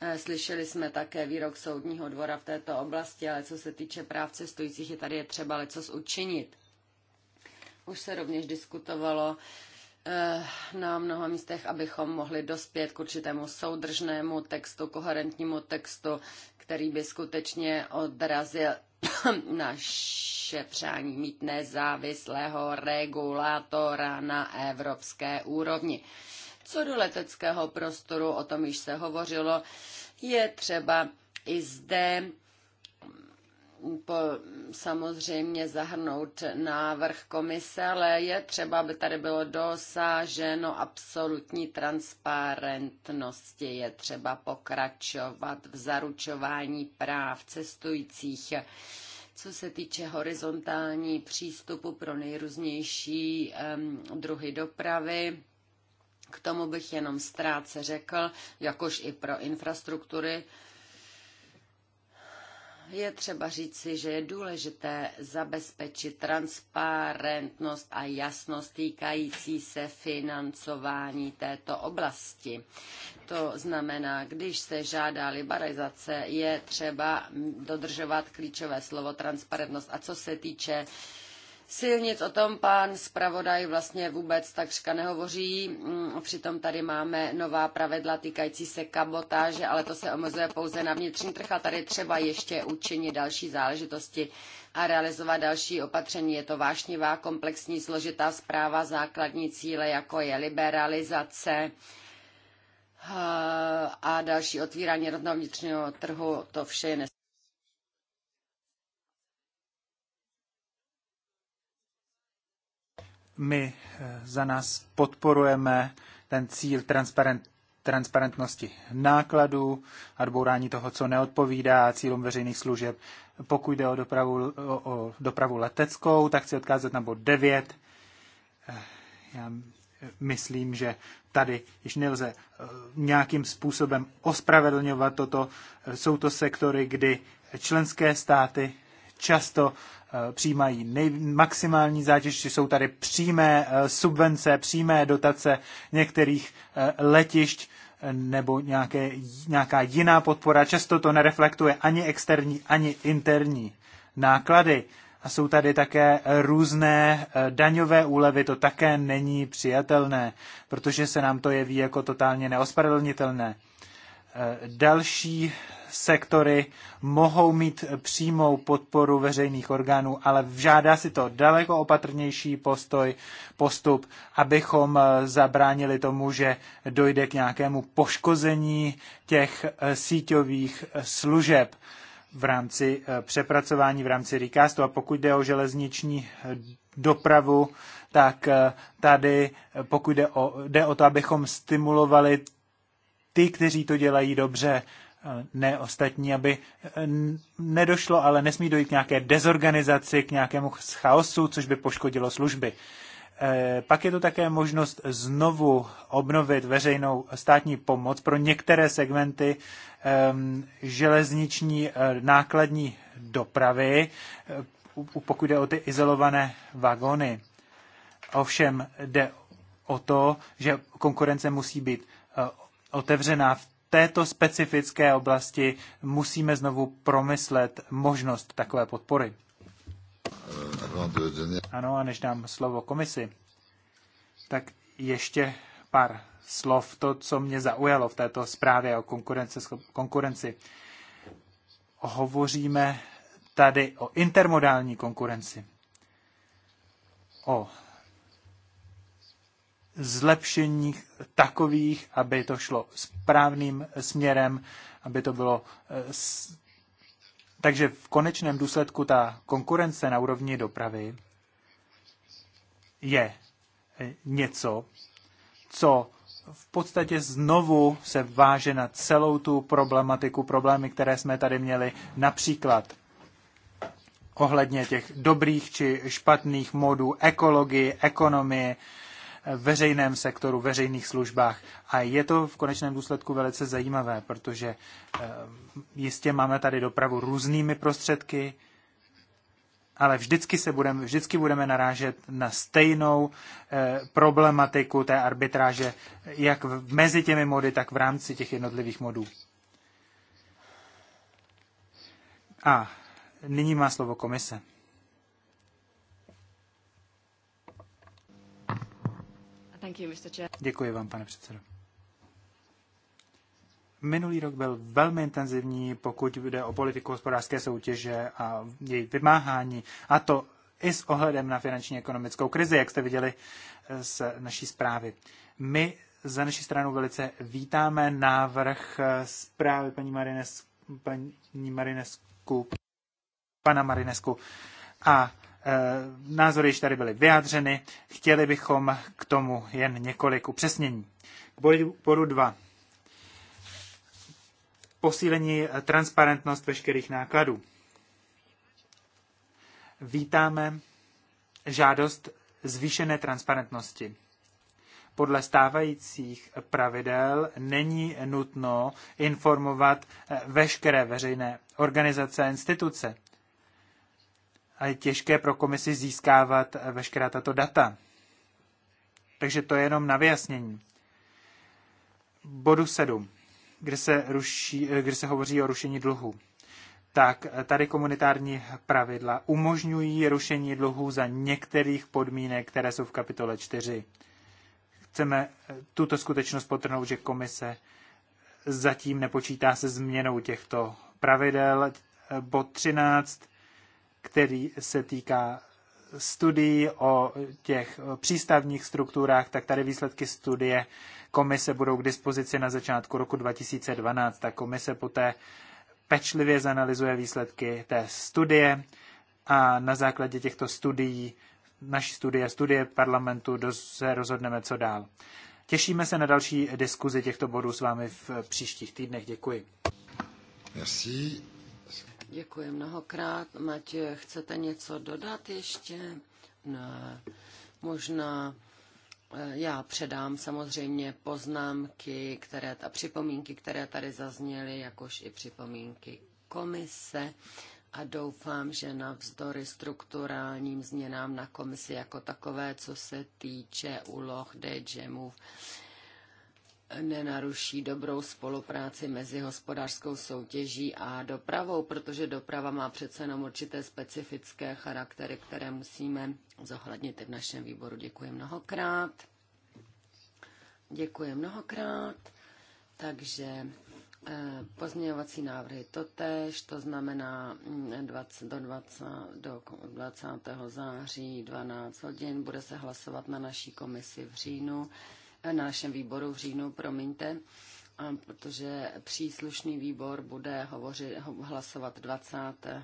Eh, slyšeli jsme také výrok soudního dvora v této oblasti, ale co se týče práv cestujících, je tady je třeba lecos učinit. Už se rovněž diskutovalo eh, na mnoha místech, abychom mohli dospět k určitému soudržnému textu, koherentnímu textu, který by skutečně odrazil naše přání mít nezávislého regulátora na evropské úrovni. Co do leteckého prostoru, o tom již se hovořilo, je třeba i zde po, samozřejmě zahrnout návrh komise, ale je třeba, aby tady bylo dosaženo absolutní transparentnosti. Je třeba pokračovat v zaručování práv cestujících. Co se týče horizontální přístupu pro nejrůznější um, druhy dopravy, k tomu bych jenom zkrátce řekl, jakož i pro infrastruktury, uh, je třeba říci, že je důležité zabezpečit transparentnost a jasnost týkající se financování této oblasti. To znamená, když se žádá liberalizace, je třeba dodržovat klíčové slovo transparentnost. A co se týče silnic. O tom pan zpravodaj vlastně vůbec takřka nehovoří. Mm, přitom tady máme nová pravidla týkající se kabotáže, ale to se omezuje pouze na vnitřní trh a tady třeba ještě učinit další záležitosti a realizovat další opatření. Je to vášnivá, komplexní, složitá zpráva, základní cíle, jako je liberalizace, eh, a další otvírání rovnou vnitřního trhu, to vše je my eh, za nás podporujeme ten cíl transparent, transparentnosti nákladů a odbourání toho, co neodpovídá cílům veřejných služeb. Pokud jde o dopravu, o, o dopravu leteckou, tak chci odkázat na bod 9. Eh, já eh, myslím, že tady již nelze nějakým způsobem ospravedlňovat toto. Jsou to sektory, kdy členské státy často eh, přijímají nej, maximální zátěž, jsou tady přímé eh, subvence, přímé dotace některých eh, letišť nebo nějaké, nějaká jiná podpora. Často to nereflektuje ani externí, ani interní náklady. A jsou tady také různé daňové úlevy, to také není přijatelné, protože se nám to jeví jako totálně neospravedlnitelné. Další sektory mohou mít přímou podporu veřejných orgánů, ale žádá si to daleko opatrnější postoj, postup, abychom eh, zabránili tomu, že dojde k nějakému poškození těch eh, síťových eh, služeb v rámci přepracování, v rámci recastu. A pokud jde o železniční dopravu, tak tady, pokud jde o, jde o to, abychom stimulovali ty, kteří to dělají dobře, ne ostatní, aby eh, nedošlo, ale nesmí dojít k nějaké dezorganizaci, k nějakému chaosu, což by poškodilo služby. Eh, pak je to také možnost znovu obnovit veřejnou státní pomoc pro některé segmenty ehm, železniční eh, nákladní dopravy, pokud jde o ty izolované vagony. Ovšem jde o to, že konkurence musí být otevřená v této specifické oblasti musíme znovu promyslet možnost takové podpory. Ano, a než dám slovo komisi, tak ještě pár slov, to, co mě zaujalo v této zprávě o konkurenci. konkurenci. Hovoříme tady o intermodální konkurenci, o zlepšení takových, aby to šlo správným směrem, aby to bylo. Eh, takže v konečném důsledku ta konkurence na úrovni dopravy je eh, něco, co v podstatě znovu se váže na celou tu problematiku, problémy, které jsme tady měli, například ohledně těch dobrých či špatných modů ekologie, ekonomie, veřejném sektoru, veřejných službách. A je to v konečném důsledku velice zajímavé, protože eh, jistě máme tady dopravu různými prostředky, ale vždycky, se budeme, vždycky budeme narážet na stejnou eh, problematiku té arbitráže, jak mezi těmi mody, tak v rámci těch jednotlivých modů. A nyní má slovo komise. Thank you, Mr. Chair. Děkuji vám, pane předsedo. Minulý rok byl velmi intenzivní, pokud jde o politiku hospodářské soutěže a její vymáhání, a to i s ohledem na finanční ekonomickou krizi, jak jste viděli eh, z naší zprávy. My za naší stranu velice vítáme návrh eh, zprávy paní, Marines, paní Marinesku, pana Marinesku a Eh, názory již tady byly vyjádřeny, chtěli bychom k tomu jen několik upřesnění. K bodu 2. Posílení eh, transparentnost veškerých nákladů. Vítáme žádost zvýšené transparentnosti. Podle stávajících pravidel není nutno informovat eh, veškeré veřejné organizace a instituce a je těžké pro komisi získávat eh, veškerá tato data. Takže to je jenom na vyjasnění. Bodu 7, kde se, ruší, eh, kde se hovoří o rušení dluhu. Tak eh, tady komunitární pravidla umožňují rušení dluhu za některých podmínek, které jsou v kapitole 4. Chceme tuto skutečnost potrhnout, že komise zatím nepočítá se změnou těchto pravidel. Bod 13 který se týká studií o těch přístavních strukturách, tak tady výsledky studie komise budou k dispozici na začátku roku 2012. Ta komise poté pečlivě zanalizuje výsledky té studie a na základě těchto studií, naší studie, studie parlamentu, se rozhodneme, co dál. Těšíme se na další diskuzi těchto bodů s vámi v příštích týdnech. Děkuji. Merci. Děkuji mnohokrát. Matěj, chcete něco dodat ještě? Ne, možná eh, já předám samozřejmě poznámky které, a připomínky, které tady zazněly, jakož i připomínky komise a doufám, že navzdory strukturálním změnám na komisi jako takové, co se týče úloh DJMů, nenaruší dobrou spolupráci mezi hospodářskou soutěží a dopravou, protože doprava má přece jenom určité specifické charaktery, které musíme zohlednit i v našem výboru. Děkuji mnohokrát. Děkuji mnohokrát. Takže eh, pozměňovací návrhy totéž, to znamená 20, mm, do, 20, do 20. září 12 hodin. Bude se hlasovat na naší komisi v říjnu na našem výboru v říjnu, promiňte, protože příslušný výbor bude hovořit, hlasovat 20 eh,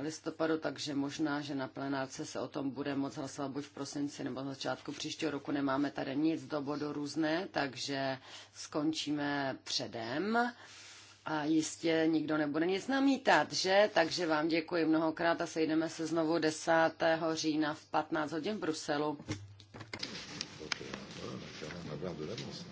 listopadu, takže možná, že na plenárce se o tom bude moc hlasovat buď v prosinci nebo na začátku příštího roku. Nemáme tady nic do bodu různé, takže skončíme předem. A jistě nikdo nebude nic namítat, že? Takže vám děkuji mnohokrát a sejdeme se znovu 10. října v 15 hodin v Bruselu avoir de l'avance.